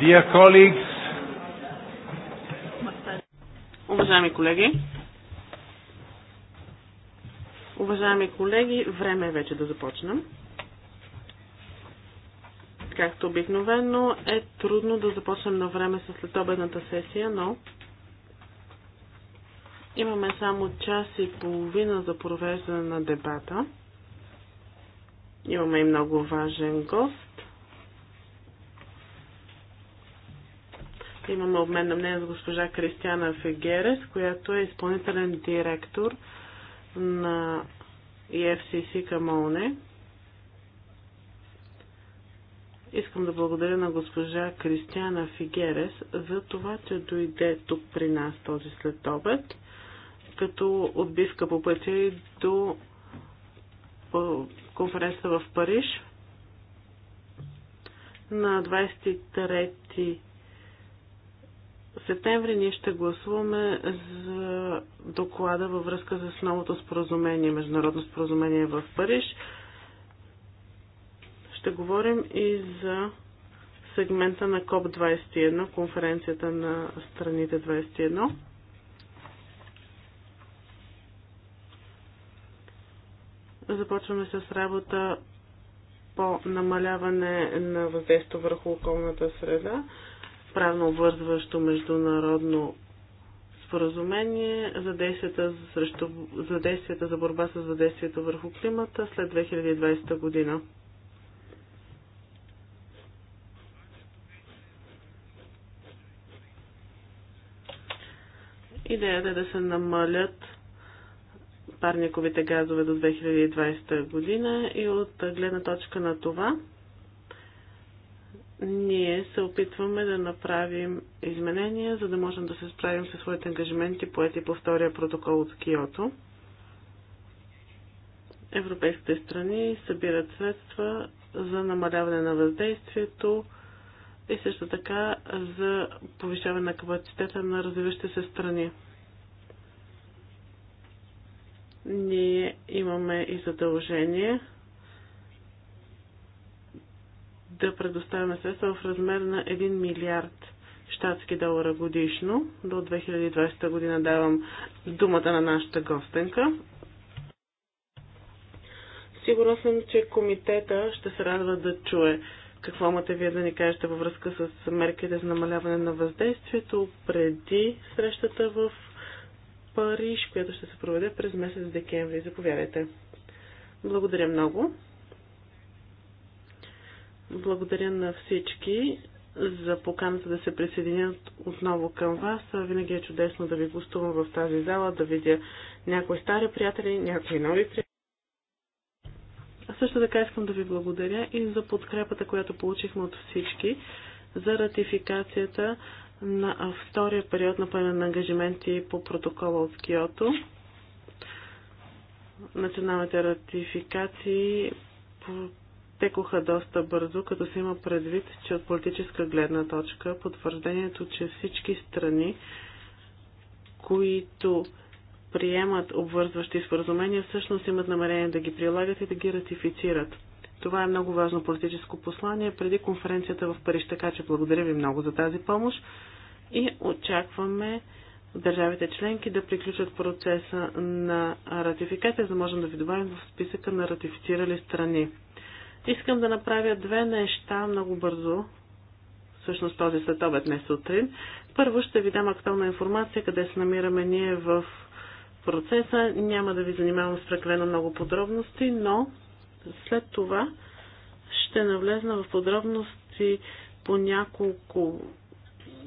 Dear colleagues, уважаеми колеги, уважаеми колеги, време е вече да започнем. Както обикновено е трудно да започнем на време с следобедната сесия, но имаме само час и половина за провеждане на дебата. Имаме и много важен гост Ще имаме обмен на мнение с госпожа Кристиана Фегерес, която е изпълнителен директор на EFCC към ООН. Искам да благодаря на госпожа Кристиана Фигерес за това, че дойде тук при нас този следобед, като отбивка по пътя и до конференцията в Париж. На 23 септември ние ще гласуваме за доклада във връзка с новото споразумение, международно споразумение в Париж. Ще говорим и за сегмента на КОП-21, конференцията на страните 21. Започваме с работа по намаляване на въздействието върху околната среда правно обвързващо международно споразумение за действията, срещу, за действията за борба с въздействието върху климата след 2020 година. Идеята е да се намалят парниковите газове до 2020 година и от гледна точка на това ние се опитваме да направим изменения, за да можем да се справим със своите ангажименти, поети по втория протокол от Киото. Европейските страни събират средства за намаляване на въздействието и също така за повишаване на капацитета на развиващите се страни. Ние имаме и задължение да предоставяме средства в размер на 1 милиард щатски долара годишно. До 2020 година давам думата на нашата гостенка. Сигурна съм, че комитета ще се радва да чуе какво имате вие да ни кажете във връзка с мерките за намаляване на въздействието преди срещата в Париж, която ще се проведе през месец декември. Заповядайте. Благодаря много. Благодаря на всички за поканата да се присъединят отново към вас. Винаги е чудесно да ви гостувам в тази зала, да видя някои стари приятели, някои нови приятели. А също така искам да ви благодаря и за подкрепата, която получихме от всички за ратификацията на втория период на пълен ангажименти по протокола от Киото. Националните ратификации текоха доста бързо, като се има предвид, че от политическа гледна точка потвърждението, че всички страни, които приемат обвързващи споразумения, всъщност имат намерение да ги прилагат и да ги ратифицират. Това е много важно политическо послание преди конференцията в Париж, така че благодаря ви много за тази помощ и очакваме държавите членки да приключат процеса на ратификация, за да можем да ви добавим в списъка на ратифицирали страни. Искам да направя две неща много бързо. Всъщност този следобед, не сутрин. Първо ще ви дам актуална информация къде се намираме ние в процеса. Няма да ви занимавам с преклено много подробности, но след това ще навлезна в подробности по няколко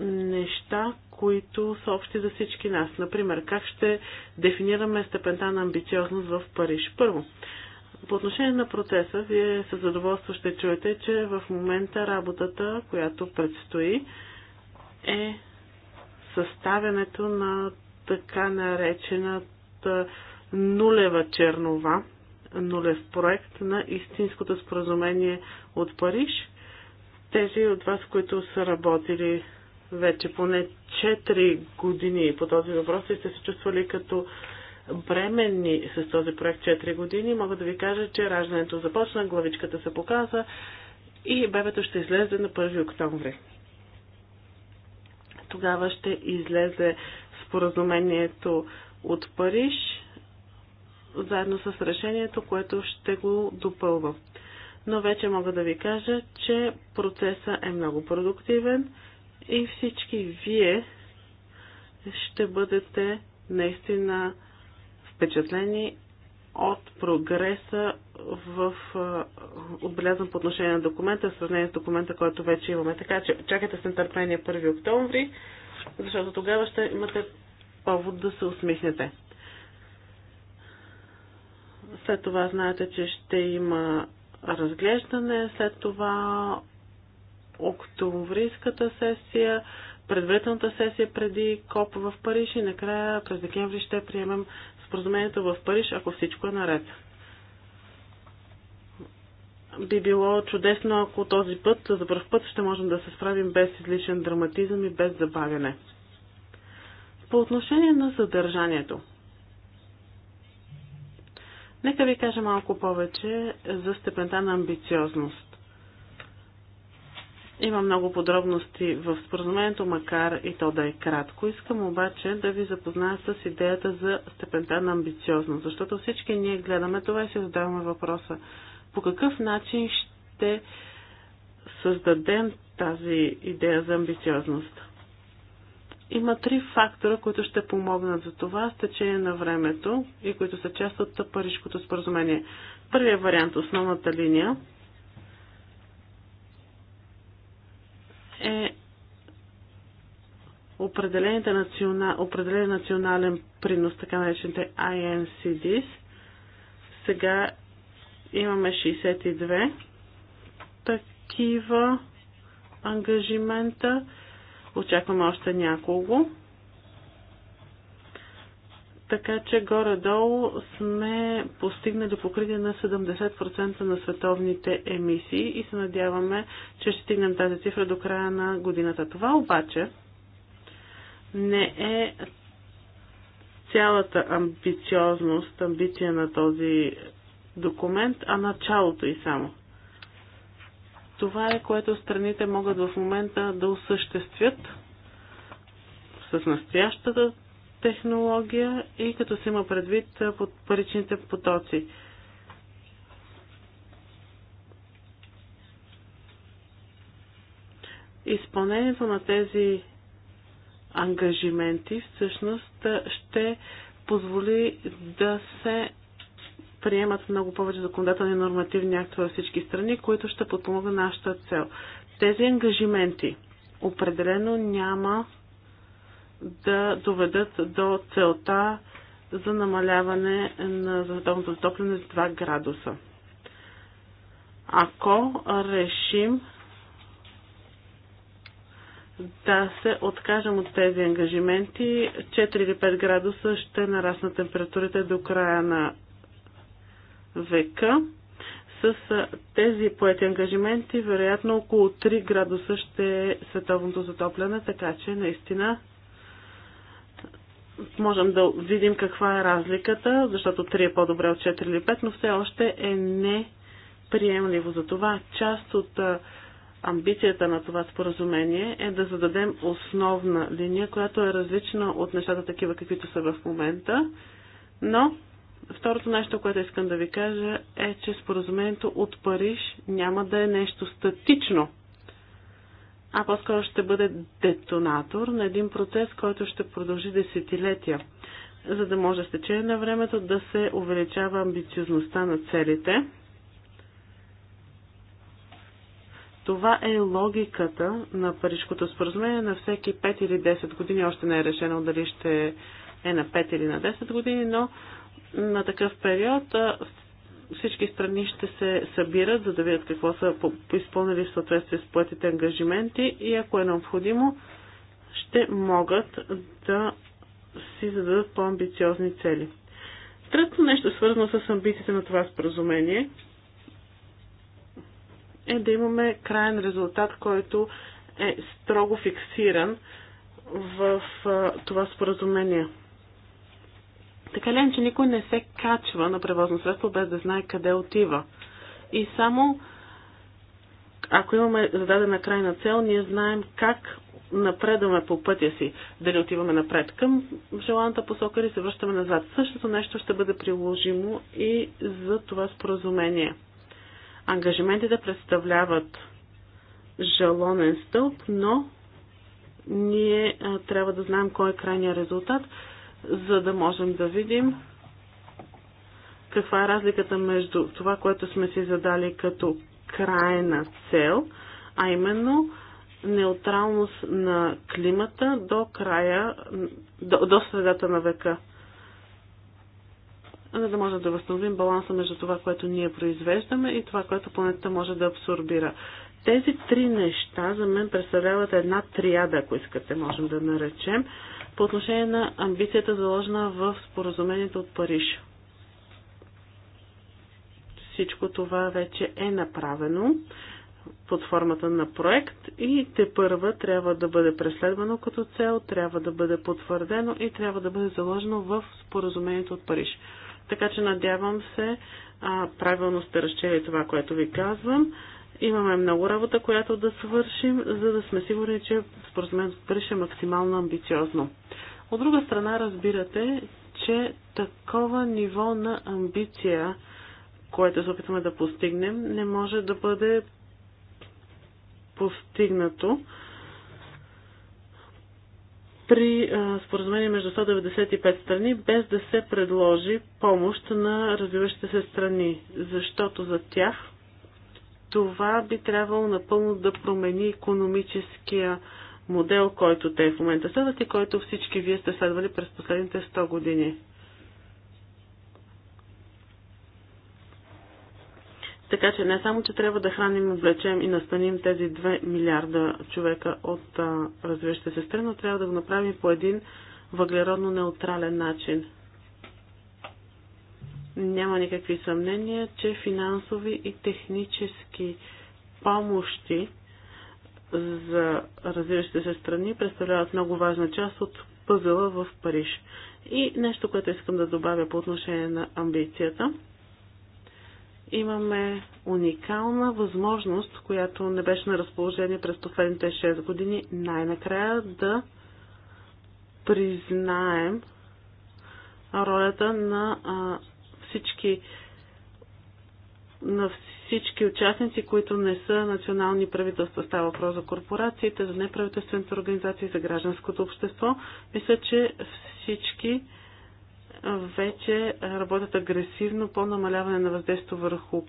неща, които са общи за всички нас. Например, как ще дефинираме степента на амбициозност в Париж. Първо, по отношение на процеса, вие със задоволство ще чуете, че в момента работата, която предстои, е съставянето на така наречената нулева чернова, нулев проект на истинското споразумение от Париж. Тези от вас, които са работили вече поне 4 години по този въпрос и сте се чувствали като бременни с този проект 4 години, мога да ви кажа, че раждането започна, главичката се показа и бебето ще излезе на 1 октомври. Тогава ще излезе споразумението от Париж, заедно с решението, което ще го допълва. Но вече мога да ви кажа, че процесът е много продуктивен и всички вие ще бъдете наистина впечатлени от прогреса в, отбелязан по отношение на документа, в сравнение с документа, който вече имаме. Така че чакайте с нетърпение 1 октомври, защото тогава ще имате повод да се усмихнете. След това знаете, че ще има разглеждане, след това октомврийската сесия, предварителната сесия преди КОП в Париж и накрая през декември ще приемем споразумението в Париж, ако всичко е наред. Би било чудесно, ако този път, за първ път, ще можем да се справим без излишен драматизъм и без забавяне. По отношение на съдържанието. Нека ви кажа малко повече за степента на амбициозност. Има много подробности в споразумението, макар и то да е кратко. Искам обаче да ви запозная с идеята за степента на амбициозност, защото всички ние гледаме това и си задаваме въпроса. По какъв начин ще създадем тази идея за амбициозност? Има три фактора, които ще помогнат за това с течение на времето и които са част от Парижкото споразумение. Първият вариант, основната линия, е национа, определен национален принос, така наречените INCDs. Сега имаме 62 такива ангажимента. Очакваме още няколко така че горе-долу сме постигнали покритие на 70% на световните емисии и се надяваме, че ще стигнем тази цифра до края на годината. Това обаче не е цялата амбициозност, амбиция на този документ, а началото и само. Това е което страните могат в момента да осъществят с настоящата технология и като се има предвид под паричните потоци. Изпълнението на тези ангажименти всъщност ще позволи да се приемат много повече законодателни нормативни актове във всички страни, които ще подпомогнат нашата цел. Тези ангажименти определено няма да доведат до целта за намаляване на световното затопляне с 2 градуса. Ако решим да се откажем от тези ангажименти, 4 или 5 градуса ще нарасна температурите до края на века. С тези поети ангажименти, вероятно около 3 градуса ще е световното затопляне, така че наистина можем да видим каква е разликата, защото 3 е по-добре от 4 или 5, но все още е неприемливо. За това част от амбицията на това споразумение е да зададем основна линия, която е различна от нещата такива, каквито са в момента. Но второто нещо, което искам да ви кажа е, че споразумението от Париж няма да е нещо статично а по-скоро ще бъде детонатор на един процес, който ще продължи десетилетия, за да може с течение на времето да се увеличава амбициозността на целите. Това е логиката на Парижкото споразумение на всеки 5 или 10 години. Още не е решено дали ще е на 5 или на 10 години, но на такъв период всички страни ще се събират, за да видят какво са изпълнили в съответствие с поетите ангажименти и ако е необходимо, ще могат да си зададат по-амбициозни цели. Трето нещо, свързано с амбициите на това споразумение, е да имаме крайен резултат, който е строго фиксиран в това споразумение. Така ли, е, че никой не се качва на превозно средство без да знае къде отива. И само ако имаме зададена крайна цел, ние знаем как напредваме по пътя си. Дали отиваме напред към желаната посока или се връщаме назад. Същото нещо ще бъде приложимо и за това споразумение. Ангажиментите представляват жалонен стълб, но ние трябва да знаем кой е крайният резултат за да можем да видим каква е разликата между това, което сме си задали като крайна цел, а именно неутралност на климата до края, до, до средата на века. За да можем да възстановим баланса между това, което ние произвеждаме и това, което планетата може да абсорбира. Тези три неща за мен представляват една триада, ако искате, можем да наречем по отношение на амбицията заложена в споразумението от Париж. Всичко това вече е направено под формата на проект и те първа трябва да бъде преследвано като цел, трябва да бъде потвърдено и трябва да бъде заложено в споразумението от Париж. Така че надявам се, а, правилно сте разчели това, което ви казвам. Имаме много работа, която да свършим, за да сме сигурни, че според Париж максимално амбициозно. От друга страна разбирате, че такова ниво на амбиция, което се опитваме да постигнем, не може да бъде постигнато при споразумение между 195 страни, без да се предложи помощ на развиващите се страни, защото за тях това би трябвало напълно да промени економическия модел, който те в момента следват и който всички вие сте следвали през последните 100 години. Така че не само, че трябва да храним, облечем и настаним тези 2 милиарда човека от развиващите се страни, но трябва да го направим по един въглеродно неутрален начин. Няма никакви съмнения, че финансови и технически помощи за развиващите се страни представляват много важна част от пъзела в Париж. И нещо, което искам да добавя по отношение на амбицията. Имаме уникална възможност, която не беше на разположение през последните 6 години, най-накрая да признаем ролята на всички на всички участници, които не са национални правителства. Става въпрос за корпорациите, за неправителствените организации, за гражданското общество. Мисля, че всички вече работят агресивно по намаляване на въздействието върху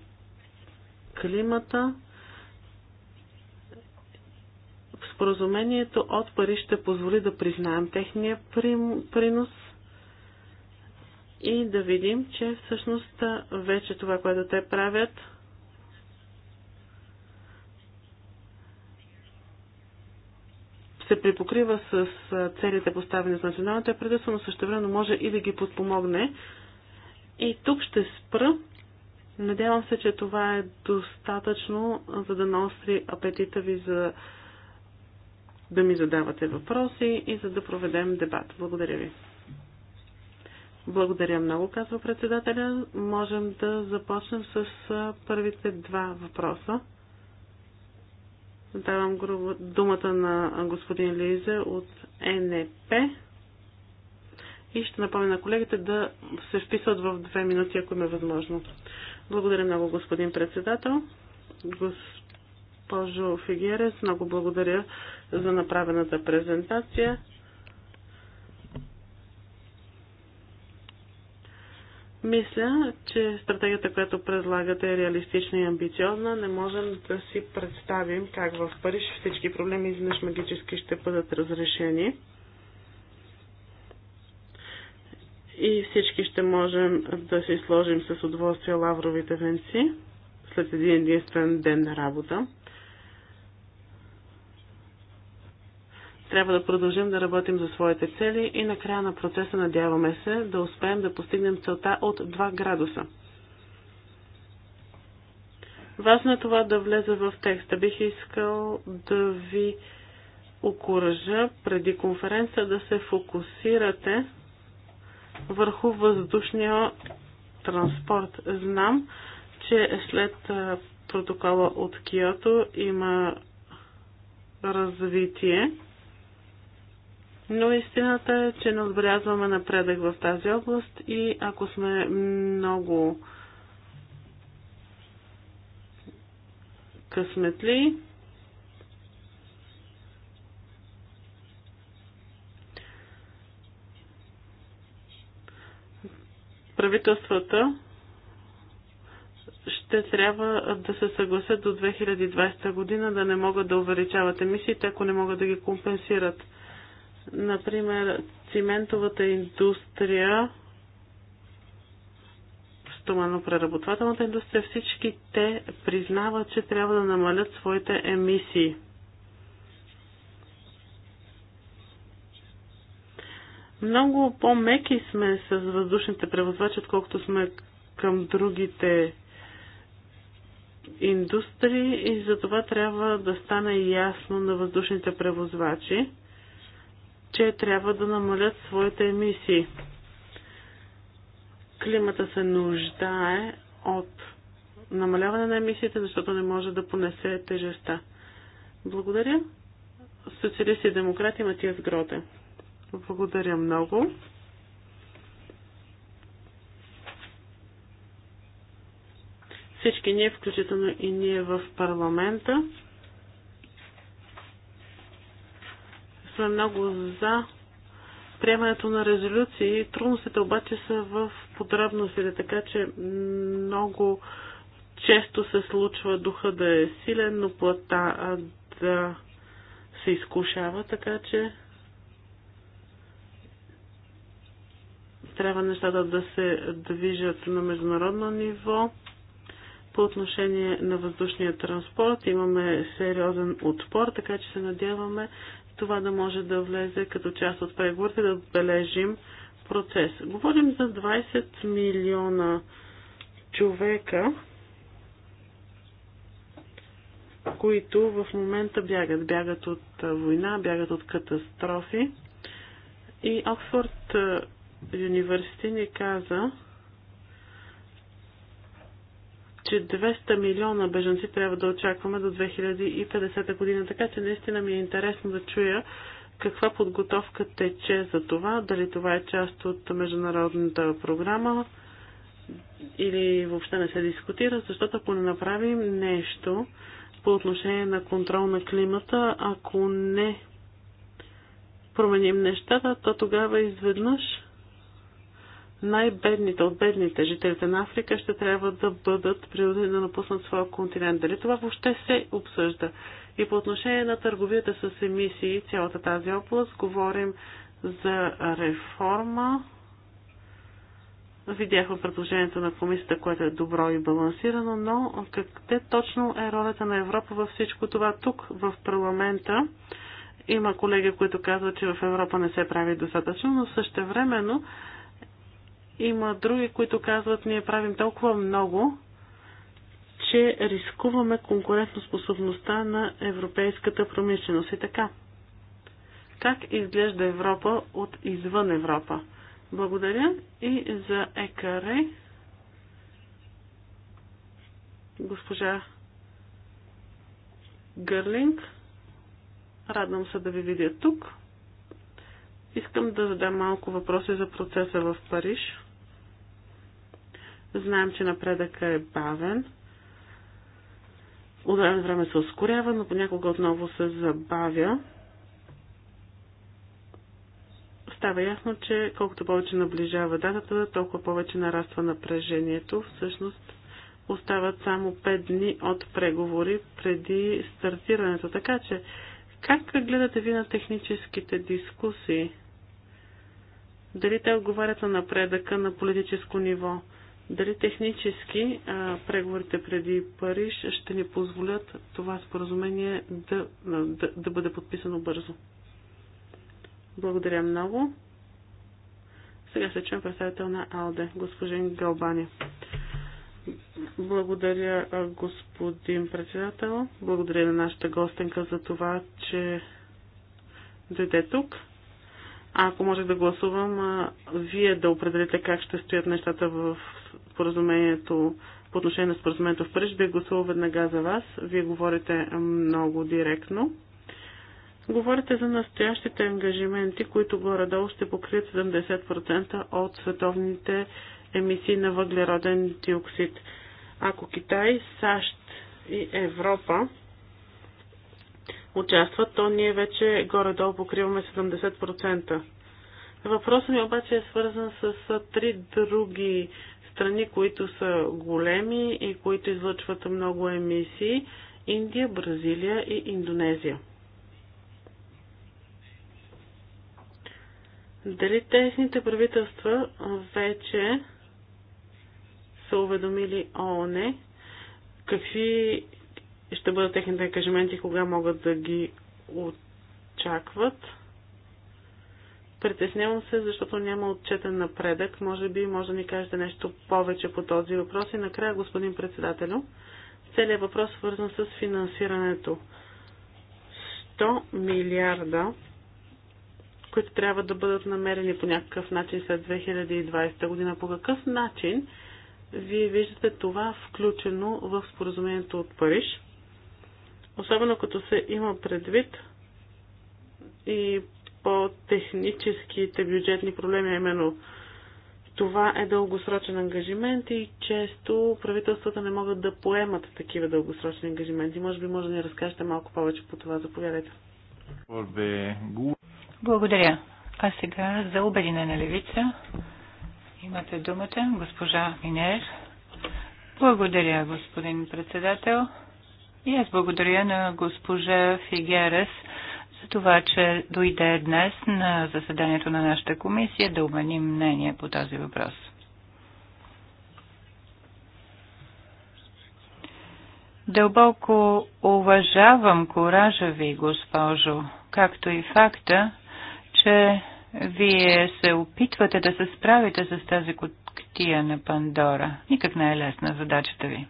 климата. Споразумението от Париж ще позволи да признаем техния принос и да видим, че всъщност вече това, което те правят, се припокрива с целите поставени за националната правителство, но също време може и да ги подпомогне. И тук ще спра. Надявам се, че това е достатъчно, за да наостри апетита ви за да ми задавате въпроси и за да проведем дебат. Благодаря ви. Благодаря много, казва председателя. Можем да започнем с първите два въпроса. Давам думата на господин Лизе от НП. И ще напомня на колегите да се вписват в две минути, ако им е възможно. Благодаря много, господин председател. Госпожо Фигерес, много благодаря за направената презентация. Мисля, че стратегията, която предлагате е реалистична и амбициозна. Не можем да си представим как в Париж всички проблеми изведнъж магически ще бъдат разрешени. И всички ще можем да си сложим с удоволствие лавровите венци след един единствен ден на работа. Трябва да продължим да работим за своите цели и на края на процеса надяваме се да успеем да постигнем целта от 2 градуса. Важно е това да влезе в текста. Бих искал да ви окоръжа преди конференция да се фокусирате върху въздушния транспорт. Знам, че след протокола от Киото има развитие но истината е, че не отбелязваме напредък в тази област и ако сме много късметли, правителствата ще трябва да се съгласят до 2020 година да не могат да увеличават емисиите, ако не могат да ги компенсират. Например, циментовата индустрия, стоманопреработвателната индустрия, всички те признават, че трябва да намалят своите емисии. Много по-меки сме с въздушните превозвачи, отколкото сме към другите индустрии и за това трябва да стане ясно на въздушните превозвачи че трябва да намалят своите емисии. Климата се нуждае от намаляване на емисиите, защото не може да понесе тежеста. Благодаря. Социалисти и демократи Матиас Гроте. Благодаря много. Всички ние, включително и ние в парламента, сме много за приемането на резолюции. Трудностите обаче са в подробностите, така че много често се случва духа да е силен, но плата да се изкушава, така че трябва нещата да се движат на международно ниво. По отношение на въздушния транспорт имаме сериозен отпор, така че се надяваме това да може да влезе като част от преговорите, да отбележим процес. Говорим за 20 милиона човека, които в момента бягат. Бягат от война, бягат от катастрофи. И Оксфорд университет е, ни каза, че 200 милиона бежанци трябва да очакваме до 2050 година. Така че наистина ми е интересно да чуя каква подготовка тече за това, дали това е част от международната програма или въобще не се дискутира, защото ако не направим нещо по отношение на контрол на климата, ако не променим нещата, то тогава изведнъж най-бедните от бедните жителите на Африка ще трябва да бъдат принудени да напуснат своя континент. Дали това въобще се обсъжда? И по отношение на търговията с емисии, цялата тази област, говорим за реформа. Видяхме предложението на комисията, което е добро и балансирано, но къде точно е ролята на Европа във всичко това? Тук, в парламента, има колеги, които казват, че в Европа не се прави достатъчно, но също времено има други, които казват, ние правим толкова много, че рискуваме конкурентоспособността на европейската промишленост. И така, как изглежда Европа от извън Европа? Благодаря и за ЕКР госпожа Гърлинг. Радвам се да ви видя тук. Искам да задам малко въпроси за процеса в Париж. Знаем, че напредъка е бавен. От време време се ускорява, но понякога отново се забавя. Става ясно, че колкото повече наближава датата, толкова повече нараства напрежението. Всъщност остават само 5 дни от преговори преди стартирането. Така че, как гледате ви на техническите дискусии? Дали те отговарят на напредъка на политическо ниво? Дали технически а, преговорите преди Париж ще ни позволят това споразумение да, да, да бъде подписано бързо? Благодаря много. Сега се чуем представител на АЛДЕ, господин Галбани. Благодаря, господин председател. Благодаря на нашата гостенка за това, че дойде тук. А ако може да гласувам, вие да определите как ще стоят нещата в споразумението по отношение на споразумението в Париж, бих гласувал веднага за вас. Вие говорите много директно. Говорите за настоящите ангажименти, които горе-долу ще покрият 70% от световните емисии на въглероден диоксид. Ако Китай, САЩ и Европа участват, то ние вече горе-долу покриваме 70%. Въпросът ми обаче е свързан с три други страни, които са големи и които излъчват много емисии Индия, Бразилия и Индонезия. Дали техните правителства вече са уведомили ООН? Какви ще бъдат техните ангажименти, кога могат да ги очакват? Притеснявам се, защото няма отчетен напредък. Може би може да ни кажете нещо повече по този въпрос. И накрая, господин председателю, целият въпрос свързан с финансирането. 100 милиарда, които трябва да бъдат намерени по някакъв начин след 2020 година. По какъв начин вие виждате това включено в споразумението от Париж? Особено като се има предвид и по техническите бюджетни проблеми, именно това е дългосрочен ангажимент и често правителствата не могат да поемат такива дългосрочни ангажименти. Може би може да ни разкажете малко повече по това. Заповядайте. Благодаря. А сега за обединена левица имате думата госпожа Минер. Благодаря, господин председател. И аз благодаря на госпожа Фигерес за това, че дойде днес на заседанието на нашата комисия да обменим мнение по този въпрос. Дълбоко уважавам коража ви, госпожо, както и факта, че вие се опитвате да се справите с тази котия на Пандора. Никак не е лесна задачата ви.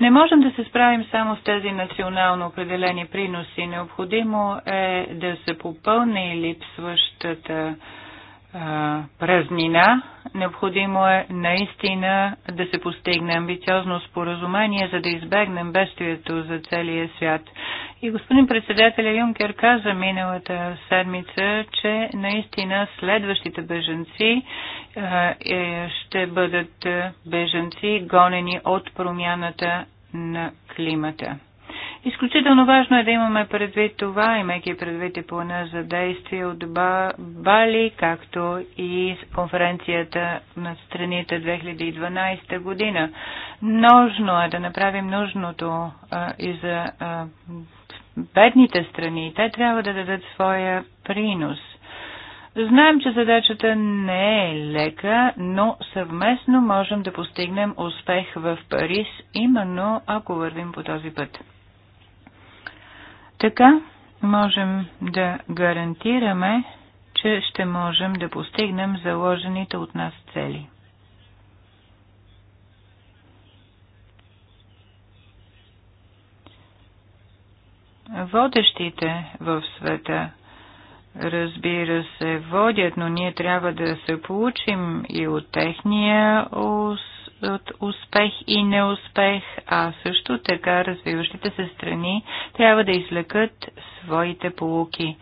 Не можем да се справим само с тези национално определени приноси. Необходимо е да се попълни липсващата празнина. Необходимо е наистина да се постигне амбициозно споразумение, за да избегнем бедствието за целия свят. И господин председателя Юнкер каза миналата седмица, че наистина следващите беженци е, ще бъдат беженци гонени от промяната на климата. Изключително важно е да имаме предвид това, имайки предвид и плана за действие от Бали, както и с конференцията на страните 2012 година. Нужно е да направим нужното а, и за а, бедните страни. Те трябва да дадат своя принос. Знаем, че задачата не е лека, но съвместно можем да постигнем успех в Париж, именно ако вървим по този път. Така можем да гарантираме, че ще можем да постигнем заложените от нас цели. Водещите в света, разбира се, водят, но ние трябва да се получим и от техния успех от успех и неуспех, а също така развиващите се страни трябва да излекат своите полуки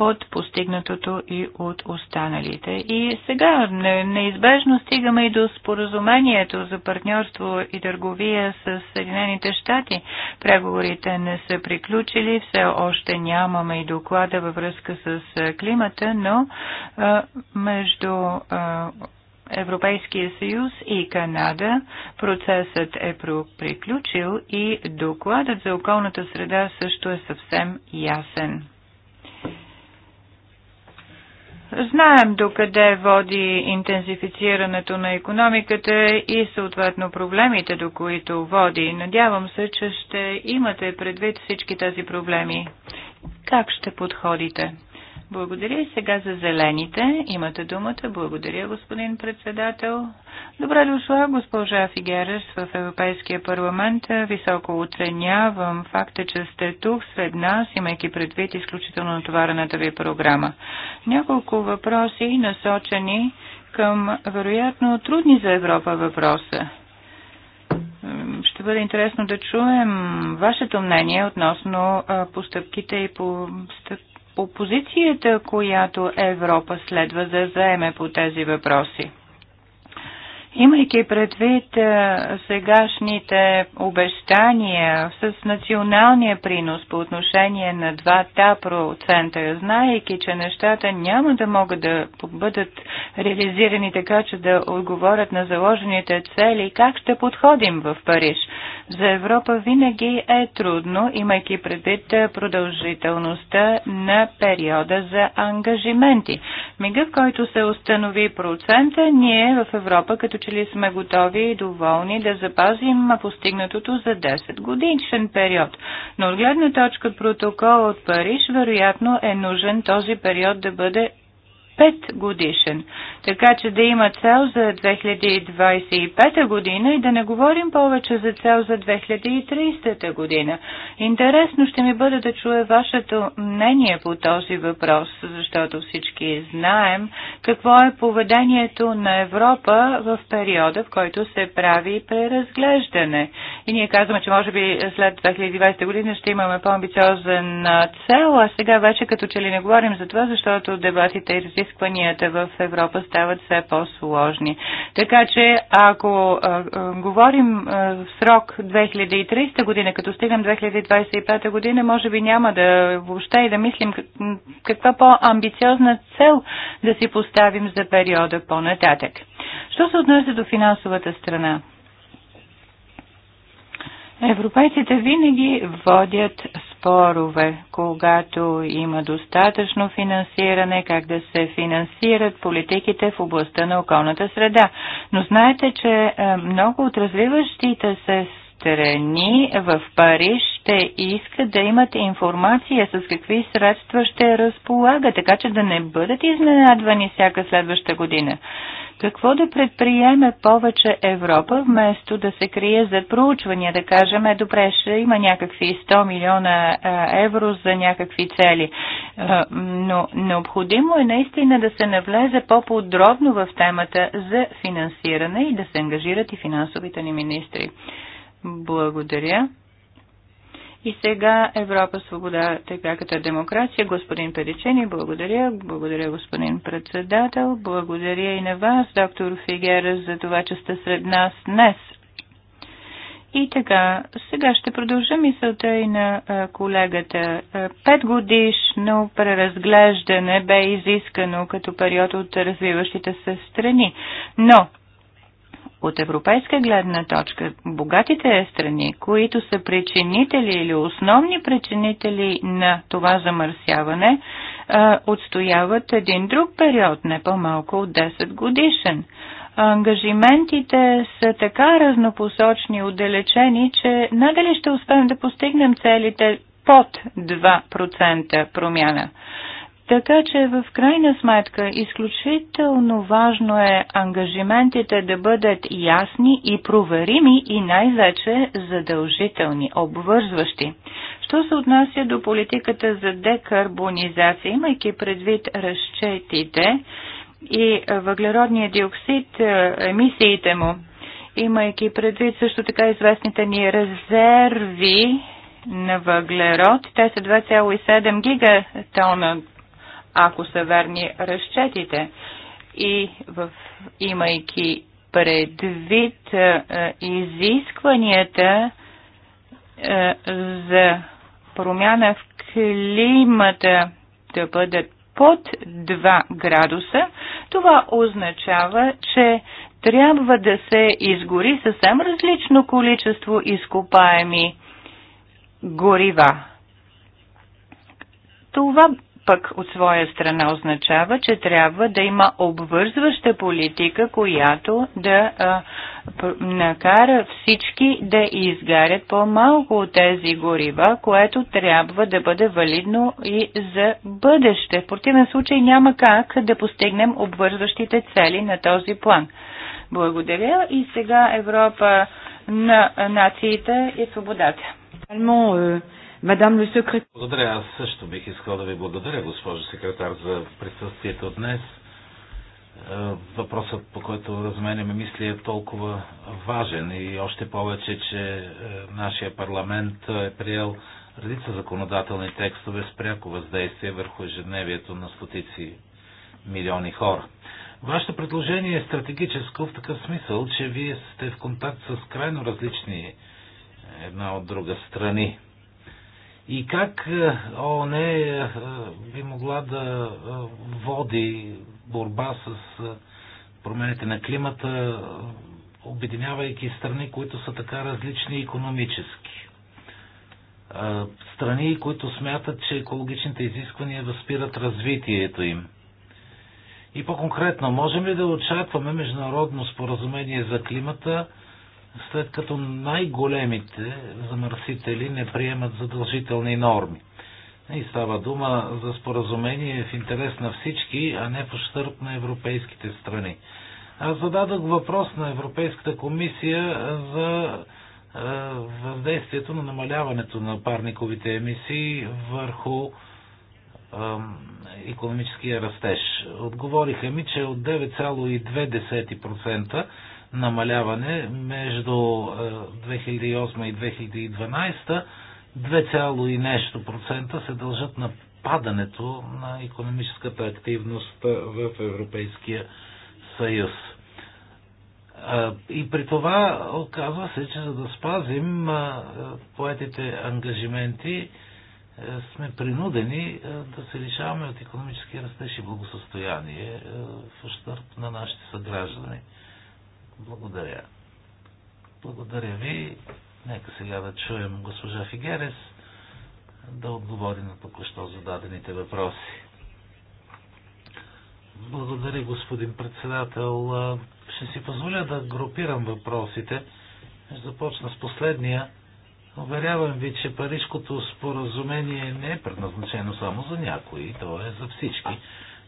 от постигнатото и от останалите. И сега неизбежно стигаме и до споразумението за партньорство и търговия с Съединените щати. Преговорите не са приключили, все още нямаме и доклада във връзка с климата, но а, между а, Европейския съюз и Канада. Процесът е приключил и докладът за околната среда също е съвсем ясен. Знаем докъде води интензифицирането на економиката и съответно проблемите, до които води. Надявам се, че ще имате предвид всички тези проблеми. Как ще подходите? Благодаря и сега за зелените. Имате думата. Благодаря, господин председател. Добре дошла, госпожа Фигерес в Европейския парламент. Високо оценявам факта, че сте тук сред нас, имайки предвид изключително натоварената ви програма. Няколко въпроси насочени към вероятно трудни за Европа въпроса. Ще бъде интересно да чуем вашето мнение относно постъпките и постъп по позицията, която Европа следва да заеме по тези въпроси. Имайки предвид сегашните обещания с националния принос по отношение на 2%, знаеки, че нещата няма да могат да бъдат реализирани така, че да отговорят на заложените цели, как ще подходим в Париж? За Европа винаги е трудно, имайки предвид продължителността на периода за ангажименти. Мига, в който се установи процента, ние в Европа като като че ли сме готови и доволни да запазим постигнатото за 10 годишен период. Но от гледна точка протокол от Париж, вероятно е нужен този период да бъде 5 годишен. Така че да има цел за 2025 година и да не говорим повече за цел за 2030 година. Интересно ще ми бъде да чуя вашето мнение по този въпрос, защото всички знаем какво е поведението на Европа в периода, в който се прави преразглеждане. И ние казваме, че може би след 2020 година ще имаме по-амбициозен цел, а сега вече като че ли не говорим за това, защото дебатите и разискванията в Европа стават все по-сложни. Така че ако а, а, говорим а, в срок 2030 година, като стигнем 2025 година, може би няма да въобще и да мислим каква по-амбициозна цел да си поставим за периода по-нататък. Що се отнася до финансовата страна? Европейците винаги водят спорове, когато има достатъчно финансиране, как да се финансират политиките в областта на околната среда. Но знаете, че е, много от развиващите се страни в Париж ще искат да имат информация с какви средства ще разполага, така че да не бъдат изненадвани всяка следваща година. Какво да предприеме повече Европа, вместо да се крие за проучвания, да кажем, е добре, ще има някакви 100 милиона евро за някакви цели. Но необходимо е наистина да се навлезе по-подробно в темата за финансиране и да се ангажират и финансовите ни министри. Благодаря. И сега Европа, свобода, и демокрация. Господин Перичени, благодаря. Благодаря, господин председател. Благодаря и на вас, доктор Фигера, за това, че сте сред нас днес. И така, сега ще продължа мисълта и на колегата. Пет годишно преразглеждане бе изискано като период от развиващите се страни, но от европейска гледна точка, богатите страни, които са причинители или основни причинители на това замърсяване, отстояват един друг период, не по-малко от 10 годишен ангажиментите са така разнопосочни, отдалечени, че надали ще успеем да постигнем целите под 2% промяна. Така че в крайна сметка изключително важно е ангажиментите да бъдат ясни и проверими и най-вече задължителни, обвързващи. Що се отнася до политиката за декарбонизация, имайки предвид разчетите и въглеродния диоксид, е, емисиите му, имайки предвид също така известните ни резерви на въглерод. Те са 2,7 гигатона ако са верни разчетите. И в, имайки предвид е, изискванията е, за промяна в климата да бъдат под 2 градуса, това означава, че трябва да се изгори съвсем различно количество изкопаеми горива. Това пък от своя страна означава, че трябва да има обвързваща политика, която да а, накара всички да изгарят по-малко от тези горива, което трябва да бъде валидно и за бъдеще. В противен случай няма как да постигнем обвързващите цели на този план. Благодаря и сега Европа на нациите и свободата. Е, Мадам ли секрет... Благодаря. Аз също бих искал да ви благодаря, госпожо секретар, за присъствието днес. Е, въпросът, по който разменяме мисли, е толкова важен и още повече, че е, нашия парламент е приел редица законодателни текстове с пряко въздействие върху ежедневието на стотици милиони хора. Вашето предложение е стратегическо в такъв смисъл, че вие сте в контакт с крайно различни една от друга страни и как е, ООН е, е, би могла да води борба с промените на климата, обединявайки страни, които са така различни економически. Страни, които смятат, че екологичните изисквания възпират развитието им. И по-конкретно, можем ли да очакваме международно споразумение за климата – след като най-големите замърсители не приемат задължителни норми. И става дума за споразумение в интерес на всички, а не в ущърп на европейските страни. Аз зададох въпрос на Европейската комисия за е, въздействието на намаляването на парниковите емисии върху економическия растеж. Отговориха ми, че от 9,2% намаляване между 2008 е, и 2012 2, и нещо процента се дължат на падането на економическата активност е, в Европейския съюз. Е, и при това оказва се, че за да спазим поетите ангажименти, сме принудени да се лишаваме от економически растеж и благосъстояние в ущърп на нашите съграждани. Благодаря. Благодаря ви. Нека сега да чуем госпожа Фигерес да отговори на току-що зададените въпроси. Благодаря, господин председател. Ще си позволя да групирам въпросите. Ще започна с последния. Уверявам ви, че Парижкото споразумение не е предназначено само за някои, то е за всички,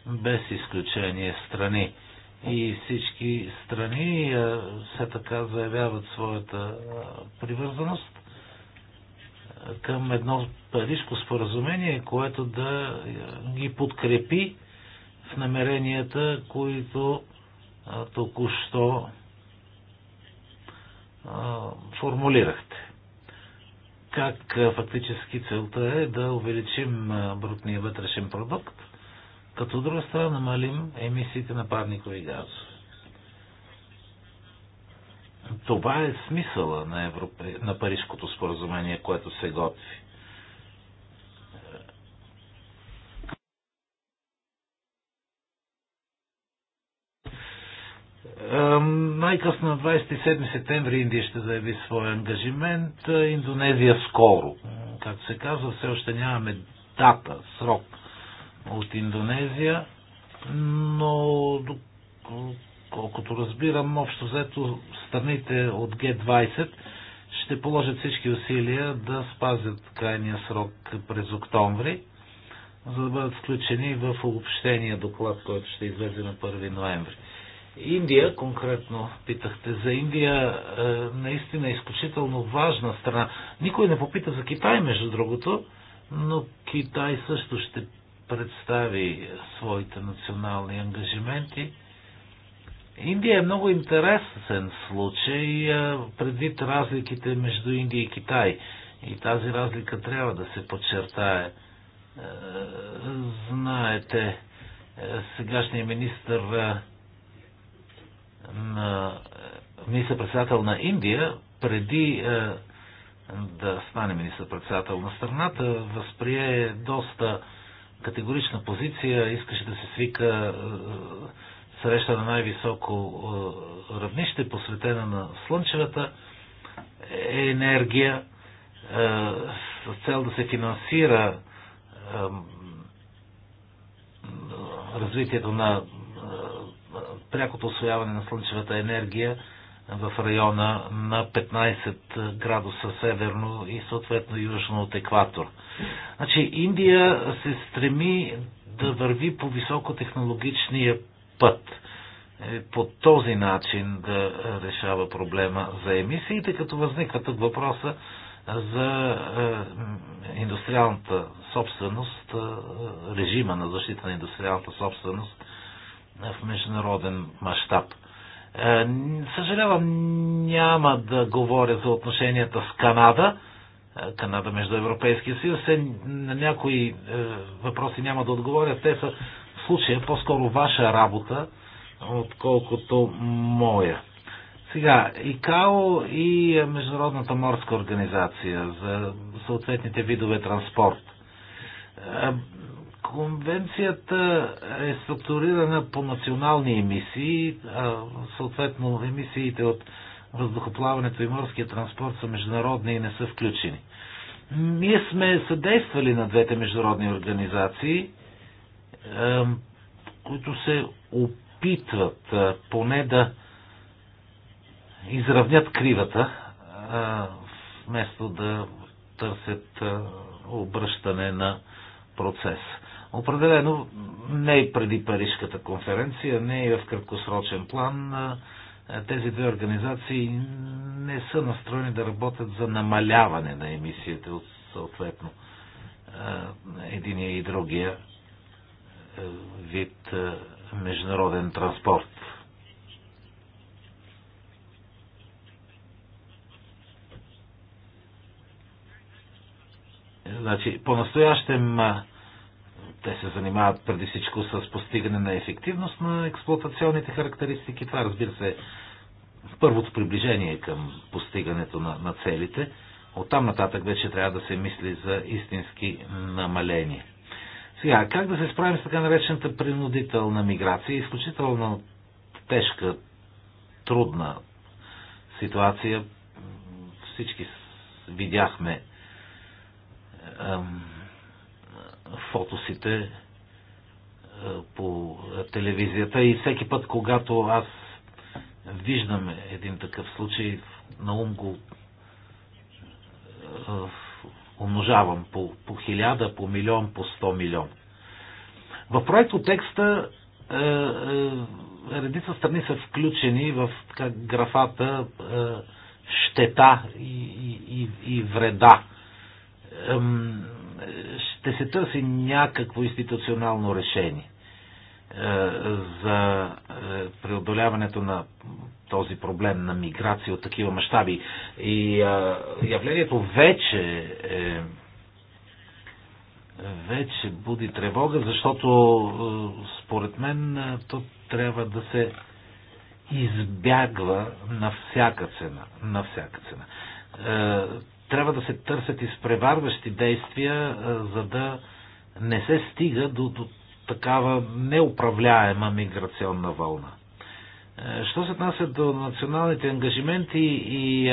без изключение страни и всички страни е, все така заявяват своята е, привързаност е, към едно парижко споразумение, което да ги подкрепи в намеренията, които току-що формулирахте. Как фактически целта е да увеличим брутния вътрешен продукт, като от друга страна намалим емисиите на парникови газове. Това е смисъла на, Европе... на Парижското споразумение, което се готви. Най-късно на 27 септември Индия ще заяви своя ангажимент. Индонезия скоро. Както се казва, все още нямаме дата, срок от Индонезия, но колкото разбирам, общо взето страните от Г-20 ще положат всички усилия да спазят крайния срок през октомври, за да бъдат включени в обобщения доклад, който ще излезе на 1 ноември. Индия, конкретно питахте за Индия, е, наистина е изключително важна страна. Никой не попита за Китай, между другото, но Китай също ще представи своите национални ангажименти. Индия е много интересен случай предвид разликите между Индия и Китай. И тази разлика трябва да се подчертае. Е, знаете, е, сегашният министр е, на министър-председател на Индия, преди да стане министър-председател на страната, възприе доста категорична позиция, искаше да се свика е, е, среща на най-високо е, равнище, посветена на слънчевата енергия, с цел да се финансира развитието на прякото освояване на слънчевата енергия в района на 15 градуса северно и съответно южно от екватор. Значи Индия се стреми да върви по високотехнологичния път. Е, по този начин да решава проблема за емисиите, като възниква тук въпроса за е, индустриалната собственост, е, режима на защита на индустриалната собственост в международен мащаб. Е, съжалявам, няма да говоря за отношенията с Канада. Е, Канада между Европейския съюз. Е, на някои въпроси няма да отговоря. Те са в случая по-скоро ваша работа, отколкото моя. Сега, ИКАО и Международната морска организация за съответните видове транспорт. Конвенцията е структурирана по национални емисии, съответно емисиите от въздухоплаването и морския транспорт са международни и не са включени. Ние сме съдействали на двете международни организации, които се опитват поне да изравнят кривата, вместо да търсят обръщане на процеса. Определено не и преди Парижската конференция, не и в краткосрочен план тези две организации не са настроени да работят за намаляване на емисиите от съответно единия и другия вид международен транспорт. Значи, по-настоящем те се занимават преди всичко с постигане на ефективност на експлуатационните характеристики. Това, разбира се, в е първото приближение към постигането на, на целите. Оттам нататък вече трябва да се мисли за истински намаление. Сега, как да се справим с така наречената принудителна миграция? Изключително тежка, трудна ситуация. Всички видяхме фотосите е, по телевизията и всеки път, когато аз виждам един такъв случай, на ум го е, умножавам по, по хиляда, по милион, по сто милион. В проекто текста е, е, редица страни са включени в така, графата е, щета и, и, и, и вреда ще се търси някакво институционално решение е, за е, преодоляването на този проблем на миграция от такива мащаби. И е, явлението вече е, вече буди тревога, защото според мен то трябва да се избягва на всяка цена. На всяка цена трябва да се търсят изпреварващи действия, за да не се стига до, до такава неуправляема миграционна вълна. Що се отнася до националните ангажименти и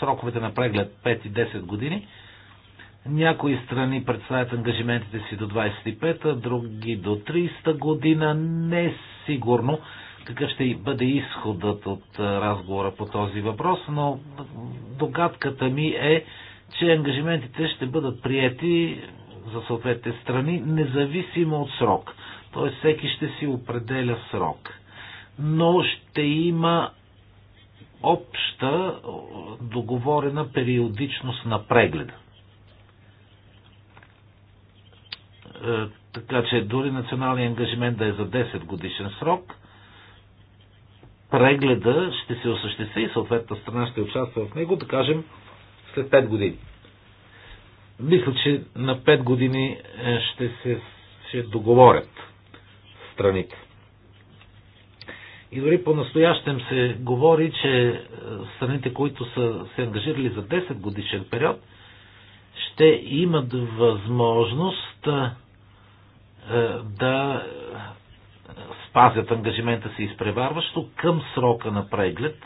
сроковете на преглед 5 и 10 години, някои страни представят ангажиментите си до 25-та, други до 30-та година. Несигурно какъв ще бъде изходът от разговора по този въпрос, но догадката ми е, че ангажиментите ще бъдат приети за съответните страни, независимо от срок. Тоест всеки ще си определя срок. Но ще има обща договорена периодичност на прегледа. Е, така че дори националния ангажимент да е за 10 годишен срок – прегледа ще се осъществи и съответната страна ще участва в него, да кажем, след 5 години. Мисля, че на 5 години е, ще се ще договорят страните. И дори по-настоящем се говори, че е, страните, които са се ангажирали за 10 годишен период, ще имат възможност е, да Пазят ангажимента си изпреварващо към срока на преглед,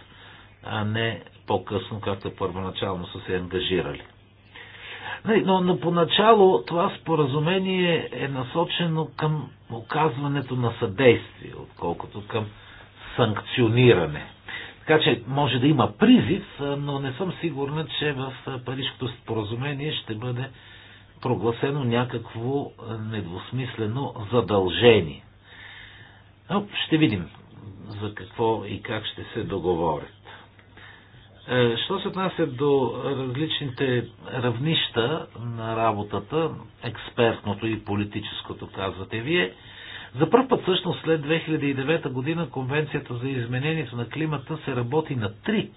а не по-късно, както първоначално са се ангажирали. Нали, но, но поначало това споразумение е насочено към оказването на съдействие, отколкото към санкциониране. Така че може да има призив, но не съм сигурна, че в Парижското споразумение ще бъде прогласено някакво недвусмислено задължение. Но ще видим за какво и как ще се договорят. Е, що се отнася до различните равнища на работата, експертното и политическото, казвате вие, за първ път всъщност след 2009 година Конвенцията за изменението на климата се работи на три,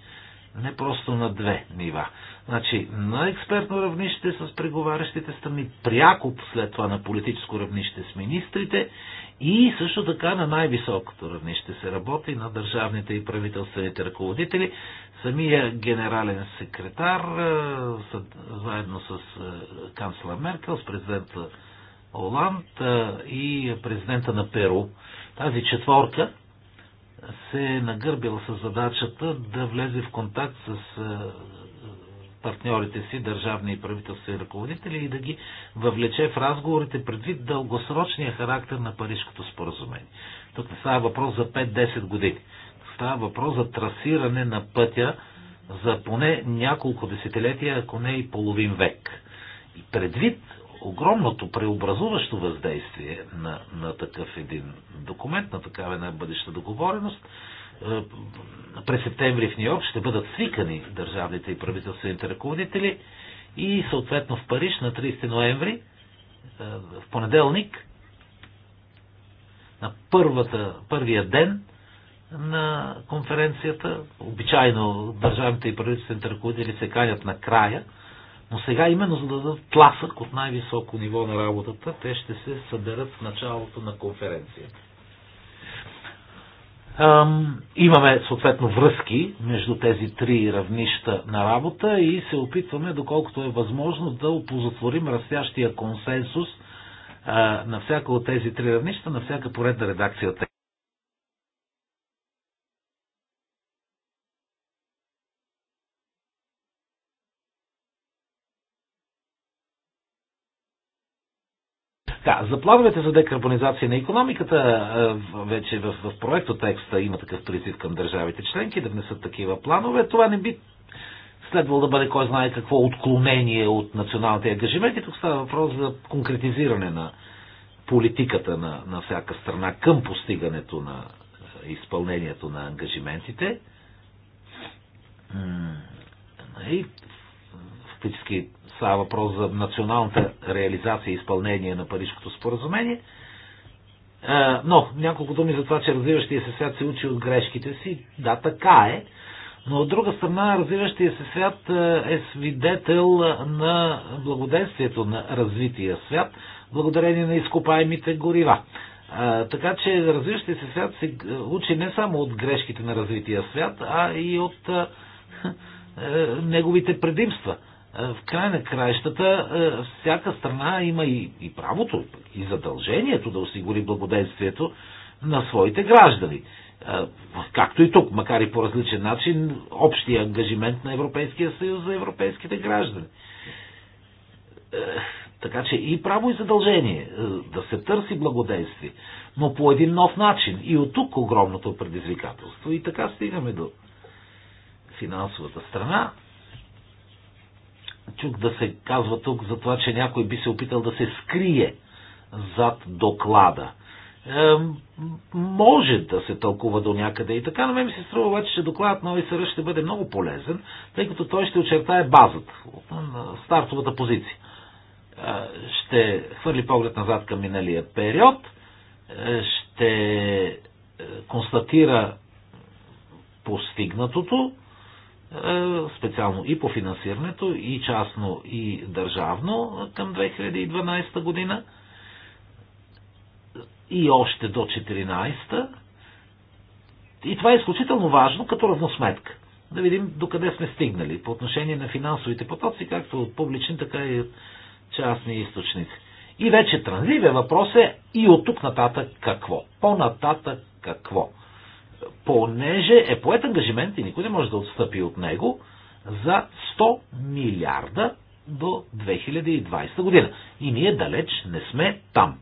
не просто на две нива. Значи на експертно равнище с преговарящите страни, пряко след това на политическо равнище с министрите и също така на най-високото равнище се работи на държавните и правителствените ръководители. Самия генерален секретар, е, заедно с е, канцлер Меркел, с президента Оланд е, и президента на Перу. Тази четворка се е нагърбила с задачата да влезе в контакт с партньорите си, държавни и правителствени ръководители, и да ги въвлече в разговорите предвид дългосрочния характер на Парижкото споразумение. Тук не става въпрос за 5-10 години. Става въпрос за трасиране на пътя за поне няколко десетилетия, ако не и половин век. И предвид огромното преобразуващо въздействие на, на такъв един документ, на такава една бъдеща договореност, е, през септември в Нью-Йорк ще бъдат свикани държавните и правителствените ръководители и съответно в Париж на 30 ноември е, в понеделник на първата, първия ден на конференцията. Обичайно държавните и правителствените ръководители се канят на края, но сега именно за да дадат тласък от най-високо ниво на работата, те ще се съберат в началото на конференцията. Имаме съответно връзки между тези три равнища на работа и се опитваме, доколкото е възможно, да опозотворим растящия консенсус на всяка от тези три равнища, на всяка поредна редакция Та, за плановете за декарбонизация на економиката, е, вече в, в проекто текста има такъв призив към държавите членки да внесат такива планове. Това не би следвало да бъде кой знае какво отклонение от националните ангажименти. Тук става въпрос за конкретизиране на политиката на, на всяка страна към постигането на е, изпълнението на ангажиментите. И фактически става въпрос за националната реализация и изпълнение на Парижското споразумение. Но няколко думи за това, че развиващия се свят се учи от грешките си. Да, така е. Но от друга страна, развиващия се свят е свидетел на благоденствието на развития свят, благодарение на изкопаемите горива. Така че развиващия се свят се учи не само от грешките на развития свят, а и от е, неговите предимства – в край на краищата всяка страна има и, и правото, и задължението да осигури благоденствието на своите граждани. Както и тук, макар и по различен начин, общия ангажимент на Европейския съюз за европейските граждани. Така че и право и задължение да се търси благоденствие, но по един нов начин. И от тук огромното предизвикателство. И така стигаме до финансовата страна чук да се казва тук за това, че някой би се опитал да се скрие зад доклада. Е, може да се тълкува до някъде и така, но мен ми се струва обаче, че докладът на ОИСР ще бъде много полезен, тъй като той ще очертае базата, стартовата позиция. Е, ще хвърли поглед назад към миналия период, е, ще е, констатира постигнатото, е, специално и по финансирането, и частно, и държавно към 2012 година, и още до 2014. И това е изключително важно като равносметка. Да видим докъде сме стигнали по отношение на финансовите потоци, както от публични, така и от частни източници. И вече транзивен въпрос е и от тук нататък какво? По-нататък какво? понеже е поет ангажимент и никой не може да отстъпи от него за 100 милиарда до 2020 година. И ние далеч не сме там.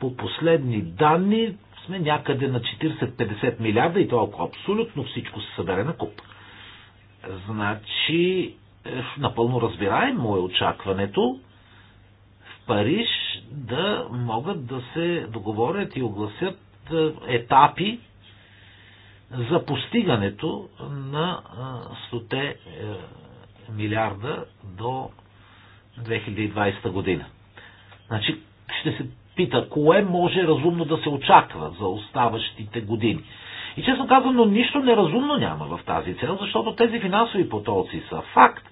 По последни данни сме някъде на 40-50 милиарда и то ако абсолютно всичко се събере на куп. Значи, е, напълно разбираемо е очакването в Париж да могат да се договорят и огласят е, етапи за постигането на 100 е, милиарда до 2020 година. Значи ще се пита, кое може разумно да се очаква за оставащите години. И честно казано, нищо неразумно няма в тази цел, защото тези финансови потоци са факт.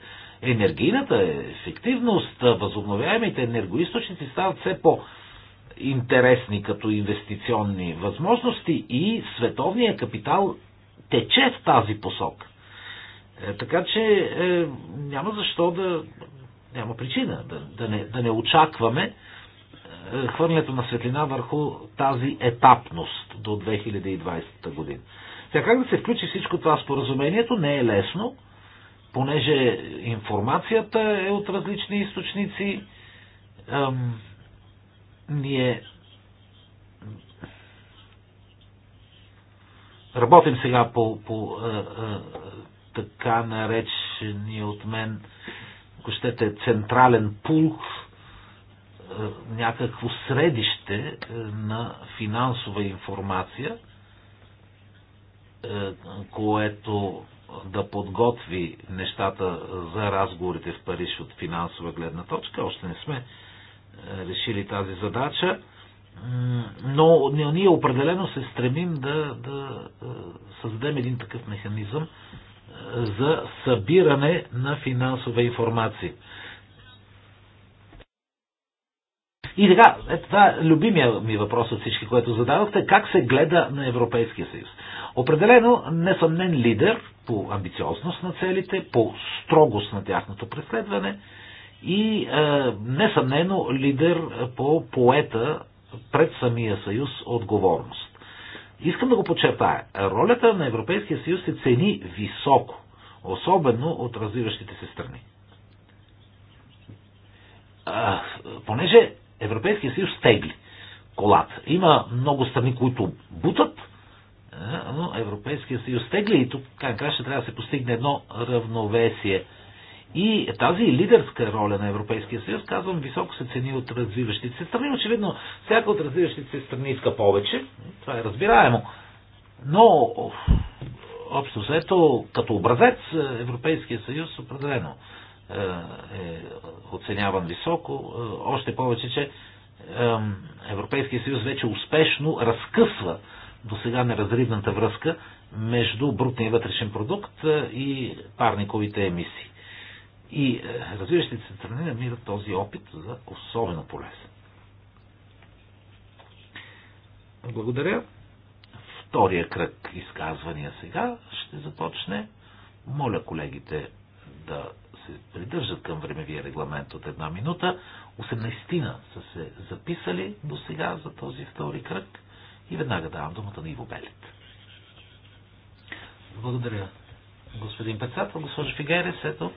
Енергийната ефективност, възобновяемите енергоисточници стават все по- интересни като инвестиционни възможности и световния капитал тече в тази посока. Е, така че е, няма защо да. Няма причина да, да, не, да не очакваме е, хвърлянето на светлина върху тази етапност до 2020 година. Сега как да се включи всичко това споразумението не е лесно, понеже информацията е от различни източници. Ние работим сега по, по а, а, така наречения от мен, ако щете, централен пул, а, някакво средище на финансова информация, а, което да подготви нещата за разговорите в Париж от финансова гледна точка. Още не сме решили тази задача. Но ние определено се стремим да, да създадем един такъв механизъм за събиране на финансова информация. И така, е това е любимия ми въпрос от всички, което задавахте. Как се гледа на Европейския съюз? Определено, несъмнен лидер по амбициозност на целите, по строгост на тяхното преследване – и е, несъмнено лидер по поета пред самия съюз отговорност. Искам да го подчертая. Ролята на Европейския съюз се цени високо, особено от развиващите се страни. А, понеже Европейския съюз тегли колата. Има много страни, които бутат, е, но Европейския съюз тегли и тук, как ще трябва да се постигне едно равновесие – и тази лидерска роля на Европейския съюз, казвам, високо се цени от развиващите се страни. Очевидно, всяка от развиващите се страни иска повече. Това е разбираемо. Но, общо взето, като образец, Европейския съюз определено е, е оценяван високо. Е, още повече, че Европейския съюз вече успешно разкъсва до сега неразривната връзка между брутния вътрешен продукт е, и парниковите емисии. И е, развиващите се страни намират този опит за особено полезен. Благодаря. Втория кръг изказвания сега ще започне. Моля колегите да се придържат към времевия регламент от една минута. 18-тина са се записали до сега за този втори кръг и веднага давам думата на Иво Белит. Благодаря, господин председател. Госпожа Фигерес, ето,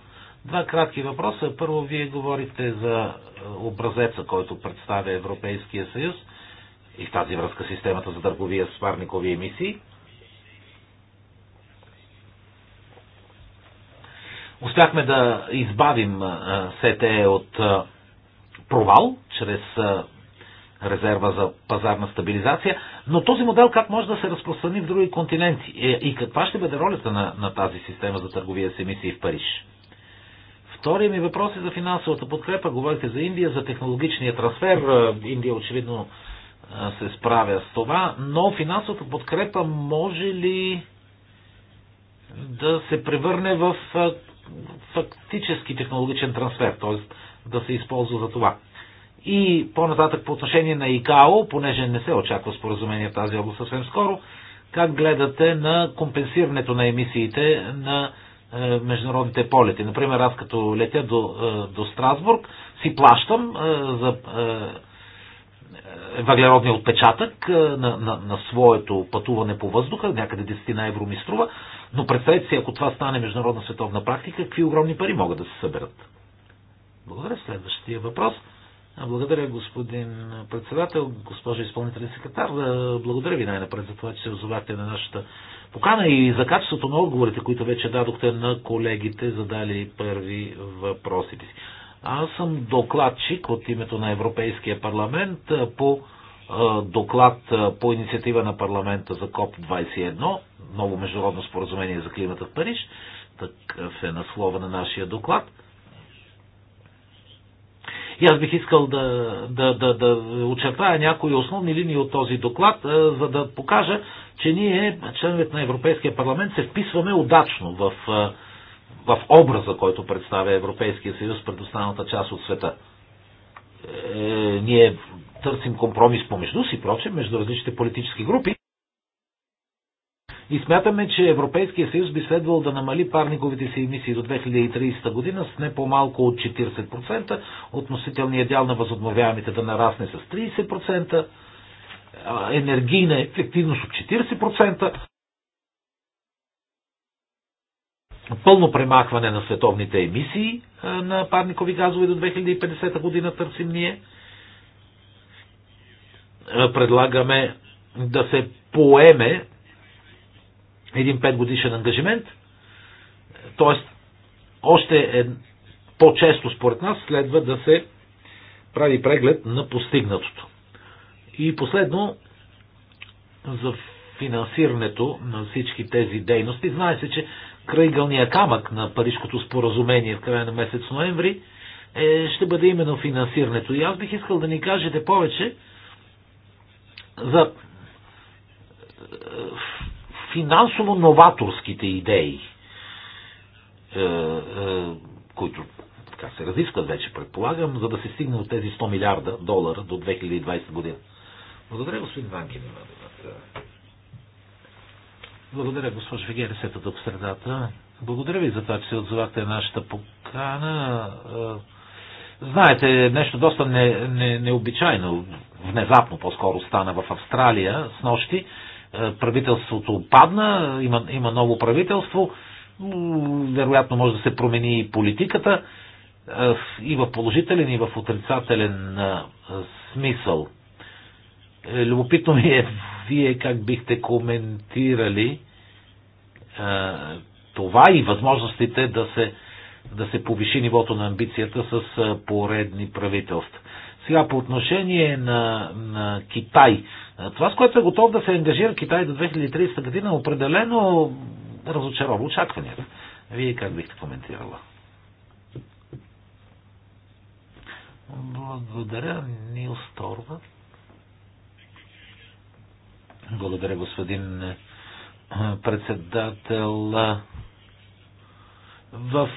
Два кратки въпроса. Първо, вие говорите за е, образеца, който представя Европейския съюз и в тази връзка системата за търговия с парникови емисии. Успяхме да избавим е, СТЕ от е, провал чрез резерва за пазарна стабилизация, но този модел как може да се разпространи в други континенти и каква ще бъде ролята на, на тази система за търговия с емисии в Париж? Втория ми въпрос е за финансовата подкрепа. Говорите за Индия, за технологичния трансфер. Е, Индия очевидно е, се справя с това, но финансовата подкрепа може ли да се превърне в е, фактически технологичен трансфер, т.е. да се използва за това. И по-нататък по отношение на ИКАО, понеже не се очаква споразумение в тази област съвсем скоро, как гледате на компенсирането на емисиите на е, международните полети. Например, аз като летя до, е, до Страсбург, си плащам е, за въглеродния отпечатък на, на, на своето пътуване по въздуха, някъде 10 евро ми струва, но представете си, ако това стане международна световна практика, какви огромни пари могат да се съберат. Благодаря. Следващия въпрос. Благодаря, господин председател, госпожа изпълнителен секретар. Благодаря ви най-напред за това, че се озовахте на нашата покана и за качеството на отговорите, които вече дадохте на колегите, задали първи въпросите си. Аз съм докладчик от името на Европейския парламент по доклад по инициатива на парламента за КОП-21, ново международно споразумение за климата в Париж. Такъв е слова на нашия доклад – и аз бих искал да, да, да, да очертая някои основни линии от този доклад, за да покажа, че ние, членовете на Европейския парламент, се вписваме удачно в, в образа, който представя Европейския съюз пред останалата част от света. Е, ние търсим компромис помежду си, проче, между различните политически групи, и смятаме, че Европейския съюз би следвал да намали парниковите си емисии до 2030 година с не по-малко от 40%, относителният дял на възобновяемите да нарасне с 30%, енергийна ефективност от 40%, пълно премахване на световните емисии на парникови газове до 2050 година търсим ние. Предлагаме да се поеме един годишен ангажимент. т.е. още е, по-често според нас следва да се прави преглед на постигнатото. И последно, за финансирането на всички тези дейности. Знае се, че крайгълният камък на Парижското споразумение в края на месец ноември е, ще бъде именно финансирането. И аз бих искал да ни кажете повече за е, финансово новаторските идеи, е, е, които така се разискват вече, предполагам, за да се стигне от тези 100 милиарда долара до 2020 година. Благодаря, господин Ванкин. Благодаря, госпожо Фигери, сетата в средата. Благодаря ви за това, че се отзовахте нашата покана. Е, знаете, нещо доста не, не, необичайно, внезапно по-скоро стана в Австралия с нощи. Е, правителството падна, има, има ново правителство, вероятно може да се промени и политиката е, и в положителен, и в отрицателен е, смисъл. Любопитно ми е вие как бихте коментирали това и възможностите да се, да се повиши нивото на амбицията с поредни правителства. Сега по отношение на, на Китай. Това, с което е готов да се ангажира Китай до 2030 година, определено разочарова очакванията. Вие как бихте коментирала? Благодаря, Нил Сторва. Благодаря, господин председател. В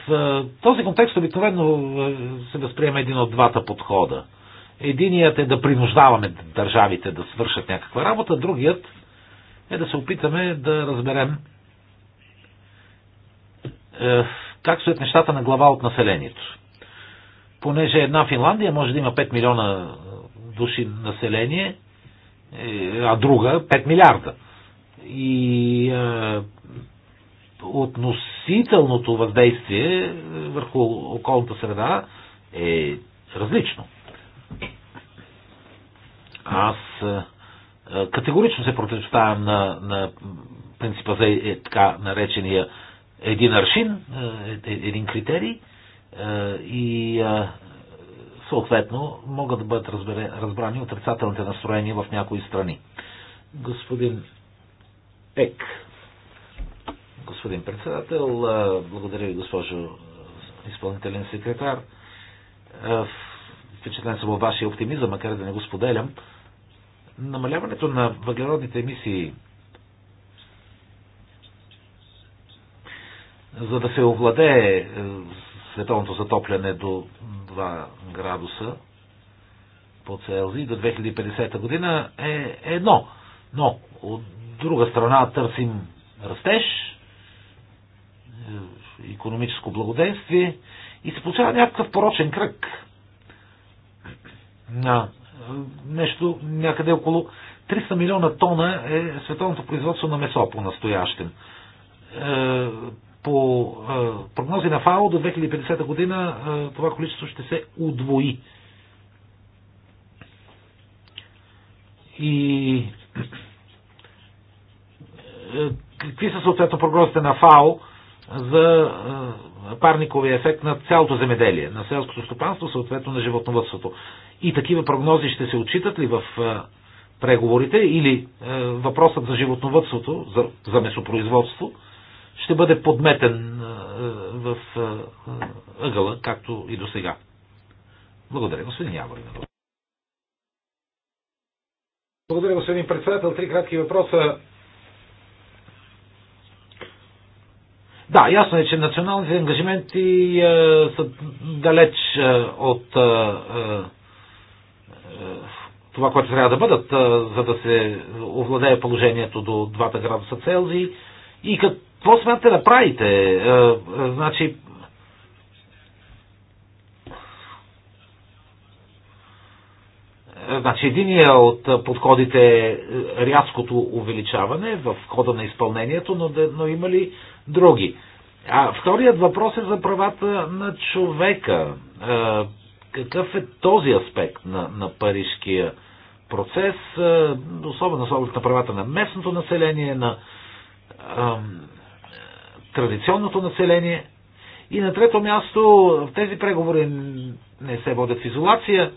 този контекст обикновено се възприема един от двата подхода – Единият е да принуждаваме държавите да свършат някаква работа, другият е да се опитаме да разберем е, как стоят нещата на глава от населението. Понеже една Финландия може да има 5 милиона е, души население, е, а друга 5 милиарда. И е, относителното въздействие е, върху околната среда е различно. Аз е, е, категорично се противоставям на, на принципа за е, така наречения един аршин, е, е един критерий и е, съответно могат да бъдат разбере, разбрани отрицателните настроения в някои страни. Господин Ек, господин председател, благодаря ви, госпожо изпълнителен секретар. В впечатлен съм от вашия оптимизъм, макар да не го споделям. Намаляването на въглеродните емисии за да се овладее е, световното затопляне до 2 градуса по Целзий до 2050 година е едно. Но от друга страна търсим растеж, економическо благоденствие и се получава някакъв порочен кръг на нещо някъде около 300 милиона тона е световното производство на месо е, по настоящем. По прогнози на ФАО до 2050 година е, това количество ще се удвои. И е, какви са съответно прогнозите на ФАО за парниковия ефект на цялото земеделие, на селското стопанство, съответно на животновътството. И такива прогнози ще се отчитат ли в преговорите или въпросът за животновътството, за, месопроизводство, ще бъде подметен в ъгъла, както и до сега. Благодаря, господин Яворин. Благодаря, господин председател. Три кратки въпроса Да, ясно е, че националните ангажименти е, са далеч е, от е, е, това, което трябва да бъдат, е, за да се овладее положението до 2 градуса Целзий. И какво смятате да правите? Е, е, значи, Значи единия от подходите е рязкото увеличаване в хода на изпълнението, но, но има ли други? А вторият въпрос е за правата на човека. Какъв е този аспект на, на парижкия процес, особено особено на правата на местното население, на а, традиционното население? И на трето място, в тези преговори не се водят в изолация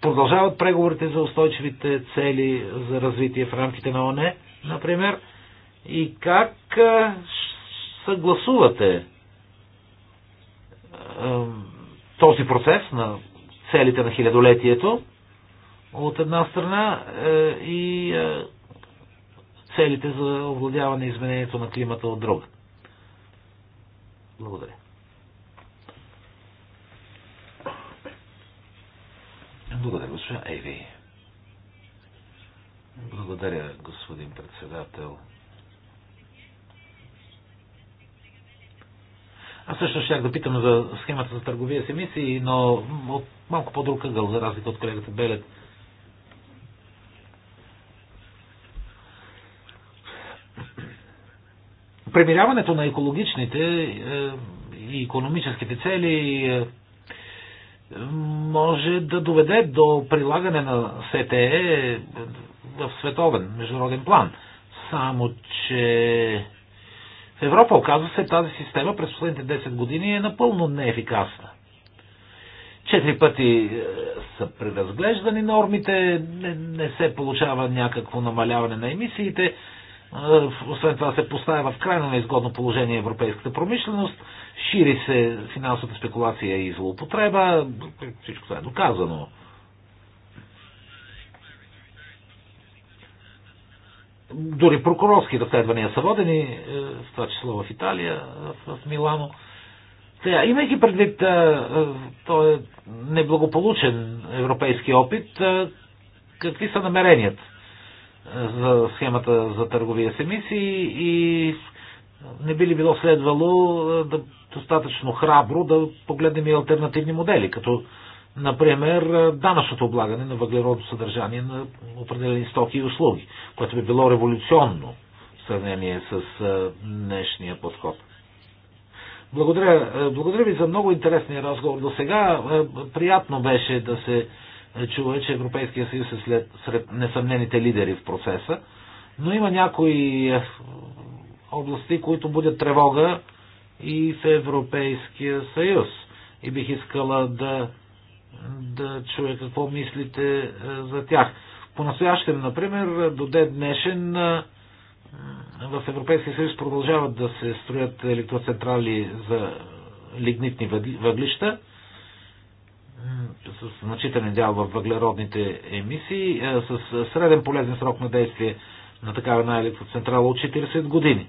Продължават преговорите за устойчивите цели за развитие в рамките на ОНЕ, например. И как съгласувате този процес на целите на хилядолетието от една страна е, и е, целите за овладяване изменението на климата от друга. Благодаря. Благодаря, госпожа Еви. Благодаря, господин председател. Аз също щях да питам за схемата за търговия с емисии, но от малко по-друг ъгъл, за разлика от колегата Белет. Премиряването на екологичните е, и економическите цели е, може да доведе до прилагане на СТЕ в световен международен план. Само, че в Европа, оказва се, тази система през последните 10 години е напълно неефикасна. Четири пъти е, са преразглеждани нормите, не, не се получава някакво намаляване на емисиите, е, освен това се поставя в крайно неизгодно положение европейската промишленост – Шири се финансовата спекулация и злоупотреба. Всичко това е доказано. Дори прокурорски разследвания са водени, е, в това число в Италия, в Милано. Тя, имайки предвид е, е, този е неблагополучен европейски опит, какви са намеренията за схемата за търговия с емисии и не би ли било следвало е, да, достатъчно храбро да погледнем и альтернативни модели, като например е, данъчното облагане на въглеродно съдържание на определени стоки и услуги, което би било революционно в сравнение с е, днешния подход. Благодаря, благодаря ви за много интересния разговор до сега. Приятно беше да се чува, че Европейския съюз е след, сред несъмнените лидери в процеса, но има някои области, които будят тревога и в Европейския съюз. И бих искала да, да чуя какво мислите е, за тях. По-настоящем, например, до ден днешен е, в Европейския съюз продължават да се строят електроцентрали за лигнитни въглища е, с значителен дял в въглеродните емисии, с среден полезен срок на действие на такава една електроцентрала от 40 години.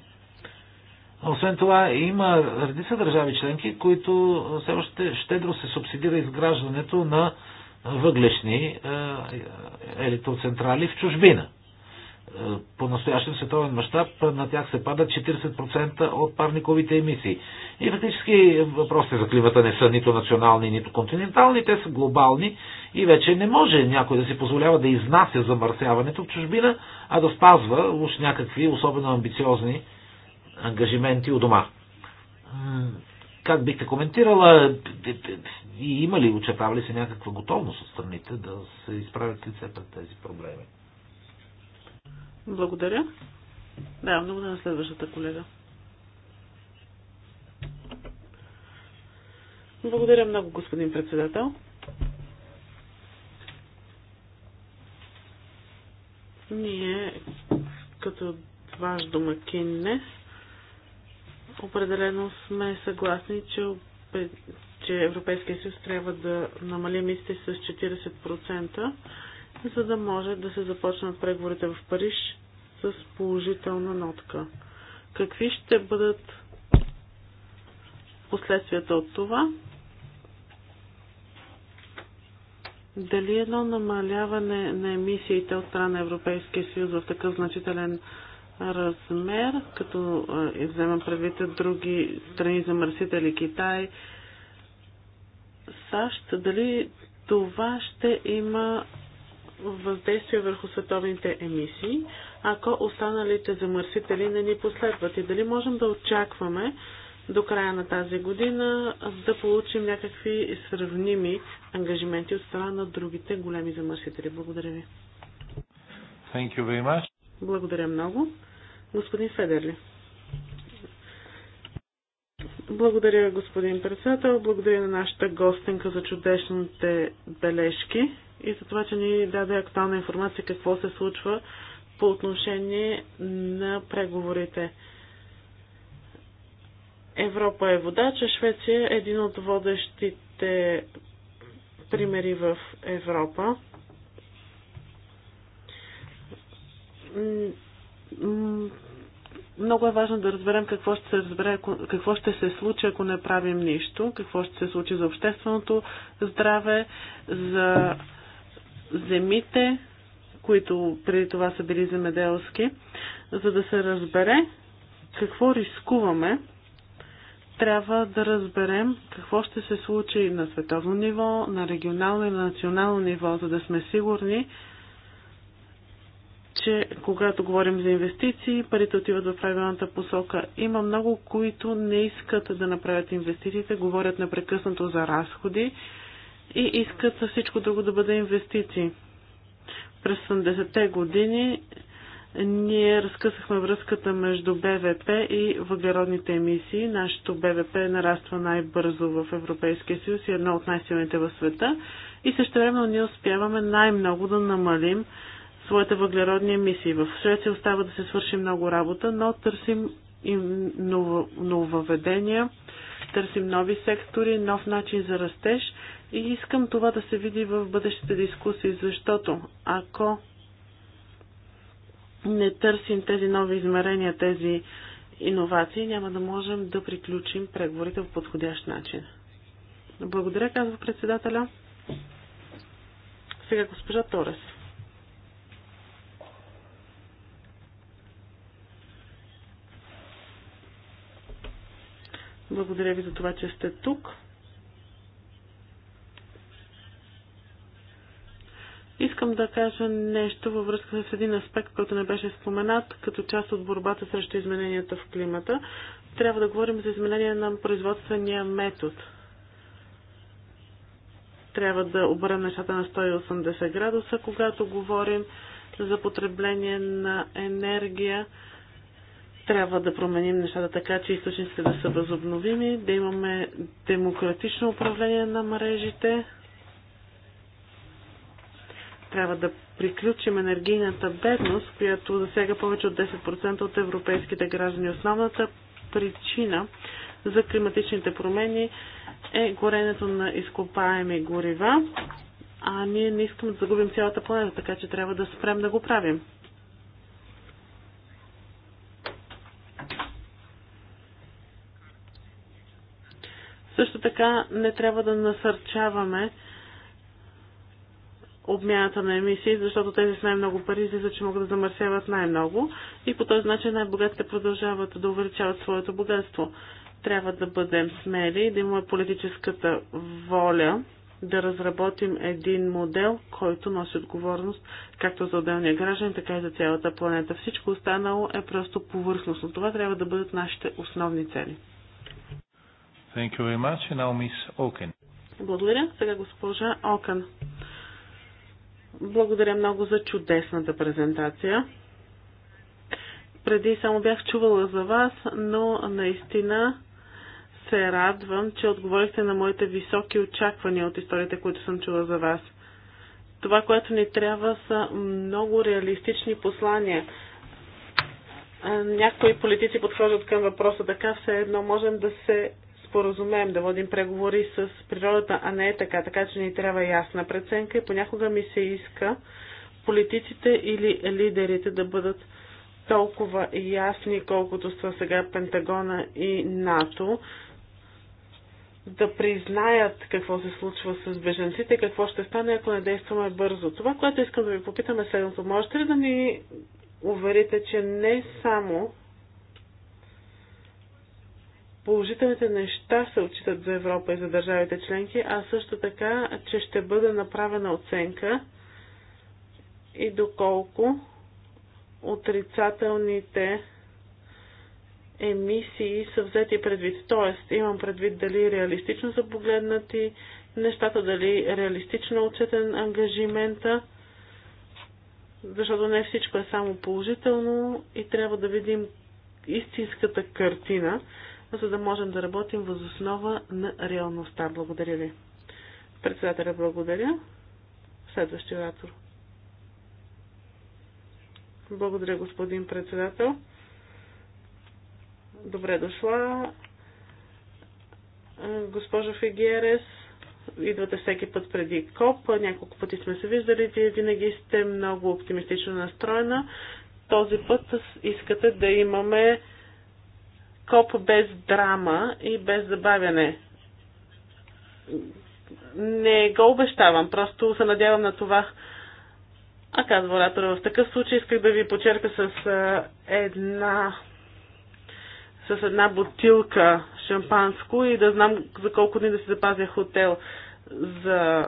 Освен това, има редица държави членки, които все още щедро се субсидира изграждането на въглешни е, електроцентрали в чужбина. Е, по настоящен световен мащаб на тях се падат 40% от парниковите емисии. И фактически въпросите за климата не са нито национални, нито континентални, те са глобални и вече не може някой да си позволява да изнася замърсяването в чужбина, а да спазва уж някакви особено амбициозни ангажименти у дома. Как бихте коментирала и има ли, очертава ли се някаква готовност от страните да се изправят лице пред тези проблеми? Благодаря. Да, много е на следващата колега. Благодаря много, господин председател. Ние, като ваш домакин днес, Определено сме съгласни, че, че Европейския съюз трябва да намали емисиите с 40%, за да може да се започнат преговорите в Париж с положителна нотка. Какви ще бъдат последствията от това? Дали едно намаляване на емисиите от страна на Европейския съюз в такъв значителен размер, като вземам предвид други страни замърсители Китай, САЩ, дали това ще има въздействие върху световните емисии, ако останалите замърсители не ни последват и дали можем да очакваме до края на тази година да получим някакви сравними ангажименти от страна на другите големи замърсители. Благодаря ви. Thank you very much. Благодаря много. Господин Федерли. Благодаря, господин председател. Благодаря на нашата гостенка за чудесните бележки и за това, че ни даде актуална информация какво се случва по отношение на преговорите. Европа е водача, Швеция е един от водещите примери в Европа много е важно да разберем какво ще се, разбере, какво ще се случи, ако не правим нищо, какво ще се случи за общественото здраве, за земите, които преди това са били земеделски, за да се разбере какво рискуваме, трябва да разберем какво ще се случи на световно ниво, на регионално и на национално ниво, за да сме сигурни, че когато говорим за инвестиции, парите отиват в правилната посока. Има много, които не искат да направят инвестициите, говорят непрекъснато за разходи и искат всичко друго да бъде инвестиции. През 70-те години ние разкъсахме връзката между БВП и въглеродните емисии. Нашето БВП нараства най-бързо в Европейския съюз и е едно от най-силните в света. И също време ние успяваме най-много да намалим своите въглеродни емисии. В Швеция остава да се свърши много работа, но търсим и нововведения, търсим нови сектори, нов начин за растеж и искам това да се види в бъдещите дискусии, защото ако не търсим тези нови измерения, тези иновации, няма да можем да приключим преговорите в подходящ начин. Благодаря, казва председателя. Сега госпожа Торес. Благодаря ви за това, че сте тук. Искам да кажа нещо във връзка с един аспект, който не беше споменат, като част от борбата срещу измененията в климата. Трябва да говорим за изменение на производствения метод. Трябва да обърнем нещата на 180 градуса, когато говорим за потребление на енергия трябва да променим нещата така, че източниците да са възобновими, да имаме демократично управление на мрежите. Трябва да приключим енергийната бедност, която засяга повече от 10% от европейските граждани. Основната причина за климатичните промени е горенето на изкопаеми горива, а ние не искаме да загубим цялата планета, така че трябва да спрем да го правим. Също така не трябва да насърчаваме обмяната на емисии, защото тези с най-много пари излиза, че могат да замърсяват най-много и по този начин най-богатите продължават да увеличават своето богатство. Трябва да бъдем смели, да имаме политическата воля да разработим един модел, който носи отговорност както за отделния граждан, така и за цялата планета. Всичко останало е просто повърхностно. Това трябва да бъдат нашите основни цели. Thank you very much. And now Miss Oaken. Благодаря. Сега госпожа Окън. Благодаря много за чудесната презентация. Преди само бях чувала за вас, но наистина се радвам, че отговорихте на моите високи очаквания от историите, които съм чула за вас. Това, което ни трябва, са много реалистични послания. Някои политици подхождат към въпроса така, все едно можем да се споразумеем, да водим преговори с природата, а не е така. Така че ни трябва ясна преценка и понякога ми се иска политиците или лидерите да бъдат толкова ясни, колкото са сега Пентагона и НАТО, да признаят какво се случва с беженците, какво ще стане, ако не действаме бързо. Това, което искам да ви попитаме, следното. Можете ли да ни уверите, че не само положителните неща се отчитат за Европа и за държавите членки, а също така, че ще бъде направена оценка и доколко отрицателните емисии са взети предвид. Тоест, имам предвид дали реалистично са погледнати нещата, дали реалистично е отчетен ангажимента, защото не всичко е само положително и трябва да видим истинската картина за да можем да работим възоснова на реалността. Благодаря ви. Председателя, благодаря. Следващия оратор. Благодаря, господин председател. Добре дошла. Госпожо Фигерес, идвате всеки път преди КОП. Няколко пъти сме се виждали. Вие винаги сте много оптимистично настроена. Този път искате да имаме скоп без драма и без забавяне. Не го обещавам, просто се надявам на това. А казва оратора, в такъв случай исках да ви почерпя с една с една бутилка шампанско и да знам за колко дни да си запазя хотел за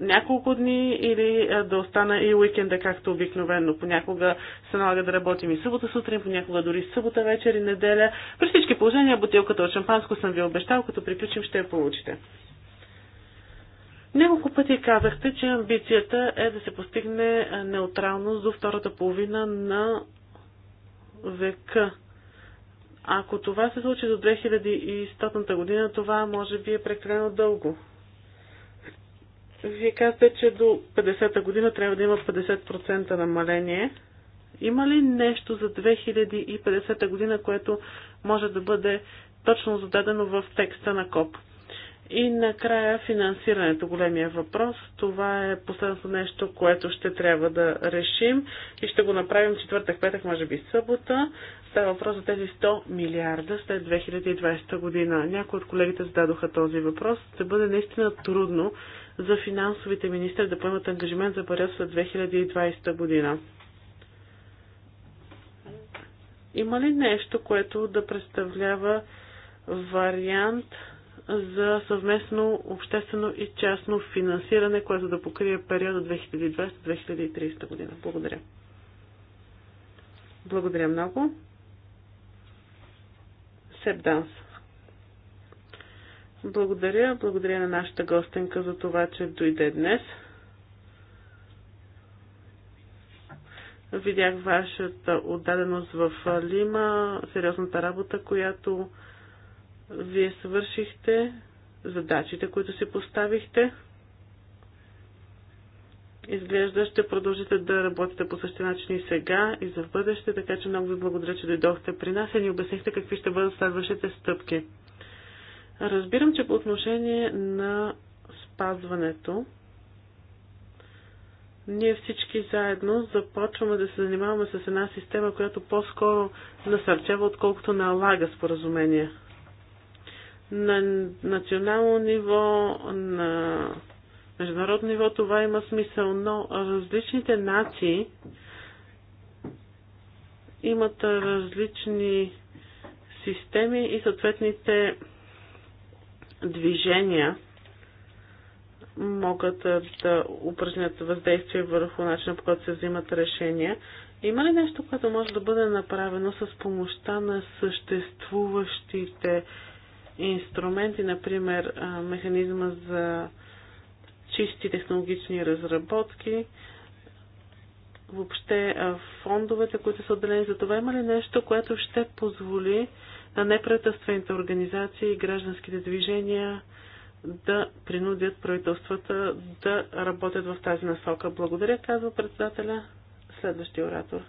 няколко дни или е, да остана и уикенда, както обикновено. Понякога се налага да работим и събота сутрин, понякога дори събота вечер и неделя. При всички положения бутилката от шампанско съм ви обещал, като приключим ще я получите. Няколко пъти казахте, че амбицията е да се постигне е, неутралност до втората половина на века. Ако това се случи до 2100 година, това може би е прекалено дълго. Вие казвате, че до 50-та година трябва да има 50% намаление. Има ли нещо за 2050 година, което може да бъде точно зададено в текста на КОП? И накрая финансирането, големия въпрос. Това е последното нещо, което ще трябва да решим и ще го направим четвъртък, петък, може би събота. Става въпрос за тези 100 милиарда след 2020 година. Някои от колегите зададоха този въпрос. Ще бъде наистина трудно за финансовите министри да поемат ангажимент за период след 2020 година. Има ли нещо, което да представлява вариант за съвместно обществено и частно финансиране, което да покрие периода 2020-2030 година? Благодаря. Благодаря много. Сеп Данс. Благодаря. Благодаря на нашата гостенка за това, че дойде днес. Видях вашата отдаденост в Лима, сериозната работа, която вие свършихте, задачите, които си поставихте. Изглежда ще продължите да работите по същия начин и сега, и за в бъдеще, така че много ви благодаря, че дойдохте при нас и ни обяснихте какви ще бъдат следващите стъпки. Разбирам, че по отношение на спазването, ние всички заедно започваме да се занимаваме с една система, която по-скоро насърчава, отколкото налага споразумения. На национално ниво, на международно ниво това има смисъл, но различните нации имат различни системи и съответните движения могат да упражнят въздействие върху начина по който се взимат решения. Има ли нещо, което може да бъде направено с помощта на съществуващите инструменти, например механизма за чисти технологични разработки, въобще фондовете, които са отделени за това, има ли нещо, което ще позволи на неправителствените организации и гражданските движения да принудят правителствата да работят в тази насока. Благодаря, казва председателя. Следващия оратор.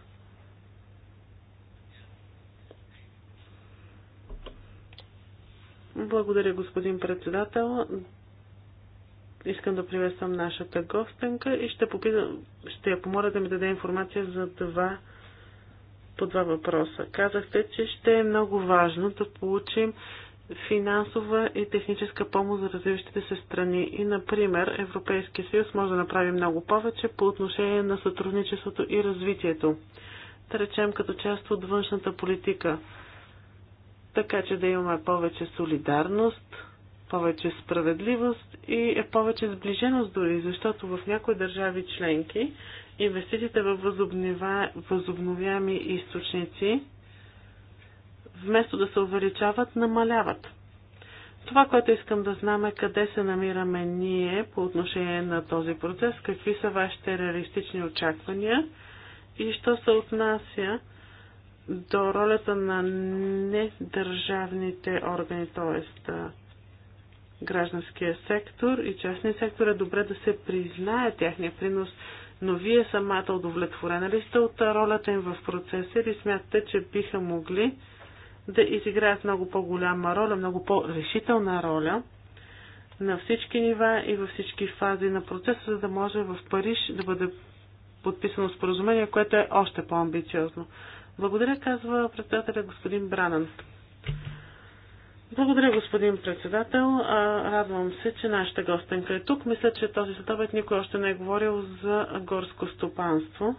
Благодаря, господин председател. Искам да приветствам нашата гостенка и ще, попитам, ще я помоля да ми даде информация за два по два въпроса. Казахте, че ще е много важно да получим финансова и техническа помощ за развиващите се страни. И, например, Европейския съюз може да направи много повече по отношение на сътрудничеството и развитието. Да речем като част от външната политика. Така че да имаме повече солидарност, повече справедливост и е повече сближеност дори, защото в някои държави членки инвестициите в възобновяеми източници, вместо да се увеличават, намаляват. Това, което искам да знам е къде се намираме ние по отношение на този процес, какви са вашите реалистични очаквания и що се отнася до ролята на недържавните органи, т.е. гражданския сектор и частния сектор е добре да се признае тяхния принос но вие самата удовлетворена ли сте от ролята им в процеса или смятате, че биха могли да изиграят много по-голяма роля, много по-решителна роля на всички нива и във всички фази на процеса, за да може в Париж да бъде подписано споразумение, което е още по-амбициозно. Благодаря, казва председателя господин Бранан. Благодаря, господин председател. Радвам се, че нашата гостенка е тук. Мисля, че този следобед никой още не е говорил за горско стопанство.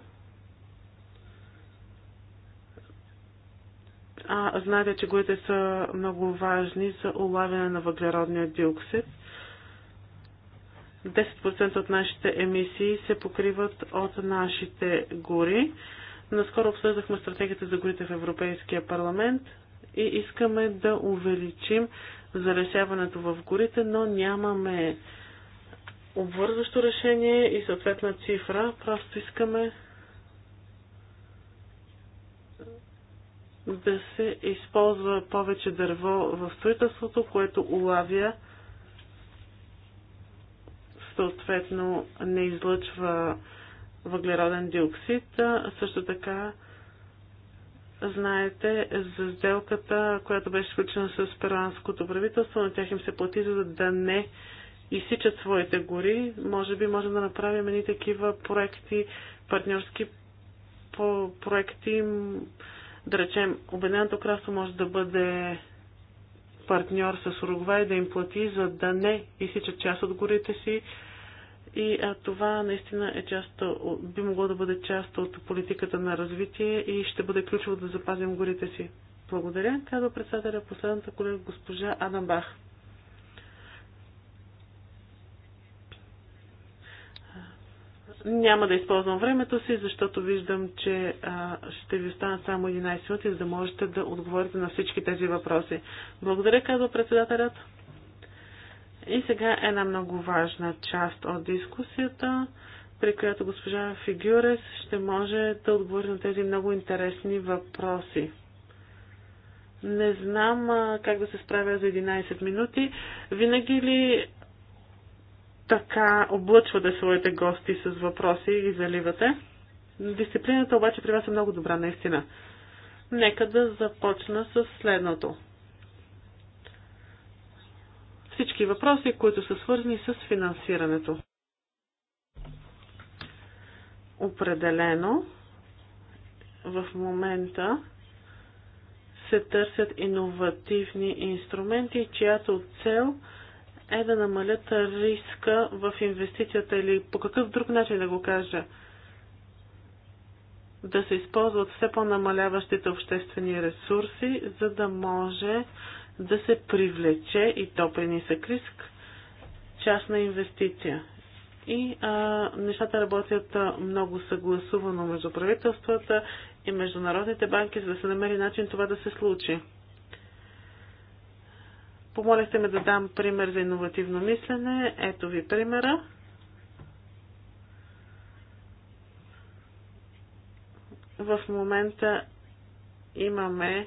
А, знаете, че горите са много важни за улавяне на въглеродния диоксид. 10% от нашите емисии се покриват от нашите гори. Наскоро обсъждахме стратегията за горите в Европейския парламент и искаме да увеличим залесяването в горите, но нямаме обвързващо решение и съответна цифра. Просто искаме да се използва повече дърво в строителството, което улавя съответно не излъчва въглероден диоксид, също така Знаете за сделката, която беше включена с перуанското правителство, на тях им се плати, за да не изсичат своите гори. Може би можем да направим едни такива проекти, партньорски проекти. Да речем, Обединеното кралство може да бъде партньор с Уругвай да им плати, за да не изсичат част от горите си и а, това наистина е част, би могло да бъде част от политиката на развитие и ще бъде ключово да запазим горите си. Благодаря, казва председателя последната колега госпожа Адамбах. Няма да използвам времето си, защото виждам, че а, ще ви останат само 11 минути, за да можете да отговорите на всички тези въпроси. Благодаря, казва председателят. И сега една много важна част от дискусията, при която госпожа Фигюрес ще може да отговори на тези много интересни въпроси. Не знам а, как да се справя за 11 минути. Винаги ли така облъчвате своите гости с въпроси и заливате? Дисциплината обаче при вас е много добра, наистина. Нека да започна с следното всички въпроси, които са свързани с финансирането. Определено в момента се търсят иновативни инструменти, чиято цел е да намалят риска в инвестицията или по какъв друг начин да го кажа, да се използват все по-намаляващите обществени ресурси, за да може да се привлече и то при нисък риск частна инвестиция. И а, нещата работят много съгласувано между правителствата и международните банки, за да се намери начин това да се случи. Помолихте ме да дам пример за иновативно мислене. Ето ви примера. В момента имаме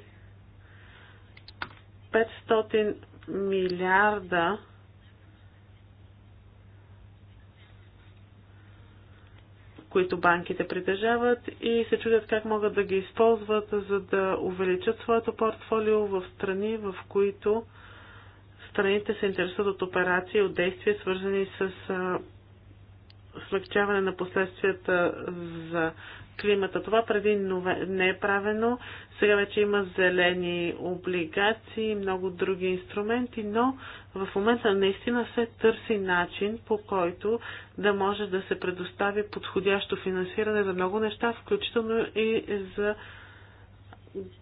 500 милиарда които банките притежават и се чудят как могат да ги използват, за да увеличат своето портфолио в страни, в които страните се интересуват от операции, от действия, свързани с смягчаване на последствията за климата. Това преди не е правено. Сега вече има зелени облигации, много други инструменти, но в момента наистина се търси начин, по който да може да се предостави подходящо финансиране за много неща, включително и за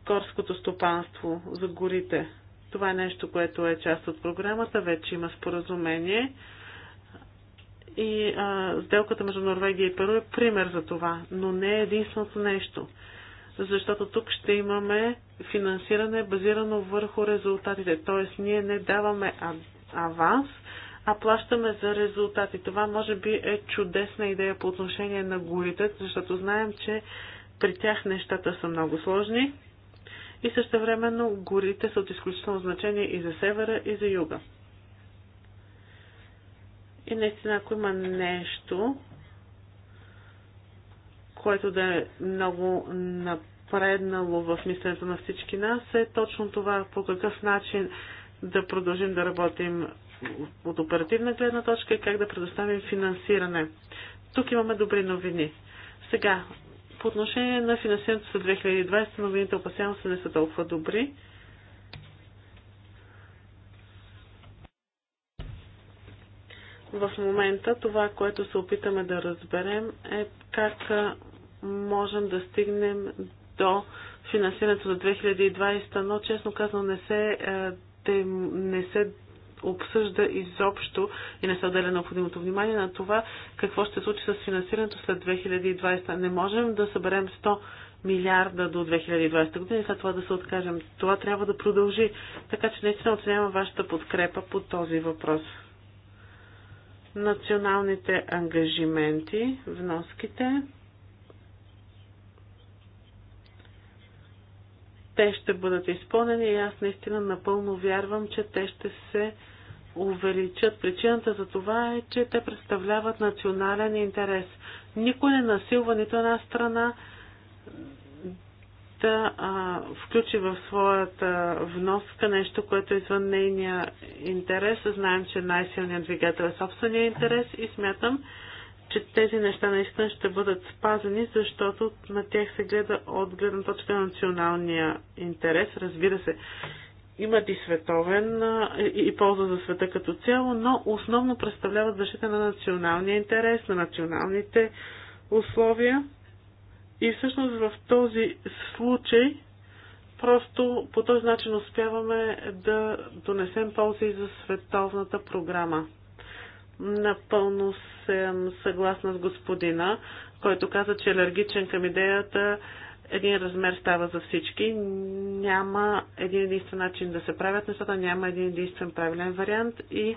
горското стопанство, за горите. Това е нещо, което е част от програмата, вече има споразумение. И а, сделката между Норвегия и Перу е пример за това, но не е единственото нещо. Защото тук ще имаме финансиране базирано върху резултатите. Тоест ние не даваме аванс, а плащаме за резултати. Това може би е чудесна идея по отношение на горите, защото знаем, че при тях нещата са много сложни и също времено горите са от изключително значение и за севера, и за юга. И наистина, ако има нещо, което да е много напреднало в мисленето на всички нас, е точно това по какъв начин да продължим да работим от оперативна гледна точка и как да предоставим финансиране. Тук имаме добри новини. Сега, по отношение на финансирането за 2020, новините опасявам се не са толкова добри. В момента това, което се опитаме да разберем е как можем да стигнем до финансирането за 2020, но честно казано не се, не се обсъжда изобщо и не се отделя необходимото внимание на това какво ще случи с финансирането след 2020. Не можем да съберем 100 милиарда до 2020 година и след това да се откажем. Това трябва да продължи. Така че наистина оценявам вашата подкрепа по този въпрос националните ангажименти, вноските. Те ще бъдат изпълнени и аз наистина напълно вярвам, че те ще се увеличат. Причината за това е, че те представляват национален интерес. Никой не насилва нито една страна да а, включи в своята вноска нещо, което е извън нейния интерес. Знаем, че най-силният двигател е собствения интерес и смятам, че тези неща наистина ще бъдат спазени, защото на тях се гледа от гледна точка на националния интерес. Разбира се, имат и световен и полза за света като цяло, но основно представляват защита на националния интерес, на националните условия. И всъщност в този случай просто по този начин успяваме да донесем ползи за световната програма. Напълно съм съгласна с господина, който каза, че е алергичен към идеята един размер става за всички. Няма един единствен начин да се правят нещата, няма един единствен правилен вариант и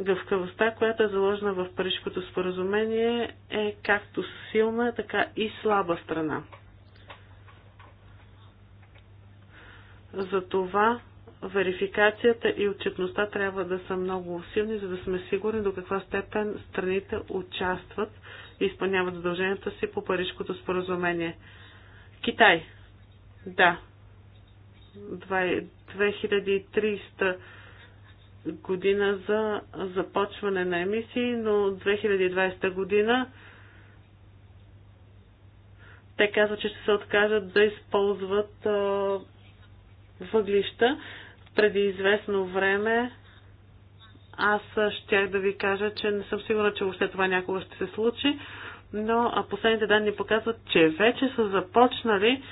Гъвкавостта, която е заложена в Парижкото споразумение, е както силна, така и слаба страна. Затова верификацията и отчетността трябва да са много силни, за да сме сигурни до каква степен страните участват и изпълняват задълженията си по Парижкото споразумение. Китай. Да. 2300 година за започване на емисии, но 2020 година те казват, че ще се откажат да използват а, въглища. Преди известно време аз щях да ви кажа, че не съм сигурна, че въобще това някога ще се случи, но последните данни показват, че вече са започнали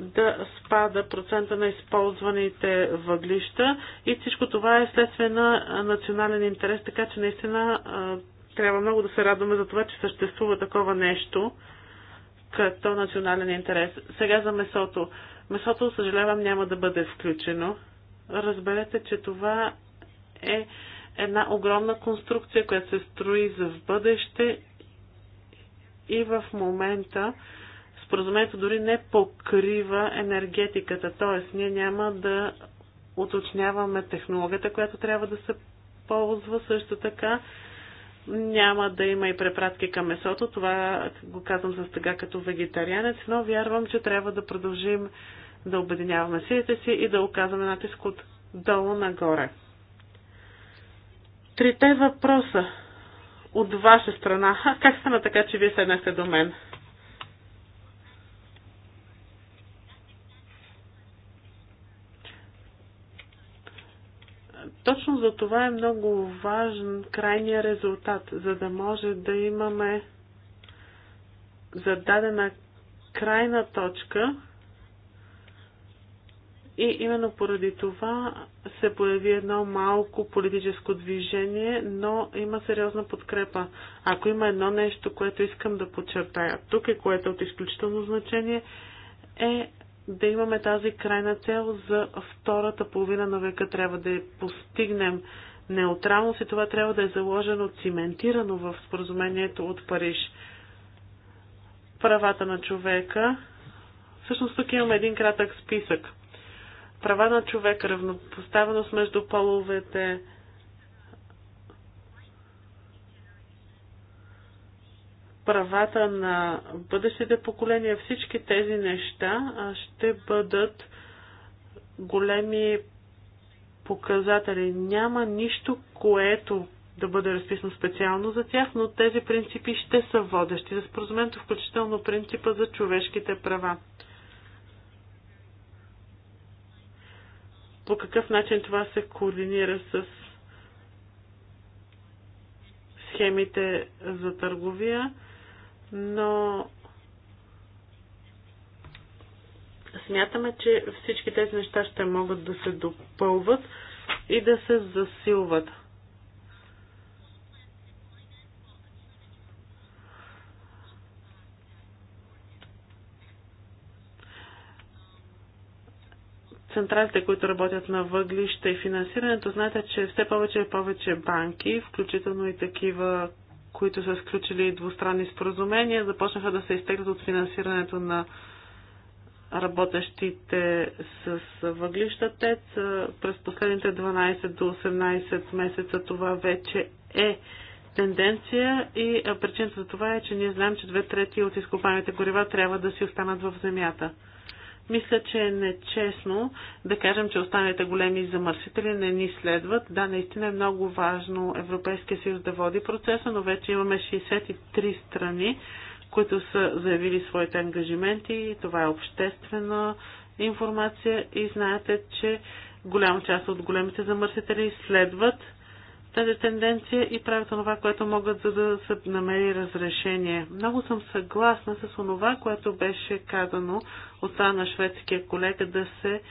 да спада процента на използваните въглища и всичко това е следствие на национален интерес, така че наистина трябва много да се радваме за това, че съществува такова нещо като национален интерес. Сега за месото. Месото, съжалявам, няма да бъде включено. Разберете, че това е една огромна конструкция, която се строи за в бъдеще и в момента споразумението дори не покрива енергетиката, т.е. ние няма да уточняваме технологията, която трябва да се ползва също така. Няма да има и препратки към месото, това го казвам за сега като вегетарианец, но вярвам, че трябва да продължим да обединяваме силите си и да оказваме натиск от долу нагоре. Трите въпроса от ваша страна. Как стана така, че вие седнахте до мен? Точно за това е много важен крайния резултат, за да може да имаме зададена крайна точка и именно поради това се появи едно малко политическо движение, но има сериозна подкрепа. Ако има едно нещо, което искам да подчертая тук и което е от изключително значение, е да имаме тази крайна цел за втората половина на века. Трябва да постигнем неутралност и това трябва да е заложено, циментирано в споразумението от Париж. Правата на човека. Всъщност тук имаме един кратък списък. Права на човека, равнопоставеност между половете, правата на бъдещите поколения, всички тези неща ще бъдат големи показатели. Няма нищо, което да бъде разписано специално за тях, но тези принципи ще са водещи за споразумението, включително принципа за човешките права. По какъв начин това се координира с схемите за търговия? но смятаме, че всички тези неща ще могат да се допълват и да се засилват. централите, които работят на въглища и финансирането, знаете, че все повече и повече банки, включително и такива, които са сключили двустранни споразумения, започнаха да се изтеглят от финансирането на работещите с въглища ТЕЦ. През последните 12 до 18 месеца това вече е тенденция и причината за това е, че ние знаем, че две трети от изкопаните горива трябва да си останат в земята. Мисля, че е нечестно да кажем, че останалите големи замърсители не ни следват. Да, наистина е много важно Европейския съюз да води процеса, но вече имаме 63 страни, които са заявили своите ангажименти. Това е обществена информация и знаете, че голяма част от големите замърсители следват тази тенденция и правят това, което могат, за да се намери разрешение. Много съм съгласна с това, което беше казано от това на шведския колега да се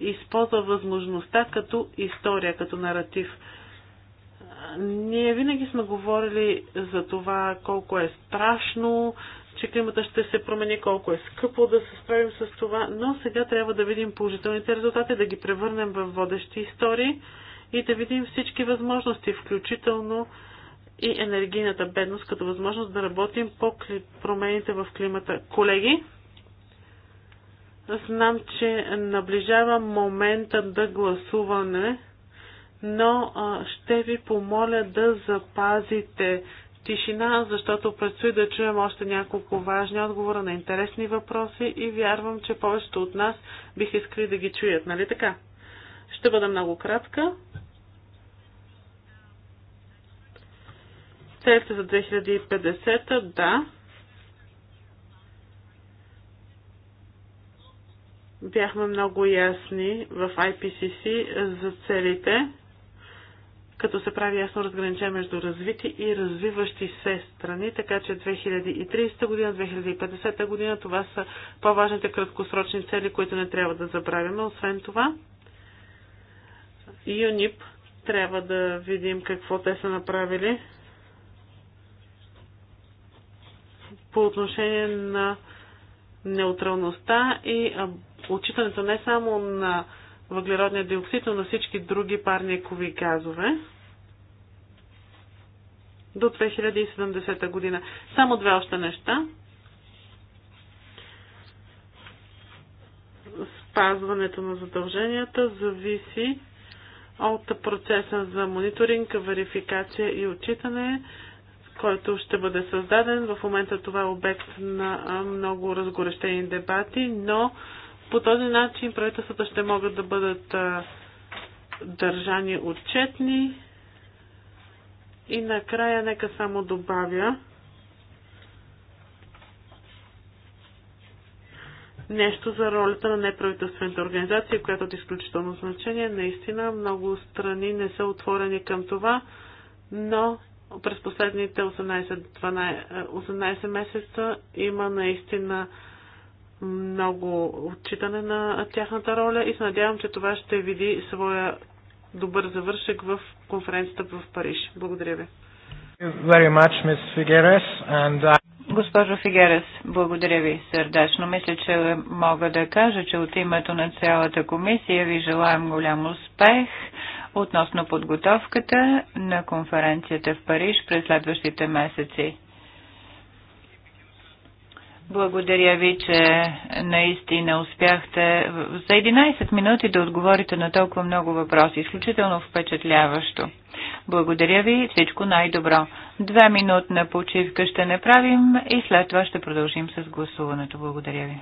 използва възможността като история, като наратив. Ние винаги сме говорили за това колко е страшно, че климата ще се промени, колко е скъпо да се справим с това, но сега трябва да видим положителните резултати, да ги превърнем в водещи истории и да видим всички възможности, включително и енергийната бедност, като възможност да работим по промените в климата. Колеги, знам, че наближава момента да гласуване, но ще ви помоля да запазите тишина, защото предстои да чуем още няколко важни отговора на интересни въпроси и вярвам, че повечето от нас бих искали да ги чуят, нали така? Ще бъда много кратка. Целите за 2050 да. Бяхме много ясни в IPCC за целите, като се прави ясно разграничение между развити и развиващи се страни, така че 2030 година, 2050 година, това са по-важните краткосрочни цели, които не трябва да забравяме. Освен това, ЮНИП трябва да видим какво те са направили по отношение на неутралността и отчитането не само на въглеродния диоксид, но на всички други парникови газове до 2070 година. Само две още неща. Спазването на задълженията зависи от процеса за мониторинг, верификация и отчитане който ще бъде създаден. В момента това е обект на много разгорещени дебати, но по този начин правителствата ще могат да бъдат държани отчетни. И накрая нека само добавя нещо за ролята на неправителствените организации, която е от изключително значение. Наистина много страни не са отворени към това, но през последните 18, 12, 18 месеца има наистина много отчитане на тяхната роля и се надявам, че това ще види своя добър завършек в конференцията в Париж. Благодаря ви. Госпожо Фигерес, благодаря ви сърдечно. Мисля, че мога да кажа, че от името на цялата комисия ви желаем голям успех относно подготовката на конференцията в Париж през следващите месеци. Благодаря ви, че наистина успяхте за 11 минути да отговорите на толкова много въпроси. Изключително впечатляващо. Благодаря ви, всичко най-добро. Две минутна почивка ще направим и след това ще продължим с гласуването. Благодаря ви.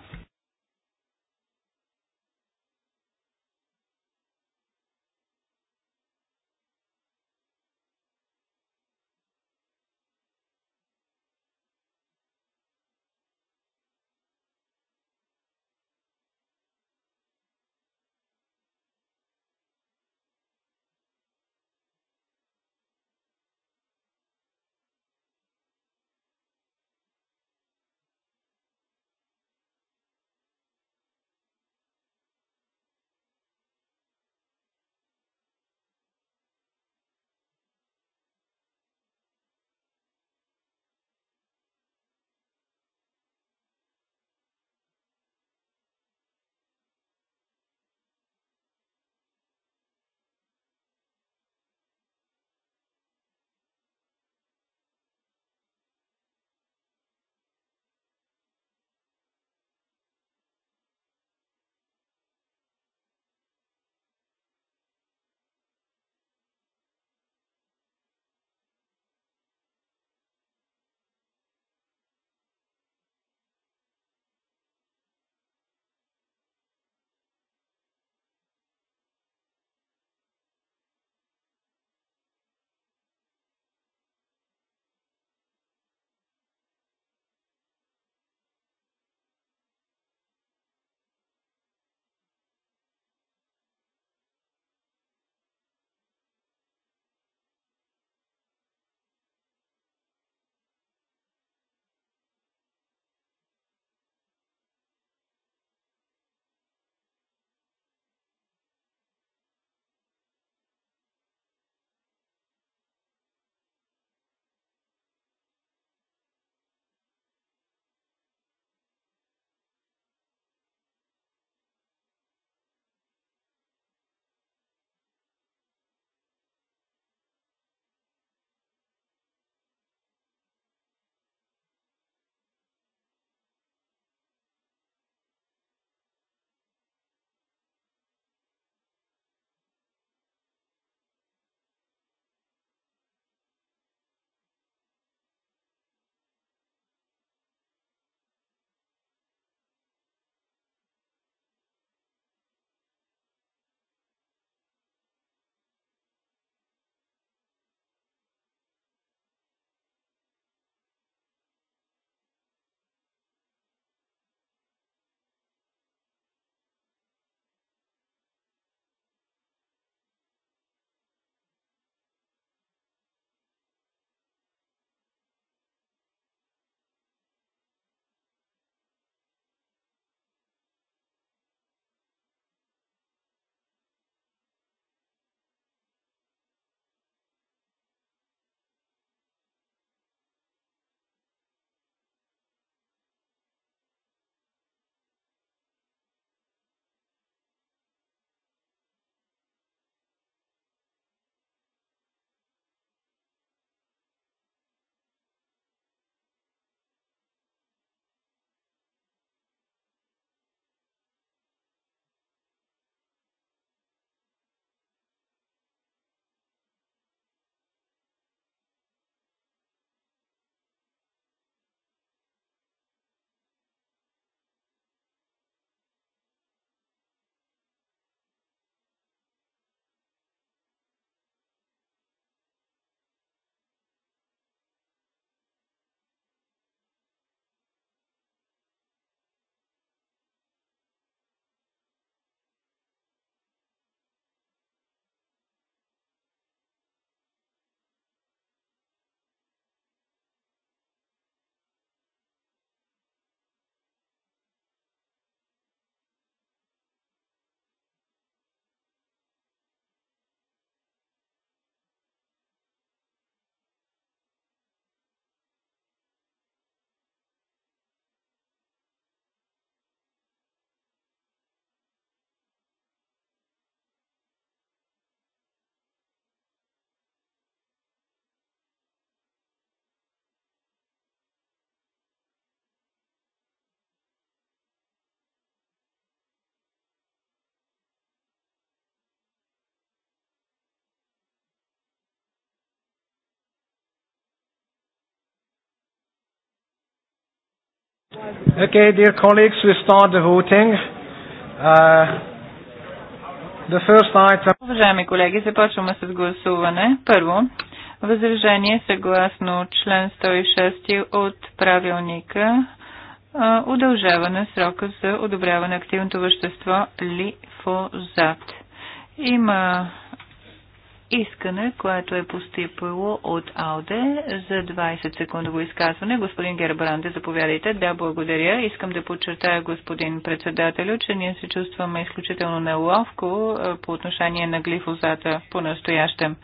Okay, dear colleagues, we start the voting. Uh, the first item... Уважаеми колеги, започваме с гласуване. Първо, възражение съгласно член 106 от правилника удължаване срока за одобряване активното вещество лифозат. Има искане, което е поступило от АУДЕ за 20-секундово изказване. Господин Гербранде, заповядайте. Да, благодаря. Искам да подчертая, господин председателю, че ние се чувстваме изключително неловко по отношение на глифозата по-настоящем.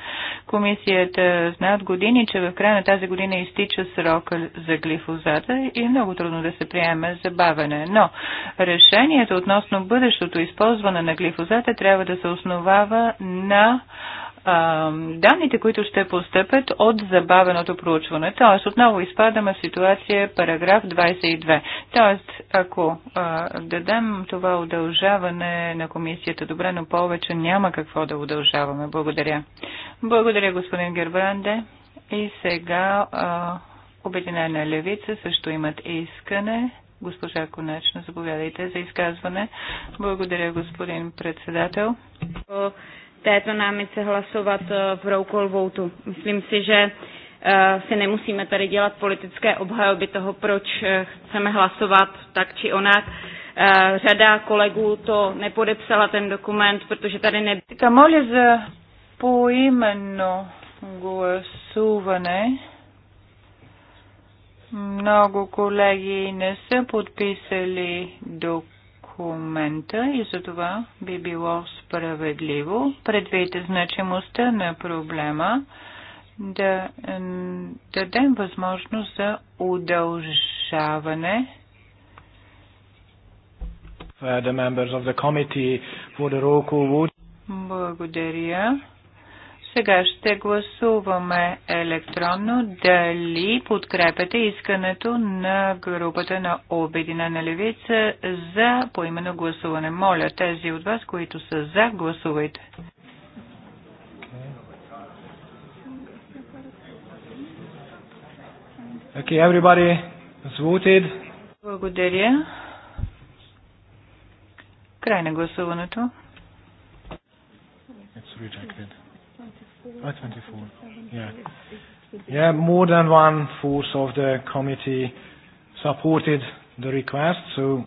Комисията знаят години, че в края на тази година изтича срока за глифозата и много трудно да се приеме забавене. Но решението относно бъдещото използване на глифозата трябва да се основава на а, данните, които ще постъпят от забавеното проучване. Тоест, отново изпадаме в ситуация параграф 22. Тоест, ако а, дадем това удължаване на комисията, добре, но повече няма какво да удължаваме. Благодаря. Благодаря, господин Гербранде. И сега а, Обединена левица също имат искане. Госпожа Конечна, заповядайте за изказване. Благодаря, господин председател této námice hlasovat v roukol voutu. Myslím si, že si nemusíme tady dělat politické obhajoby toho, proč chceme hlasovat tak či onak. Řada kolegů to nepodepsala ten dokument, protože tady ne... Така, моля pojmenu поименно Mnogo kolegi, ne se podpisali dokument документа и за това би било справедливо, предвид значимостта на проблема, да дадем възможност за удължаване the members of the committee for the Roku Благодаря. Сега ще гласуваме електронно дали подкрепяте искането на групата на Обединена левица за поименно гласуване. Моля тези от вас, които са за, гласувайте. Okay, okay everybody has voted. Благодаря. Край на гласуването. It's rejected. Oh, 24. Yeah. Yeah, more than one fourth of the committee supported the request, so...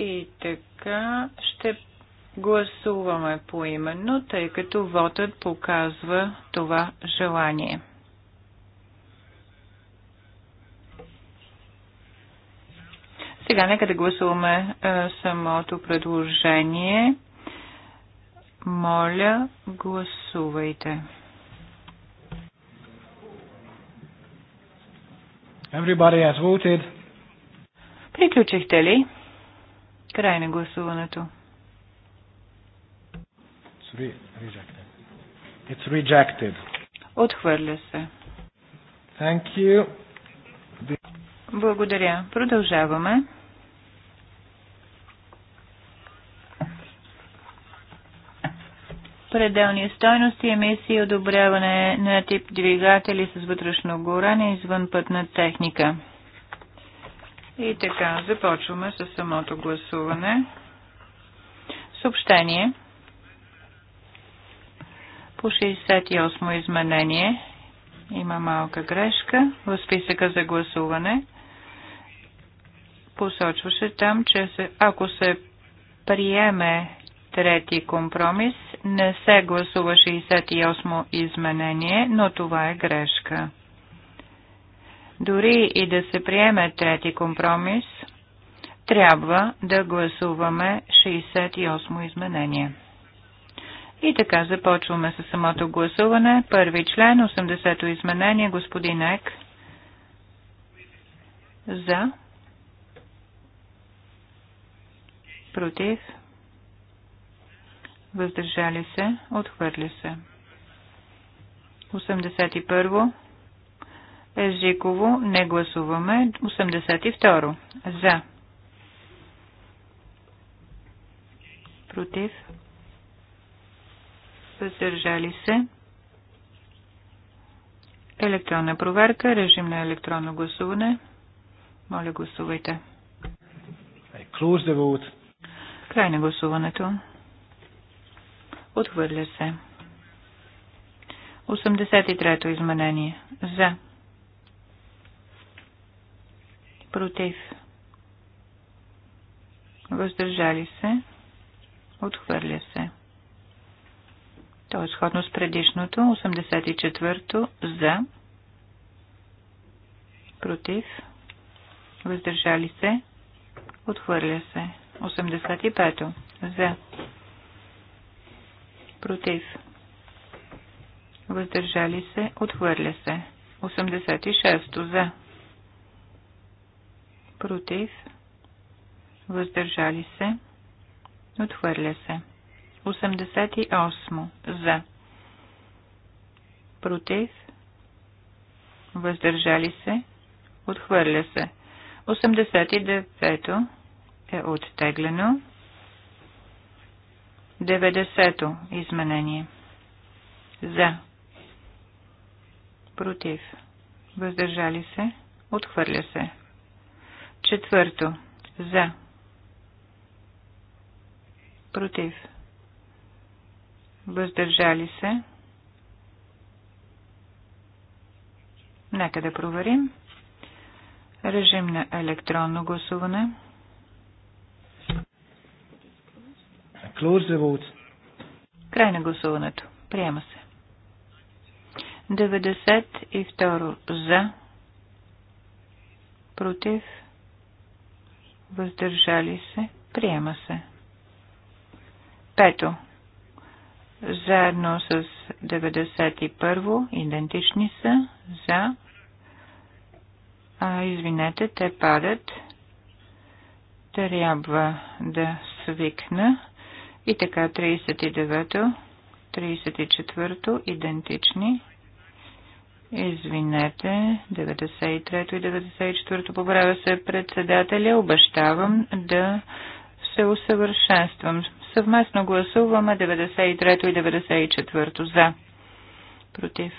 И така ще гласуваме поименно, тъй като вотът показва това желание. Сега нека да гласуваме е, самото предложение. Моля, гласувайте. Everybody has voted. Приключихте ли? Край на гласуването. It's re rejected. It's rejected. Отхвърля се. Thank you. Благодаря. Продължаваме. пределни стойности, емисии, одобряване на тип двигатели с вътрешно горене извън пътна техника. И така, започваме с самото гласуване. Съобщение по 68 изменение. Има малка грешка в списъка за гласуване. Посочваше там, че се, ако се приеме трети компромис не се гласува 68 изменение, но това е грешка. Дори и да се приеме трети компромис, трябва да гласуваме 68 изменение. И така започваме с самото гласуване. Първи член, 80-то изменение, господин Ек. За. Против въздържали се, отхвърля се. 81. Езиково не гласуваме. 82. За. Против. Въздържали се. Електронна проверка. Режим на електронно гласуване. Моля гласувайте. Край на гласуването. Отхвърля се. 83-то изменение. За. Против. Въздържали се. Отхвърля се. То е сходно с предишното. 84-то. За. Против. Въздържали се. Отхвърля се. 85-то. За против, въздържали се, отхвърля се. 86 за, против, въздържали се, отхвърля се. 88 за, против, въздържали се, отхвърля се. 89 е оттеглено. 90-то изменение. За. Против. Въздържали се. Отхвърля се. Четвърто. За. Против. Въздържали се. Нека да проверим. Режим на електронно гласуване. Close the vote. Край на гласуването. Приема се. 92 за. Против. Въздържали се. Приема се. Пето. Заедно с 91 идентични са за. А, извинете, те падат. Трябва да свикна и така 39, 34 идентични. Извинете, 93 и 94 поправя се председателя. Обещавам да се усъвършенствам. Съвместно гласуваме 93 и 94 за. Против.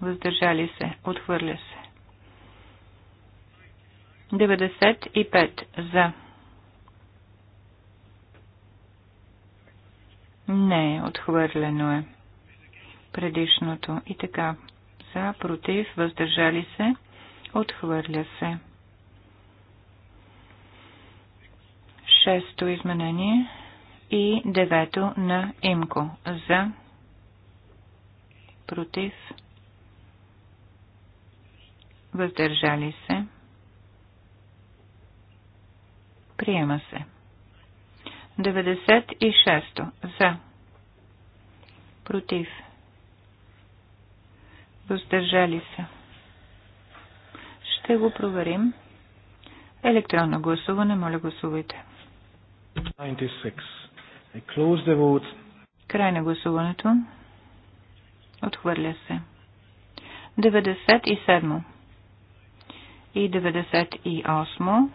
Въздържали се. Отхвърля се. 95 за Не, отхвърлено е. Предишното. И така. За, против, въздържали се, отхвърля се. Шесто изменение и девето на имко. За, против, въздържали се, приема се. 96 за. Против. Въздържали се. Ще го проверим. Електронно гласуване, моля гласувайте. 96. I close the vote. Край на гласуването. Отхвърля се. 97 и 98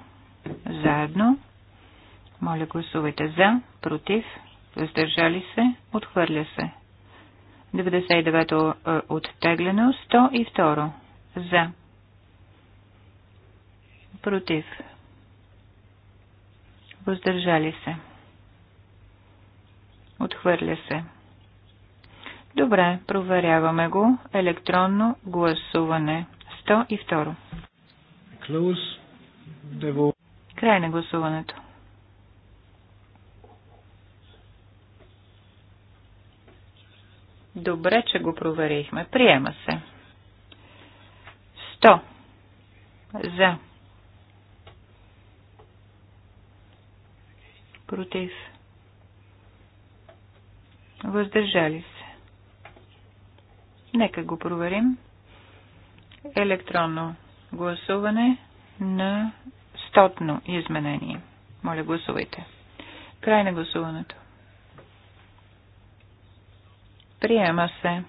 заедно моля, гласувайте за, против, въздържали се, отхвърля се. 99-то е оттеглено, 102 за, против, въздържали се, отхвърля се. Добре, проверяваме го. Електронно гласуване. 102. Край на гласуването. Добре, че го проверихме. Приема се. 100. За. Против. Въздържали се. Нека го проверим. Електронно гласуване на стотно изменение. Моля, гласувайте. Край на гласуването. Приема се.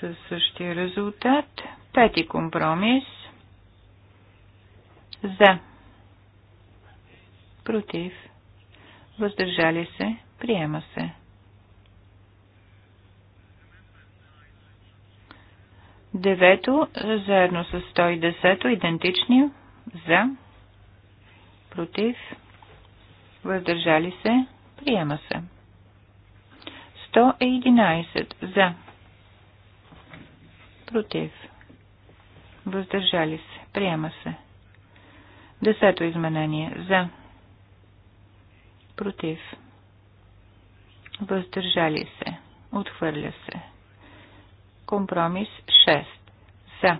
Със същия резултат. Пети компромис. За. Против. Въздържали се. Приема се. Девето, заедно с 110, идентични, за, против, въздържали се, приема се. 111 за. Против. Въздържали се. Приема се. Десето изменение. За. Против. Въздържали се. Отхвърля се. Компромис 6. За.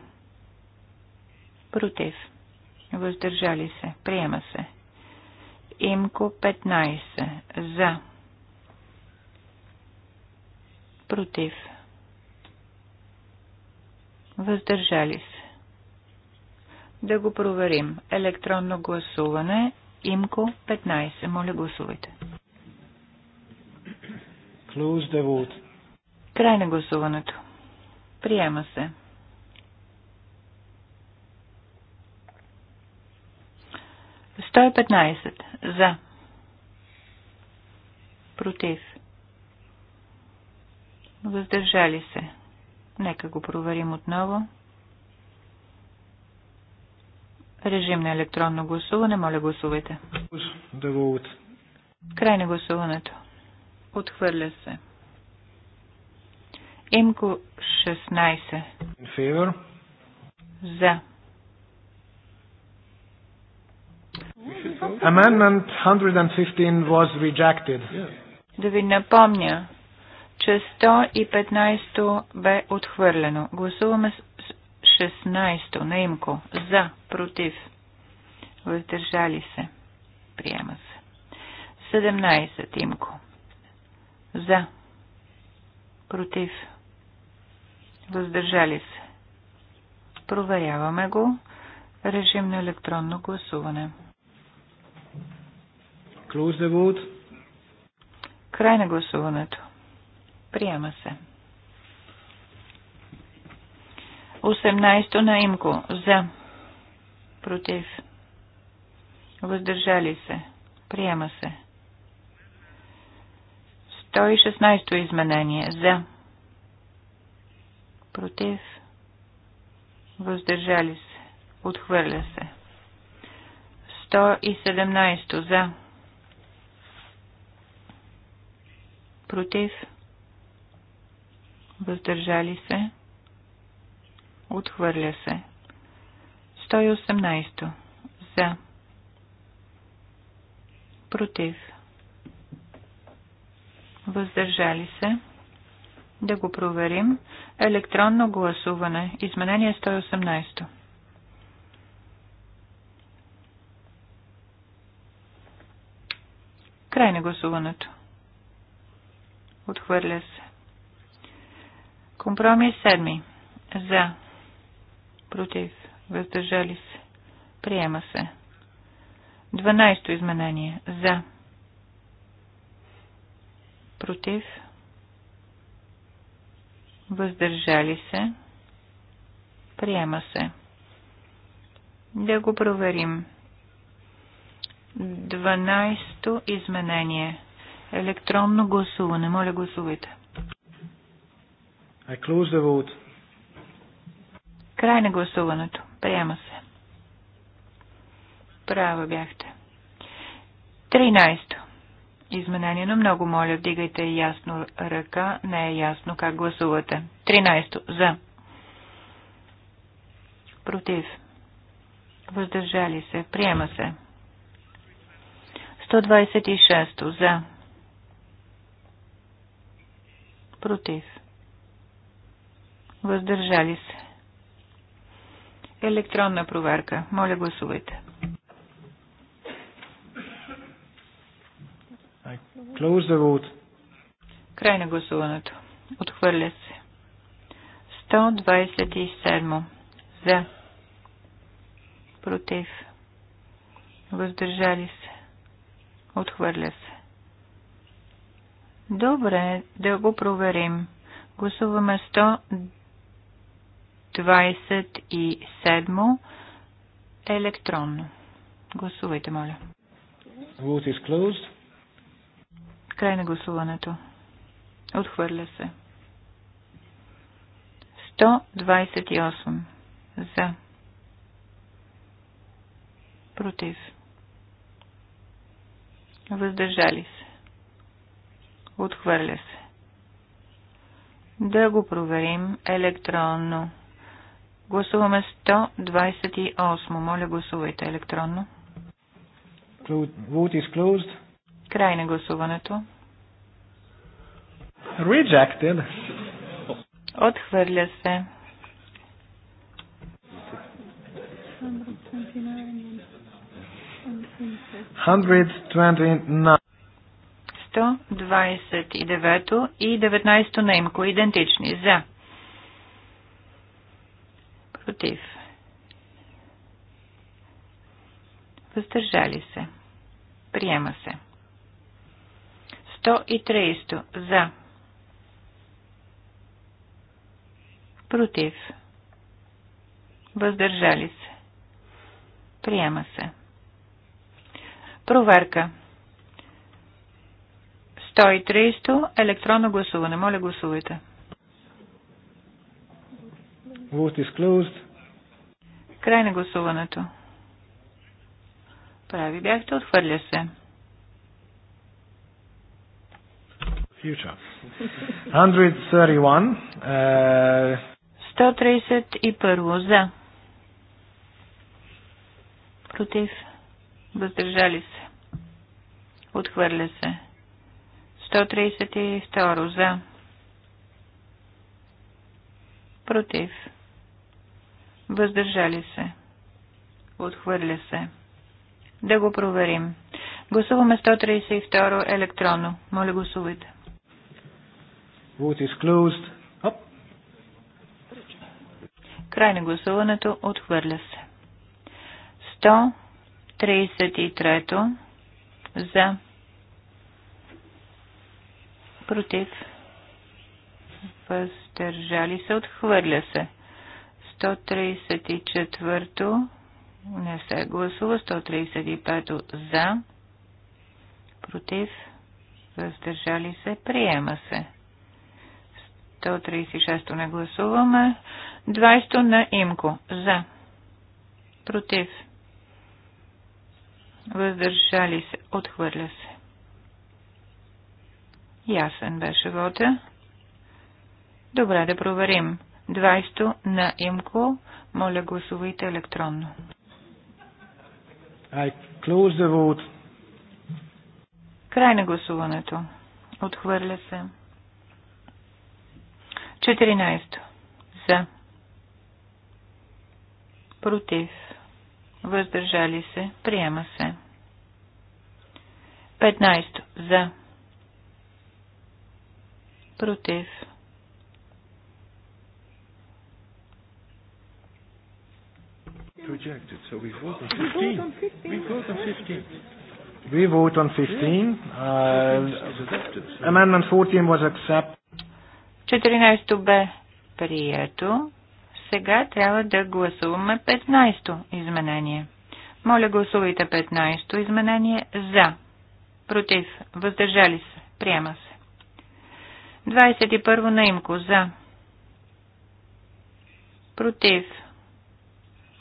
Против. Въздържали се. Приема се. Имко 15. За против, въздържали се. Да го проверим. Електронно гласуване, имко 15. Моля гласувайте. Close the vote. Край на гласуването. Приема се. Сто за. Против. Въздържали се. Нека го проверим отново. Режим на електронно гласуване. Моля, гласувайте. Край на гласуването. Отхвърля се. Имко 16. In favor. За. Amendment 115 was rejected. Да ви напомня, че 115 бе отхвърлено. Гласуваме 16 на имко. За, против, въздържали се. Приема се. 17 имко. За, против, въздържали се. Проверяваме го. Режим на електронно гласуване. Close the vote. Край на гласуването. Приема се. 18 на Имко. За. Против. Въздържали се. Приема се. 116 изменение. За. Против. Въздържали се. Отхвърля се. 117 за. Против въздържали се, отхвърля се. 118. За. Против. Въздържали се. Да го проверим. Електронно гласуване. Изменение 118. Край на гласуването. Отхвърля се. Компромис 7. За. Против. Въздържали се. Приема се. 12 изменение. За. Против. Въздържали се. Приема се. Да го проверим. 12 изменение. Електронно гласуване. Моля гласувайте. I close the vote. Край на гласуването. Приема се. Права бяхте. 13. Изменение на много моля, вдигайте ясно ръка, не е ясно как гласувате. 13. За. Против. Въздържали се. Приема се. 126. За. Против въздържали се. Електронна проверка. Моля гласувайте. Close the vote. Край на гласуването. Отхвърля се. 127. За. Против. Въздържали се. Отхвърля се. Добре, да го проверим. Гласуваме 100. 27 електронно. Гласувайте, моля. Vote is closed. Край на гласуването. Отхвърля се. 128 за. Против. Въздържали се. Отхвърля се. Да го проверим електронно. Гласуваме 128. Моля, гласувайте електронно. Vote is closed. Край на гласуването. Rejected. Отхвърля се. Сто двадесет и девето и 19 на идентични. За. Против. Въздържали се. Приема се. 130 за. Против. Въздържали се. Приема се. Проверка. 130 електронно гласуване. Моля гласувайте. Vote is closed. Край на гласуването. Прави бяхте, отхвърля се. Future. 131. Uh... 131 за. Против. Въздържали се. Отхвърля се. 132 за. Против. Въздържали се. Отхвърля се. Да го проверим. Гласуваме 132 електронно. Моля гласувайте. Vote is closed. Up. Край на гласуването. Отхвърля се. 133 за против въздържали се. Отхвърля се. 134 не се гласува. 135 за. Против. Въздържали се. Приема се. 136 не гласуваме. 20 на имко. За. Против. Въздържали се. Отхвърля се. Ясен беше вода. Добре да проверим. 20 на ИМКО. Моля, гласувайте електронно. I close the vote. Край на гласуването. Отхвърля се. 14. За. Против. Въздържали се. Приема се. 15. За. Против. rejected. So we vote on 15. We vote on 15. We vote on 15. Uh, amendment 14 was accepted. 14 то бе прието. Сега трябва да гласуваме 15-то изменение. Моля гласувайте 15-то изменение за. Против. Въздържали се. Приема се. 21 наимко за. Против.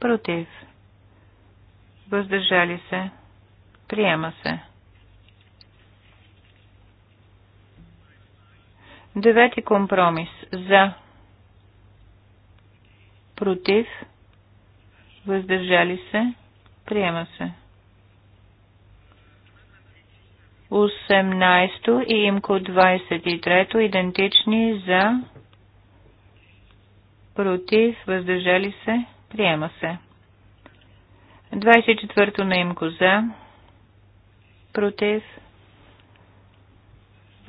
против, въздържали се, приема се. Девети компромис за, против, въздържали се, приема се. 18 и имко 23 идентични за, против, въздържали се, Приема се. 24-то на имко за. Против.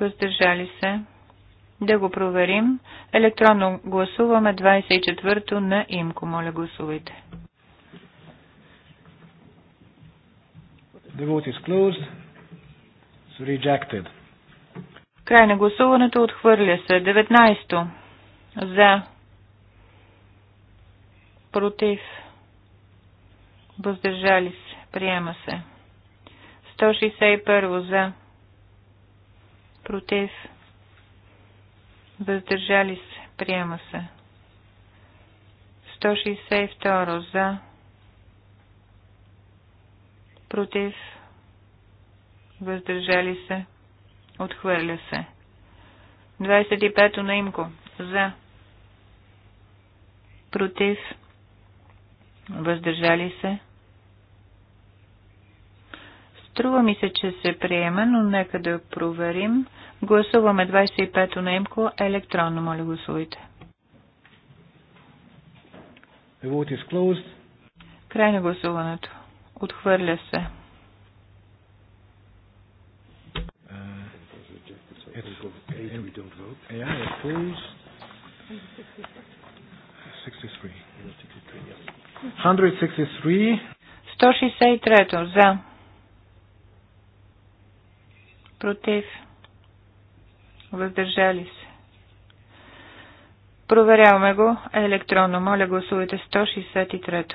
Въздържали се. Да го проверим. Електронно гласуваме 24-то на имко. Моля, гласувайте. The vote is closed. It's rejected. Край на гласуването отхвърля се. 19-то. За против, въздържали се, приема се. 161 за, против, въздържали се, приема се. 162 за, против, въздържали се, отхвърля се. 25 наимко за, против, Въздържали се? Струва ми се, че се приема, но нека да проверим. Гласуваме 25-то на електронно. Моля, гласувайте. The vote is closed. Край на гласуването. Отхвърля се. Uh, 163. за. Против. Въздържали се. Проверяваме го електронно. Моля, гласувайте 163.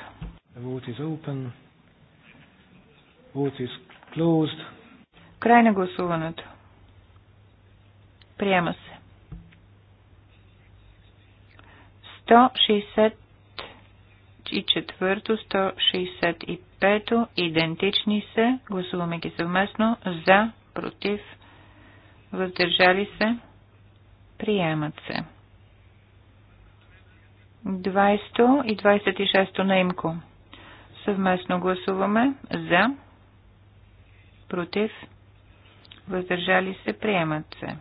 Край на гласуването. Приема се. 163. 164, 165 идентични се. Гласуваме ги съвместно. За, против, въздържали се, приемат се. 20 и 26 на имко. Съвместно гласуваме за, против, въздържали се, приемат се.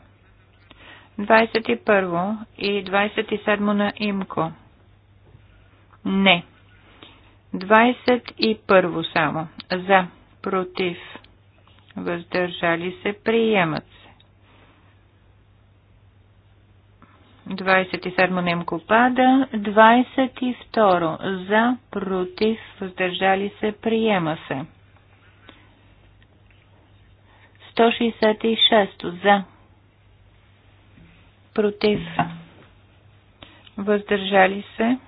21 и 27 на имко. Не. 21 само. За. Против. Въздържали се. Приемат се. 27 немко пада. 22 за. Против. Въздържали се. Приема се. 166 за. Против. Въздържали се.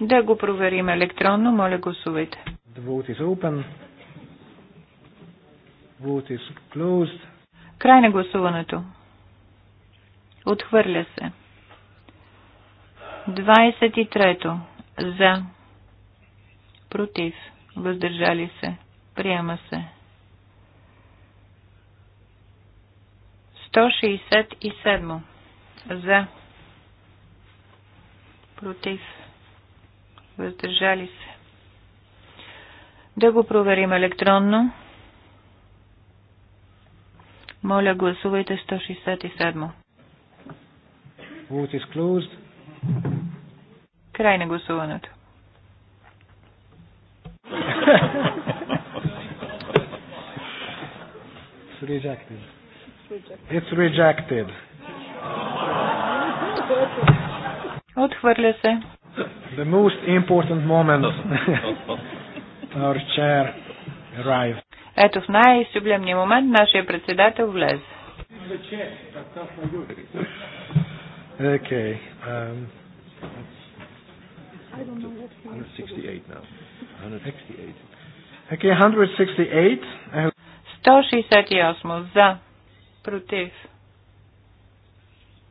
Да го проверим електронно. Моля, гласувайте. Край на гласуването. Отхвърля се. 23. За. Против. Въздържали се. Приема се. 167. За. Против въздържали се. Да го проверим електронно. Моля, гласувайте 167. Vote is closed. Край на гласуването. It's rejected. It's rejected. Отхвърля се the most important moment our chair arrived. Ето в най-сюблемния момент нашия председател влез. Okay. Um, 168 now. 168. Okay, 168. 168 за, против,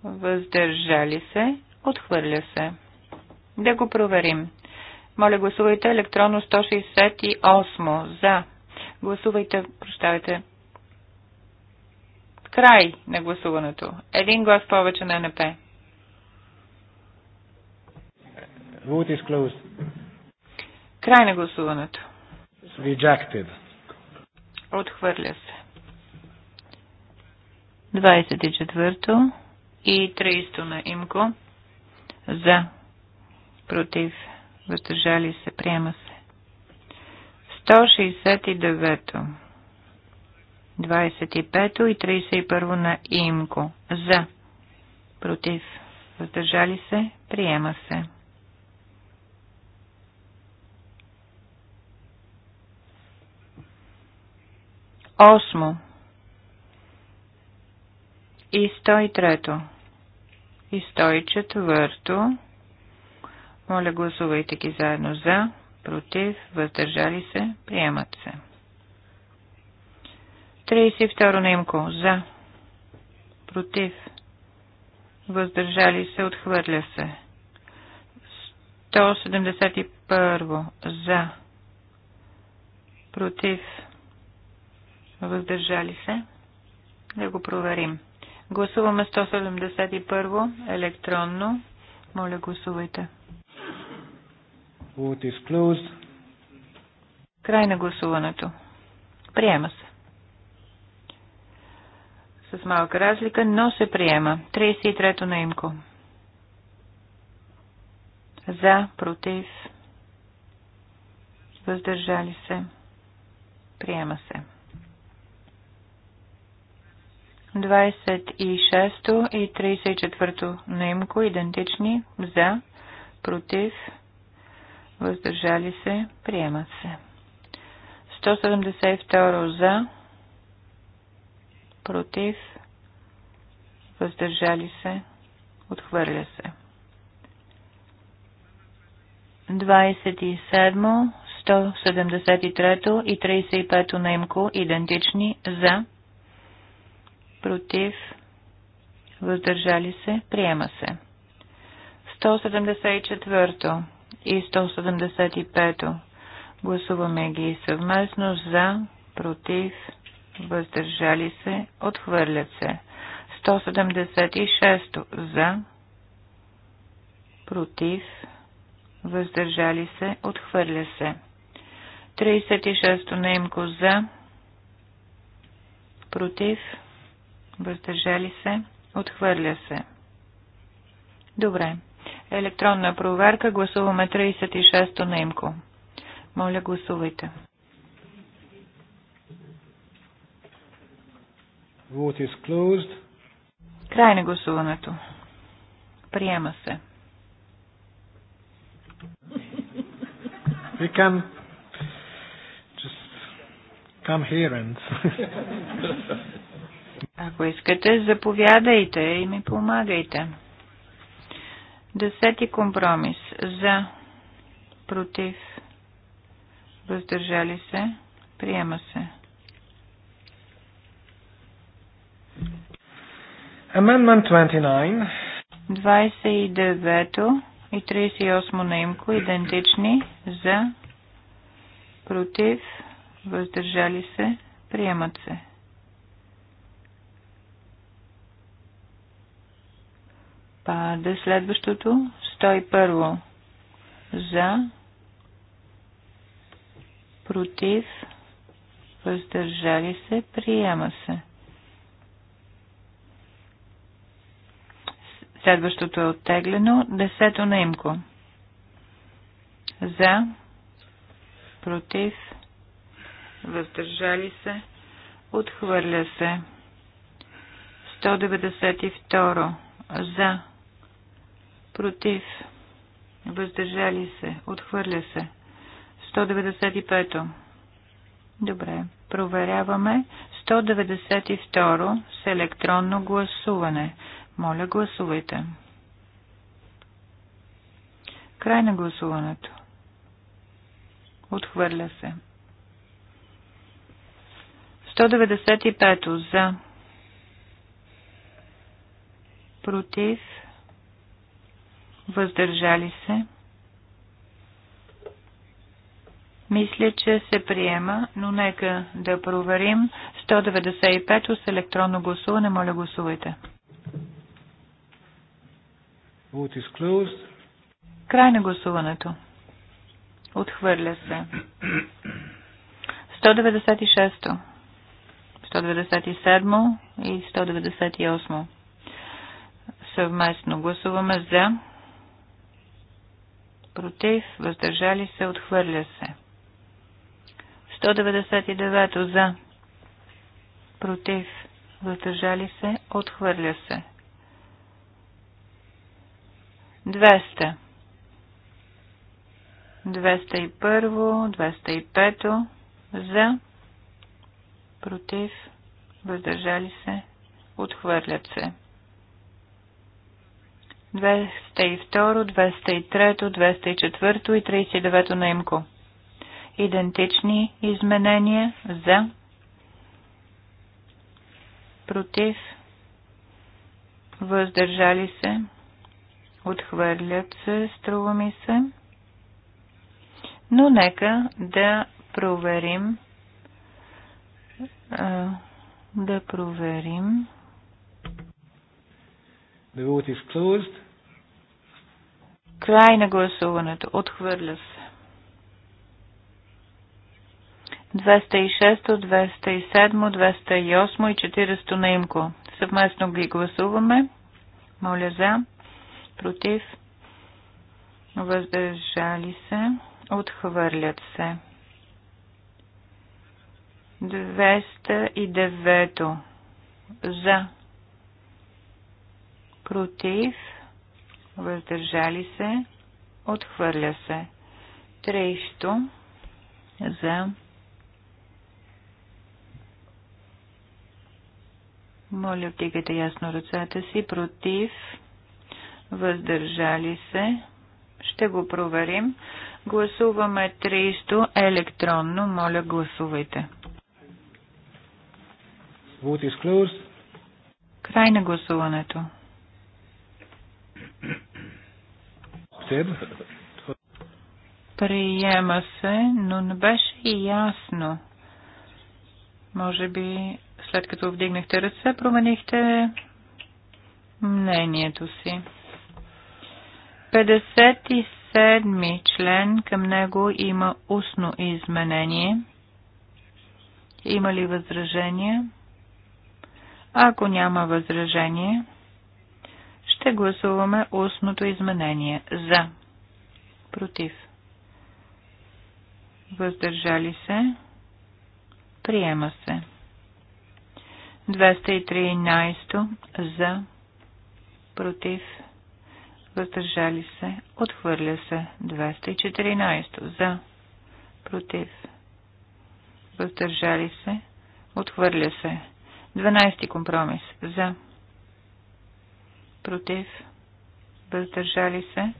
въздържали се, отхвърля се. Да го проверим. Моля, гласувайте електронно 168 за. Гласувайте, прощавайте. Край на гласуването. Един глас повече на НП. Vote is closed. Край на гласуването. Rejected. Отхвърля се. 24 и 30 на имко. За против, въздържали се, приема се. 169. 25 и 31 на Имко. За. Против. Въздържали се. Приема се. Осмо. И 103. И 104. Моля, гласувайте ги заедно за, против, въздържали се, приемат се. 32 наимко за, против, въздържали се, отхвърля се. 171 за, против, въздържали се. Да го проверим. Гласуваме 171 електронно. Моля, гласувайте. Vote is closed. Край на гласуването. Приема се. С малка разлика, но се приема. 33-то на имко. За, против, въздържали се. Приема се. 26 то и 34 то наимко идентични за, против, въздържали се, приемат се. 172 за, против, въздържали се, отхвърля се. 27, 173 и 35 немко идентични за, против, въздържали се, приема се. 174 и 175. Гласуваме ги съвместно за, против, въздържали се, отхвърлят се. 176 за, против, въздържали се, отхвърля се. 36 наимко за, против, въздържали се, отхвърля се. Добре. Електронна проверка. Гласуваме 36-то наимко. Моля, гласувайте. Vote is closed. Край на гласуването. Приема се. We can just come here and... Ако искате, заповядайте и ми помагайте. Десети компромис. За. Против. Въздържали се. Приема се. Amendment 29. 29 и 38 наимко идентични за, против, въздържали се, приемат се. Пада следващото. 101. За. Против. Въздържали се. Приема се. Следващото е оттеглено. Десето на имко. За. Против. Въздържали се. Отхвърля се. 192. За против, въздържали се, отхвърля се. 195. Добре, проверяваме. 192 с електронно гласуване. Моля, гласувайте. Край на гласуването. Отхвърля се. 195 за. Против въздържали се. Мисля, че се приема, но нека да проверим. 195 с електронно гласуване. Моля, гласувайте. Край на гласуването. Отхвърля се. 196. 197 и 198. Съвместно гласуваме за против, въздържали се, отхвърля се. 199 за, против, въздържали се, отхвърля се. 200. 201, 205 за, против, въздържали се, отхвърлят се. 202, 203, 204 и 39 на имко. Идентични изменения за, против, въздържали се, отхвърлят се, струва ми се. Но нека да проверим. Да проверим. The vote is closed. Край на гласуването. Отхвърля се. 206, 207, 208 и 40 на имко. Съвместно ги гласуваме. Моля за. Против. Въздържали се. Отхвърлят се. 209. За против, въздържали се, отхвърля се. 300 за Моля, вдигайте ясно ръцата си. Против, въздържали се. Ще го проверим. Гласуваме 300 електронно. Моля, гласувайте. Край на гласуването. Приема се, но не беше и ясно. Може би, след като вдигнахте ръце, променихте мнението си. 57 член към него има устно изменение. Има ли възражение? Ако няма възражение, ще гласуваме устното изменение. За. Против. Въздържали се. Приема се. 213 за. Против. Въздържали се. Отхвърля се. 214 за. Против. Въздържали се. Отхвърля се. 12 компромис. За против, въздържали се,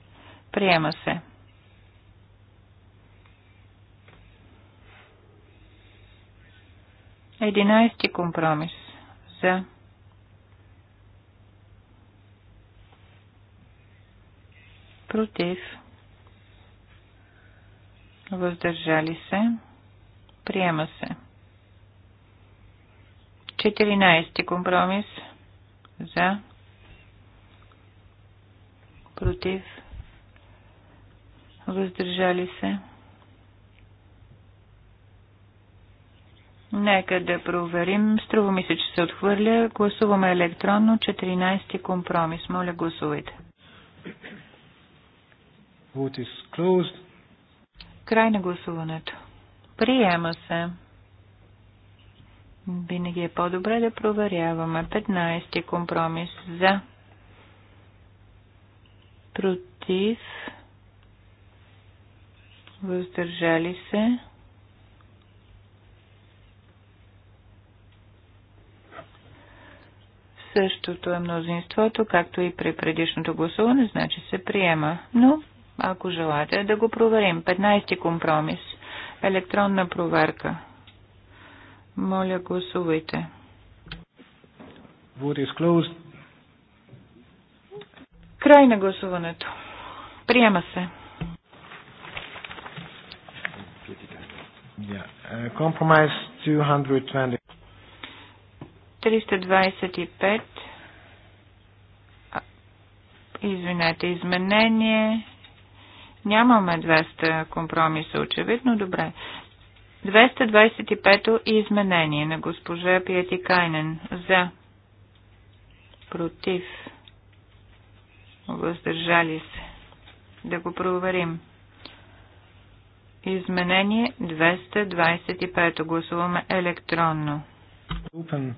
приема се. Единайсти компромис за против, въздържали се, приема се. Четиринайсти компромис за против, въздържали се. Нека да проверим. Струва ми се, че се отхвърля. Гласуваме електронно 14 компромис. Моля, гласувайте. Край на гласуването. Приема се. Винаги е по-добре да проверяваме. 15 компромис за против, въздържали се. Същото е мнозинството, както и при предишното гласуване, значи се приема. Но, ако желаете, да го проверим. 15 компромис. Електронна проверка. Моля, гласувайте. Vote is closed. Край на гласуването. Приема се. Компромис yeah. 325. Uh, извинете, изменение. Нямаме 200 компромиса, очевидно. Добре. 225-то изменение на госпожа Кайнен. За. Против въздържали се. Да го проверим. Изменение 225. Гласуваме електронно. Open.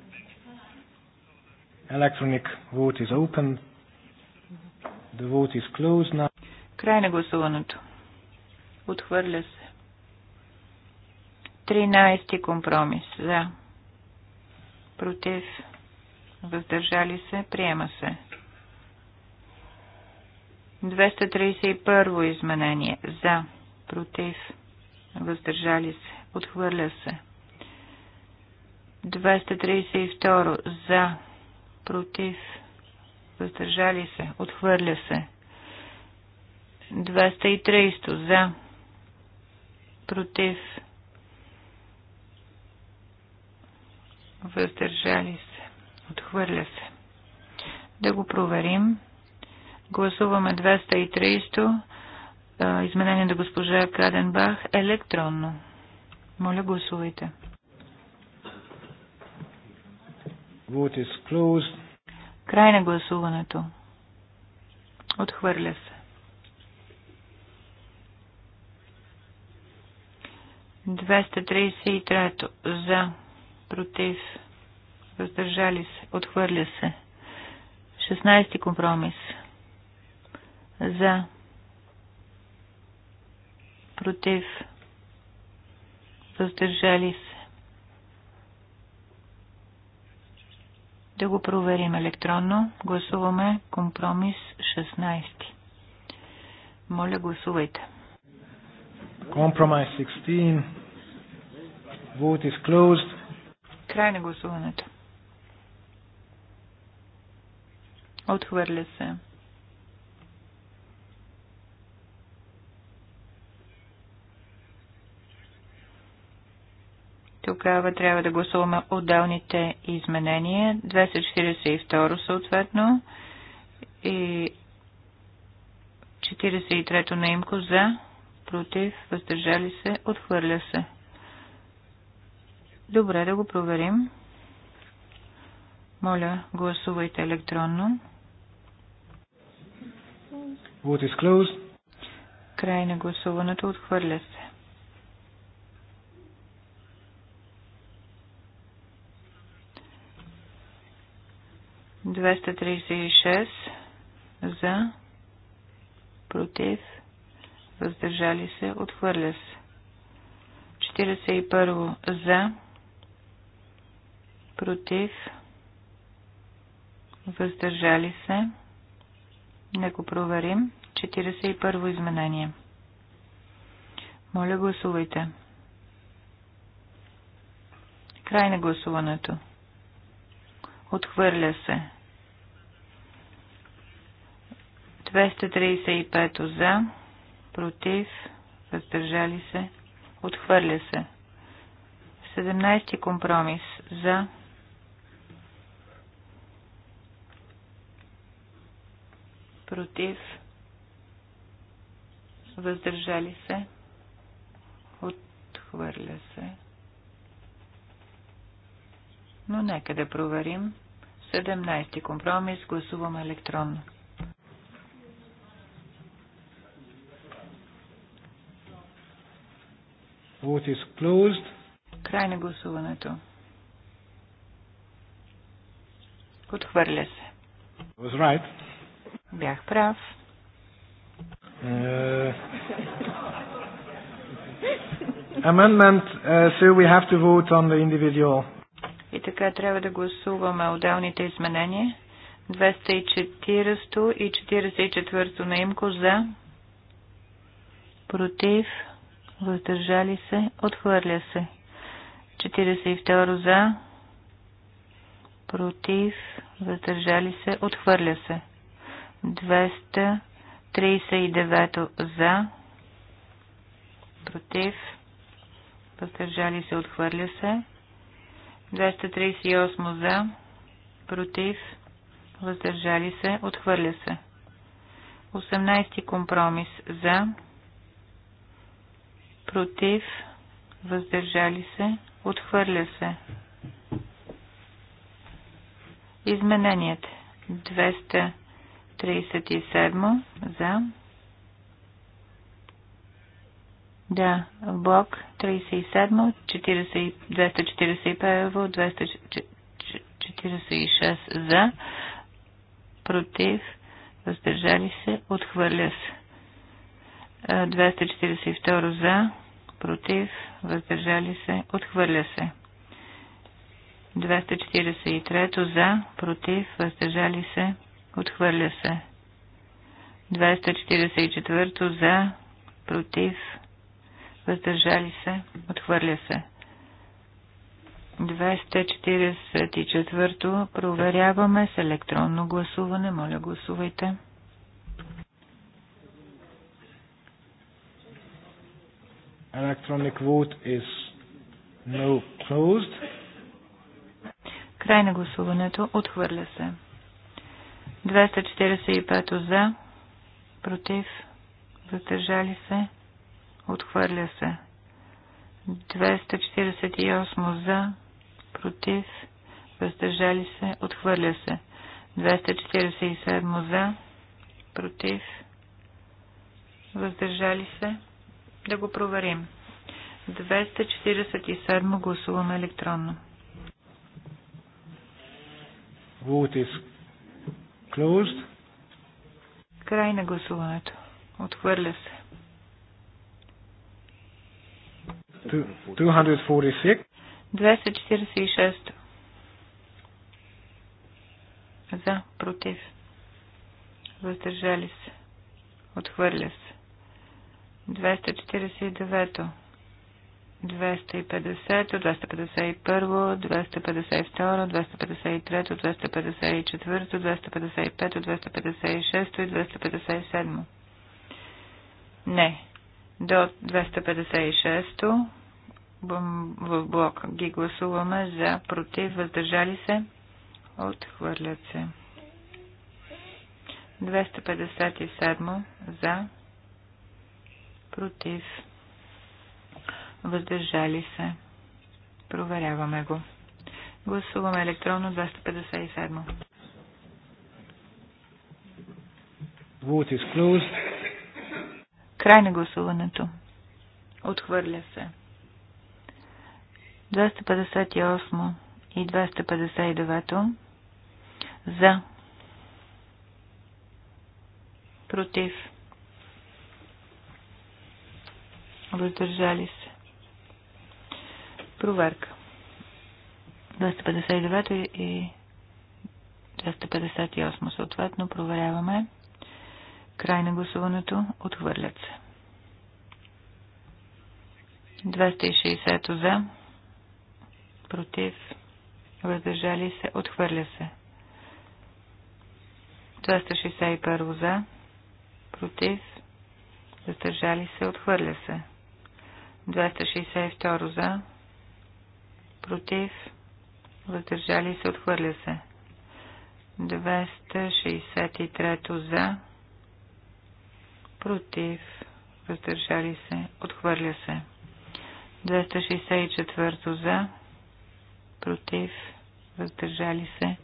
Electronic vote is open. The vote is closed now. Край на гласуването. Отхвърля се. 13 компромис. За. Против. Въздържали се. Приема се. 231 изменение. За. Против. Въздържали се. Отхвърля се. 232. За. Против. Въздържали се. Отхвърля се. 230. За. Против. Въздържали се. Отхвърля се. Да го проверим. Гласуваме 230 изменение на госпожа Каденбах електронно. Моля, гласувайте. Vote is closed. Край на гласуването. Отхвърля се. 233 за, против, въздържали се, отхвърля се. 16 компромис за, против, въздържали се. Да го проверим електронно. Гласуваме компромис 16. Моля, гласувайте. Компромис 16. Vote is closed. Край на гласуването. Отхвърля се. Тогава трябва да гласуваме отделните изменения. 242 съответно и 43-то на имко за, против, въздържали се, отхвърля се. Добре, да го проверим. Моля, гласувайте електронно. Край на гласуването отхвърля се. 236 за, против, въздържали се, отхвърля се. 41 за, против, въздържали се. Нека проверим. 41 изменение. Моля, гласувайте. Край на гласуването. Отхвърля се. 235 за, против, въздържали се, отхвърля се. 17 компромис за, против, въздържали се, отхвърля се. Но нека да проверим. 17 компромис гласуваме електронно. Vote is closed. Край на гласуването. Отхвърля се. Was right. Бях прав. Uh, amendment, uh, so we have to vote on the individual. И така трябва да гласуваме отделните изменения. 240 и 44 на имко за, против, въздържали се, отхвърля се. 42 за, против, въздържали се, отхвърля се. 239 за, против, въздържали се, отхвърля се. 238 за, против, въздържали се, отхвърля се. 18 компромис за, против, въздържали се, отхвърля се. Измененията 237 за да, блок 37, 245, 246 за, против, въздържали се, отхвърля се. 242 за, против, въздържали се, отхвърля се. 243 за, против, въздържали се, отхвърля се. 244 за, против, въздържали се, отхвърля се. 244 проверяваме с електронно гласуване. Моля, гласувайте. Electronic vote is now closed. Край на гласуването. Отхвърля се. 245 за. Против. Въздържали се. Отхвърля се. 248 за. Против. Въздържали се. Отхвърля се. 247 за. Против. Въздържали се. Да го проверим. 247 гласуваме електронно. Vote is closed. Край на гласуването. Отхвърля се. 246. 246. За, против. Въздържали се. Отхвърля се. 249, 250, 251, 253, 254, 255, 256 и 257. Не. До 256 в блок ги гласуваме за против, въздържали се, отхвърлят се. 257 за против, въздържали се. Проверяваме го. Гласуваме електронно 257. Vote is closed. Край на гласуването. Отхвърля се. 258 и 259 за против въздържали се. Проверка. 259 и 258 съответно проверяваме. Край на гласуването. Отхвърлят се. 260 за. Против. Въздържали се. Отхвърля се. 261 за. Против. Въздържали се. Отхвърля се. 262 за, против, въздържали се, отхвърля се. 263 за, против, въздържали се, отхвърля се. 264 за, против, въздържали се,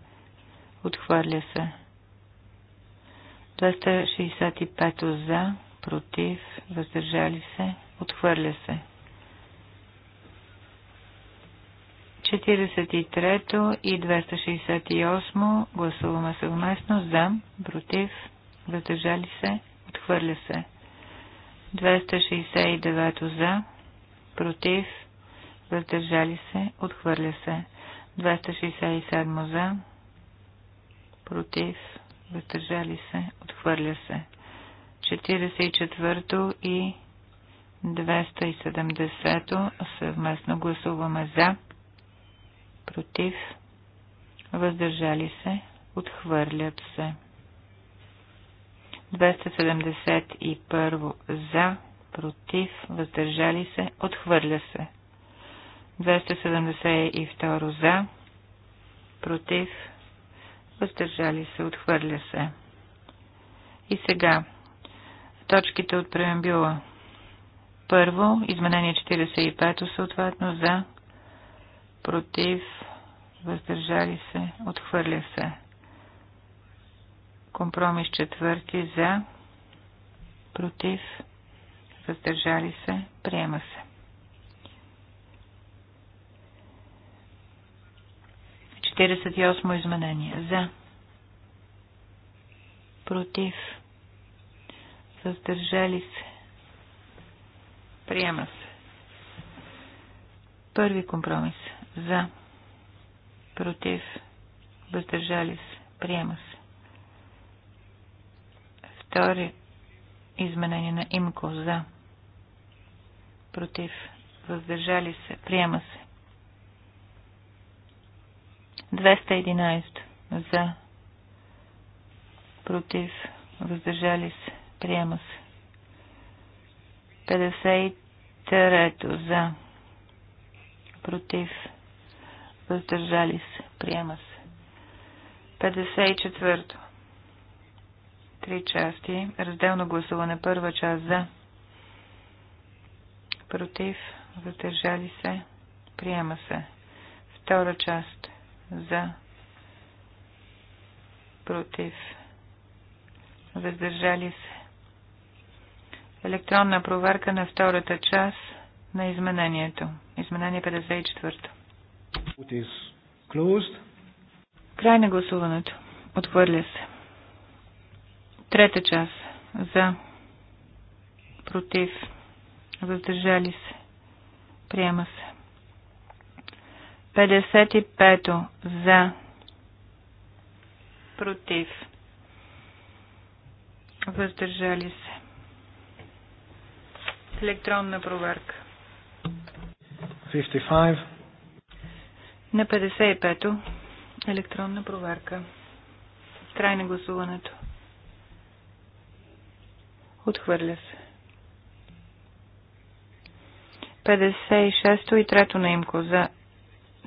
отхвърля се. 265 за, против, въздържали се, отхвърля се. 43 и 268 гласуваме съвместно за, против, въздържали се, отхвърля се. 269 за, против, въздържали се, отхвърля се. 267 за, против, въздържали се, отхвърля се. 44 то и 270 то съвместно гласуваме за, против, въздържали се, отхвърлят се. 271 за, против, въздържали се, отхвърля се. 272 за, против, въздържали се, отхвърля се. И сега, точките от преамбюла. Първо, изменение 45 съответно за, против, въздържали се, отхвърля се. Компромис четвърти за, против, въздържали се, приема се. 48 изменение. За. Против. Въздържали се. Приема се. Първи компромис. За против, въздържали се, приема се. Втори изменение на имко за, против, въздържали се, приема се. 211 за, против, въздържали се, приема се. 53 за, против, въздържали се, приема се. 54. Три части. Разделно гласуване. Първа част за. Против. Въздържали се. Приема се. Втора част. За. Против. Въздържали се. Електронна проверка на втората част на изменението. Изменение 54. то Край на гласуването. Отхвърля се. Трета част. За. Против. Въздържали се. Приема се. 55. то За. Против. Въздържали се. Електронна проверка. 55 на 55-то електронна проверка. Край на гласуването. Отхвърля се. 56-то и трето на имко за...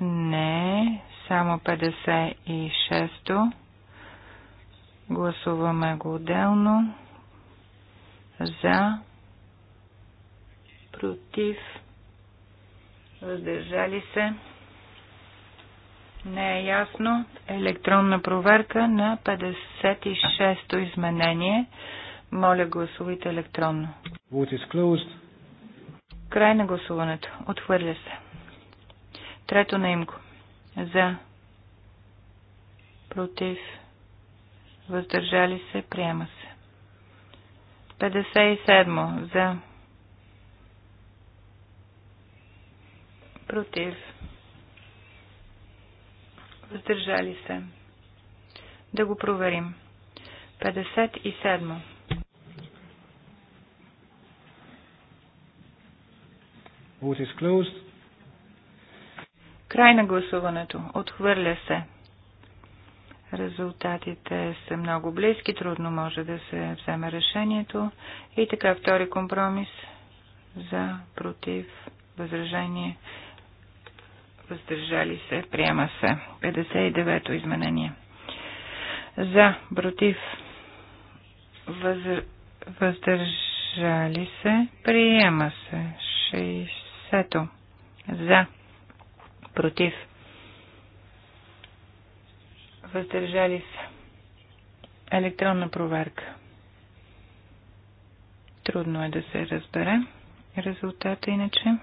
Не, само 56-то. Гласуваме го отделно. За. Против. Въздържали се. Не е ясно. Електронна проверка на 56-то изменение. Моля, гласувайте електронно. Край на гласуването. Отхвърля се. Трето наимко. За. Против. Въздържали се. Приема се. 57. За. Против въздържали се. Да го проверим. 57. is closed. Край на гласуването. Отхвърля се. Резултатите са много близки, трудно може да се вземе решението. И така, втори компромис за против възражение въздържали се, приема се. 59-то изменение. За, против, въз... въздържали се, приема се. 60-то. За, против, въздържали се. Електронна проверка. Трудно е да се разбере резултата иначе.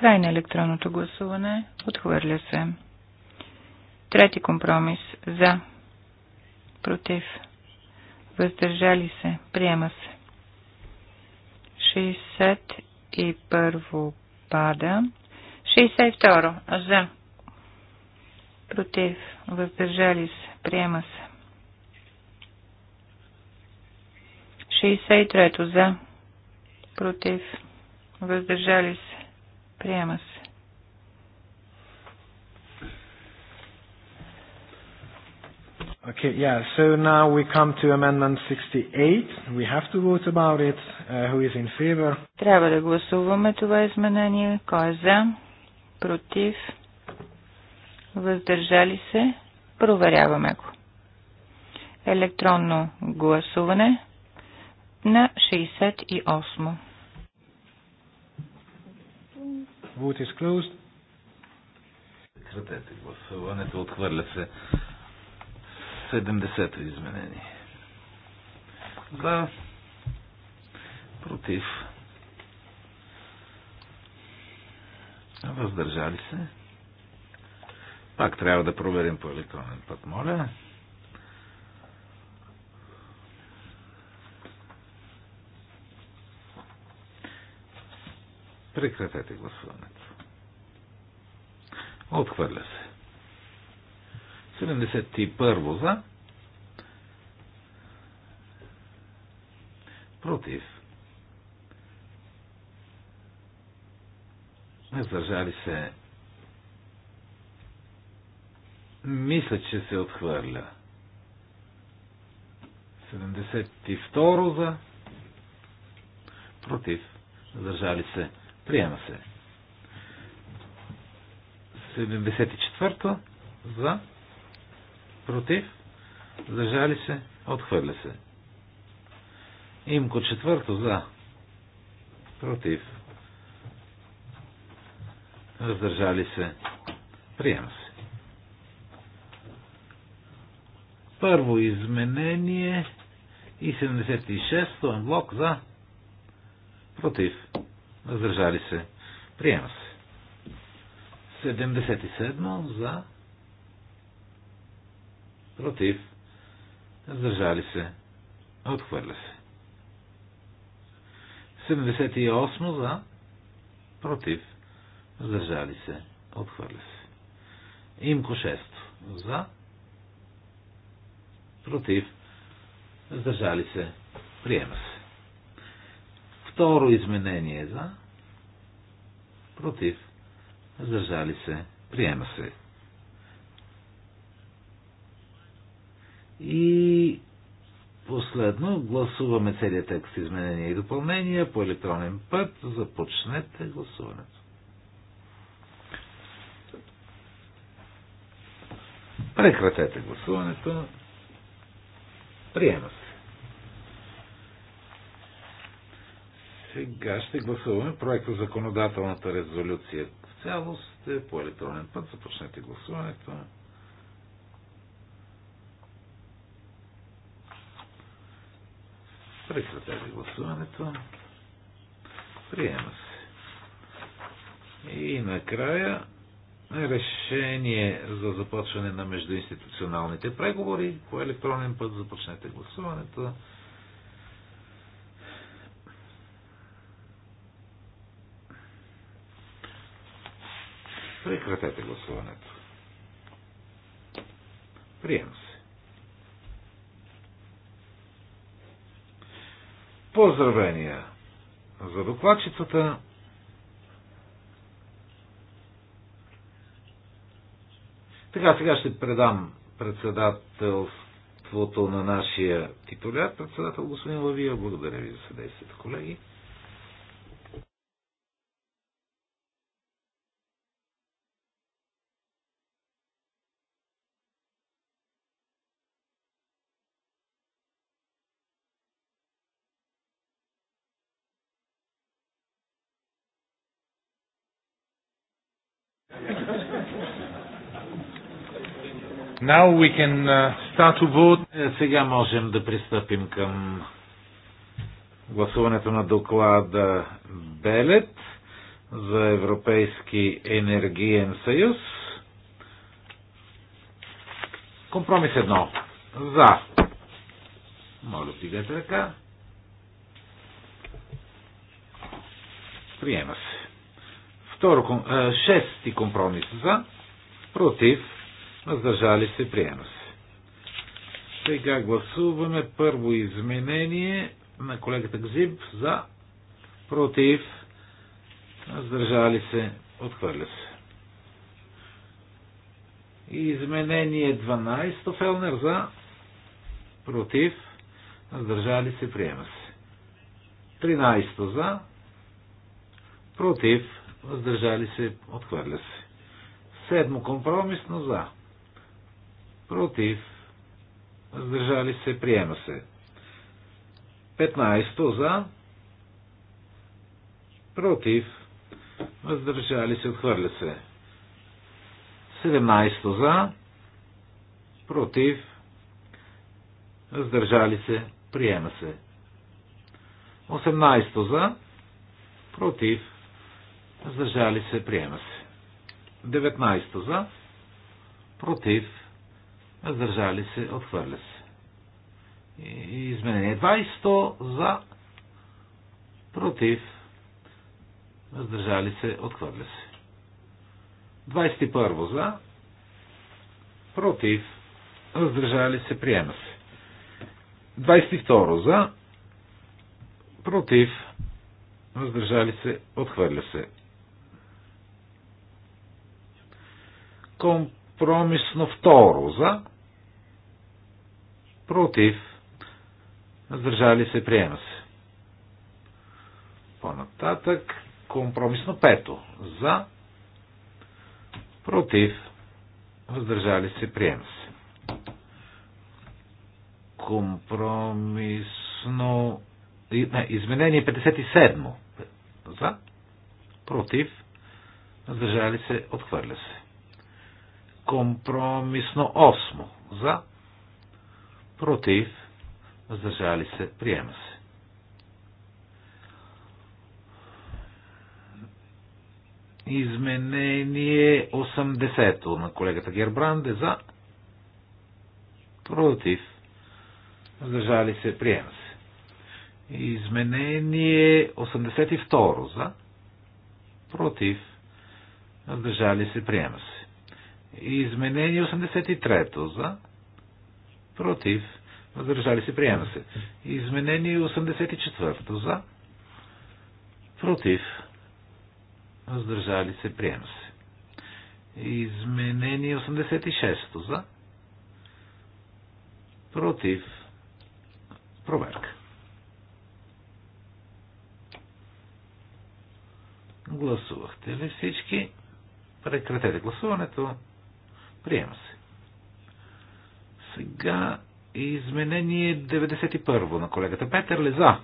Край на електронното гласуване. Отхвърля се. Трети компромис. За. Против. Въздържали се. Приема се. 61 пада. 62. За. Против. Въздържали се. Приема се. 63. За. Против. Въздържали се. Приема се. Okay, yeah. So now we come to amendment 68. We have to vote about it. Uh, who is in favor? Трябва да гласуваме това изменение. Кой е за? Против? Въздържали се? Проверяваме го. Електронно гласуване на 68. Vote is closed. Прекратете гласуването. Отхвърля се 70-то изменение. За. Против. Въздържали се. Пак трябва да проверим по електронен път, моля. Прекратете гласуването. Отхвърля се. 71 за. Против. Въздържали се. Мисля, че се отхвърля. 72 за. Против. Въздържали се. Приема се. 74-то за, против, зажали се, отхвърля се. Имко четвърто за, против, въздържали се, приема се. Първо изменение и 76-то блок за, против, въздържали се, приема се. 77 за, против, въздържали се, отхвърля се. 78 за, против, въздържали се, отхвърля се. Имко 6 за, против, въздържали се, приема се. Второ изменение за. Против. Въздържали се. Приема се. И последно гласуваме целият текст изменения и допълнения по електронен път. Започнете гласуването. Прекратете гласуването. Приема се. Сега ще гласуваме проекта за законодателната резолюция в цялост е по електронен път. Започнете гласуването. Прекратете гласуването. Приема се. И накрая решение за започване на междуинституционалните преговори по електронен път. Започнете гласуването. Прекратете гласуването. Приема се. Поздравения за докладчицата. Така, сега ще предам председателството на нашия титуляр, председател господин Лавия. Благодаря ви за съдействието, колеги. Now we can uh, start to vote. Е, сега можем да пристъпим към гласуването на доклада Белет за Европейски енергиен съюз. Компромис едно. За. Моля, вдигайте ръка. Приема се. Второ, е, шести компромис за. Против въздържали се, приема се. Сега гласуваме първо изменение на колегата Гзиб за против, въздържали се, отхвърля се. И изменение 12 Фелнер за против, въздържали се, приема се. 13 за против, въздържали се, отхвърля се. Седмо компромисно за против, въздържали се, приема се. 15 за, против, въздържали се, отхвърля се. 17 за, против, въздържали се, приема се. 18 за, против, въздържали се, приема се. 19 за, против, въздържали се, отхвърля се. Изменение 20 за, против, въздържали се, отхвърля се. 21 за, против, въздържали се, приема се. 22 за, против, въздържали се, отхвърля се. Комп Компромисно второ за. Против. Въздържали се, приема се. По-нататък. Компромисно пето. За. Против. Въздържали се, приема се. Компромисно. Не, изменение 57. За. Против. Въздържали се, отхвърля се. Компромисно 8. За. Против. Въздържали се. Приема се. Изменение 80-то на колегата Гербранде за. Против. Въздържали се. Приема се. Изменение 82 за. Против. Въздържали се. Приема се. Изменение 83-то за. Против. Въздържали се. Приема се. Изменение 84-то за. Против. Въздържали се. Приема се. Изменение 86-то за. Против. Проверка. Гласувахте ли всички? Прекратете гласуването. Приема се. Сега изменение 91 на колегата Петър Леза.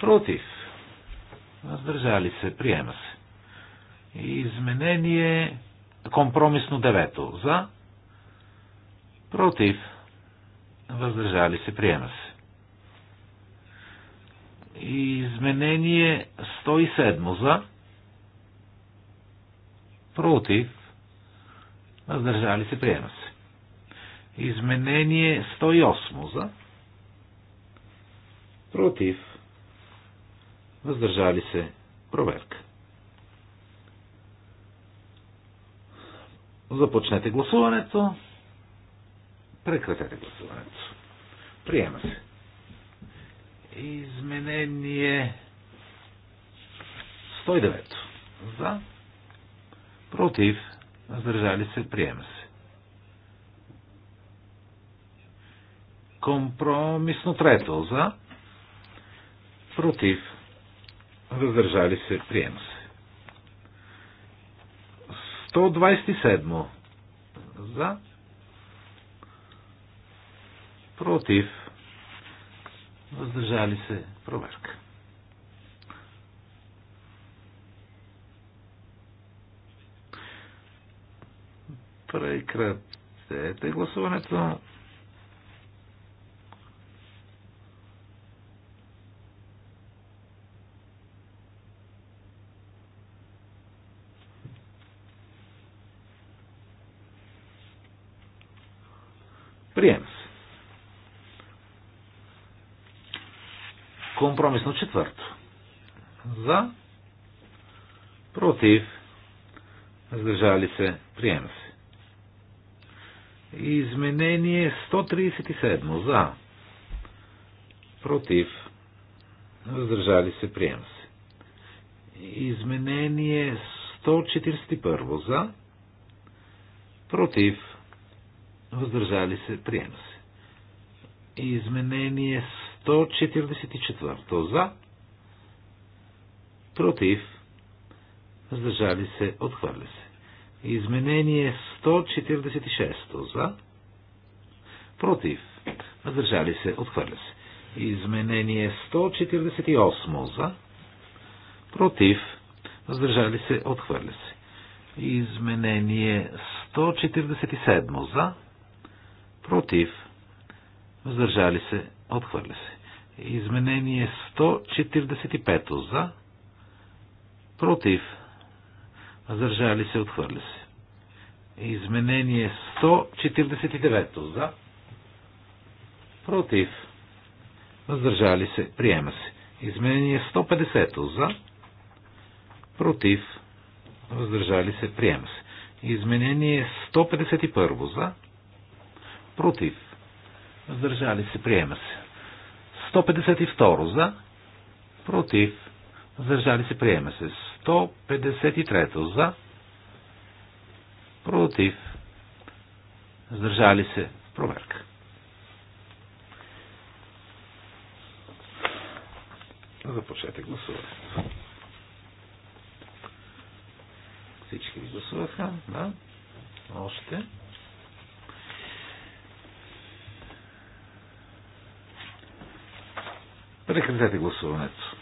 Против. Въздържали се. Приема се. Изменение компромисно 9. За. Против. Въздържали се. Приема се. Изменение 107 за. Против въздържали се, приема се. Изменение 108 за, против, въздържали се, проверка. Започнете гласуването. Прекратете гласуването. Приема се. Изменение 109. За. Против въздържали се, приема се. Компромисно трето за, против, въздържали се, приема се. 127 за, против, въздържали се, проверка. Прекратете гласуването. Приема се. Компромисно четвърто. За. Против. Въздържали се. Приема се. Изменение 137 за. Против. Въздържали се, прием се. Изменение 141 за. Против. Въздържали се, прием се. Изменение 144 за. Против. Въздържали се, отхвърля се. Изменение 146 за. Против. Въздържали се. Отхвърля се. Изменение 148 за. Против. Въздържали се. Отхвърля се. Изменение 147 за. Против. Въздържали се. Отхвърля се. Изменение 145 за. Против задържали се, отхвърля се. Изменение 149 за, против, въздържали се, приема се. Изменение 150 за, против, въздържали се, приема се. Изменение 151 за, против, въздържали се, приема се. 152 за, против, въздържали се, приема се. 153 за, против, Сдържали се, проверка. Започнете гласуване. Всички гласуваха, да. Още. Прекратете гласуването.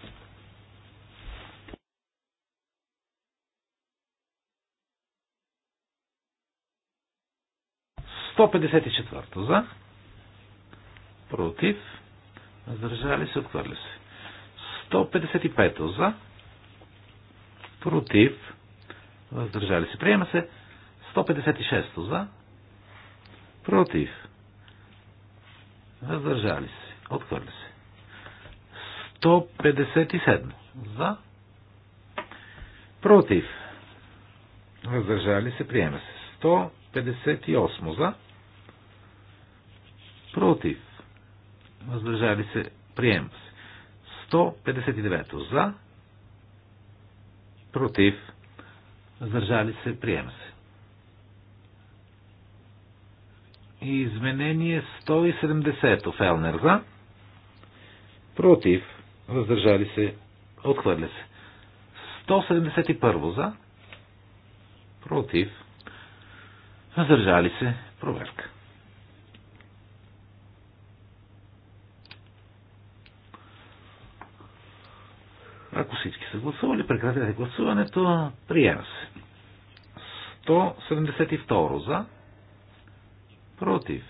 154 за. Против. Въздържали се, отхвърля се. 155 за. Против. Въздържали се. Приема се. 156 за. Против. Въздържали се. Отхвърля се. 157 за. Против. Въздържали се. Приема се. 158 за против, въздържали се, приема се. 159 за, против, въздържали се, приема се. И изменение 170 Фелнер за, против, въздържали се, отхвърля се. 171 за, против, въздържали се, проверка. Ако всички са гласували, прекратете гласуването. Приема се. 172 за. Против.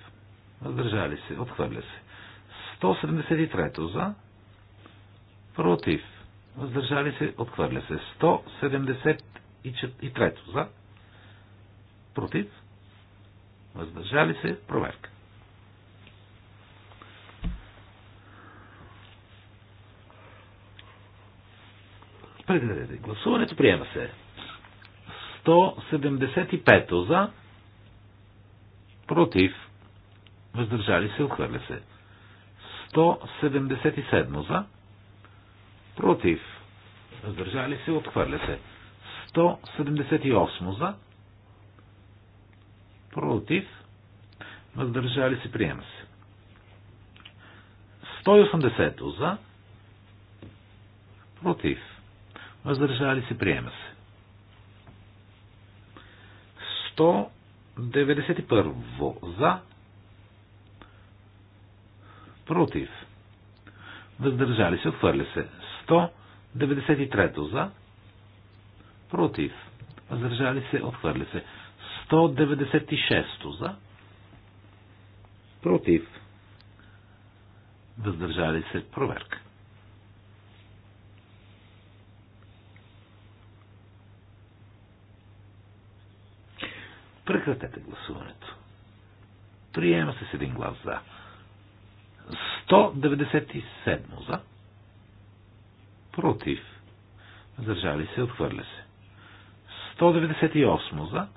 Въздържали се. Отхвърля се. 173 за. Против. Въздържали се. Отхвърля се. 173 за. Против. Въздържали се. Проверка. Прекратете гласуването. Приема се. 175 за. Против. Въздържали се. Отхвърля се. 177 за. Против. Въздържали се. Отхвърля се. 178 за. Против. Въздържали се. Приема се. 180 за. Против въздържали се, приема се. 191 за, против, въздържали се, отхвърля се. 193 за, против, въздържали се, отхвърля се. 196 за, против, въздържали се, проверка. Прекратете гласуването. Приема се с един глас за. 197 за. Против. Задържали се, отхвърля се. 198 за.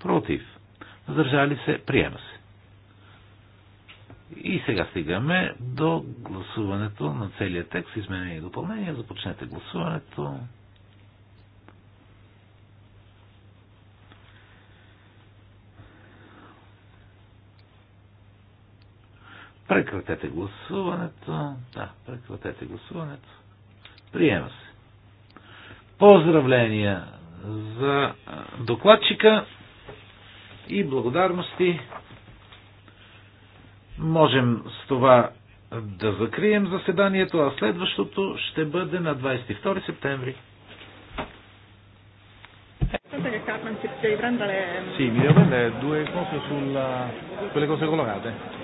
Против. Задържали се, приема се. И сега стигаме до гласуването на целия текст, изменение и допълнение. Започнете гласуването. Прекратете гласуването. Да, прекратете гласуването. Приема се. Поздравления за докладчика и благодарности. Можем с това да закрием заседанието, а следващото ще бъде на 22 септември. Sì, mi devo prendere due cose sulla... quelle cose colorate.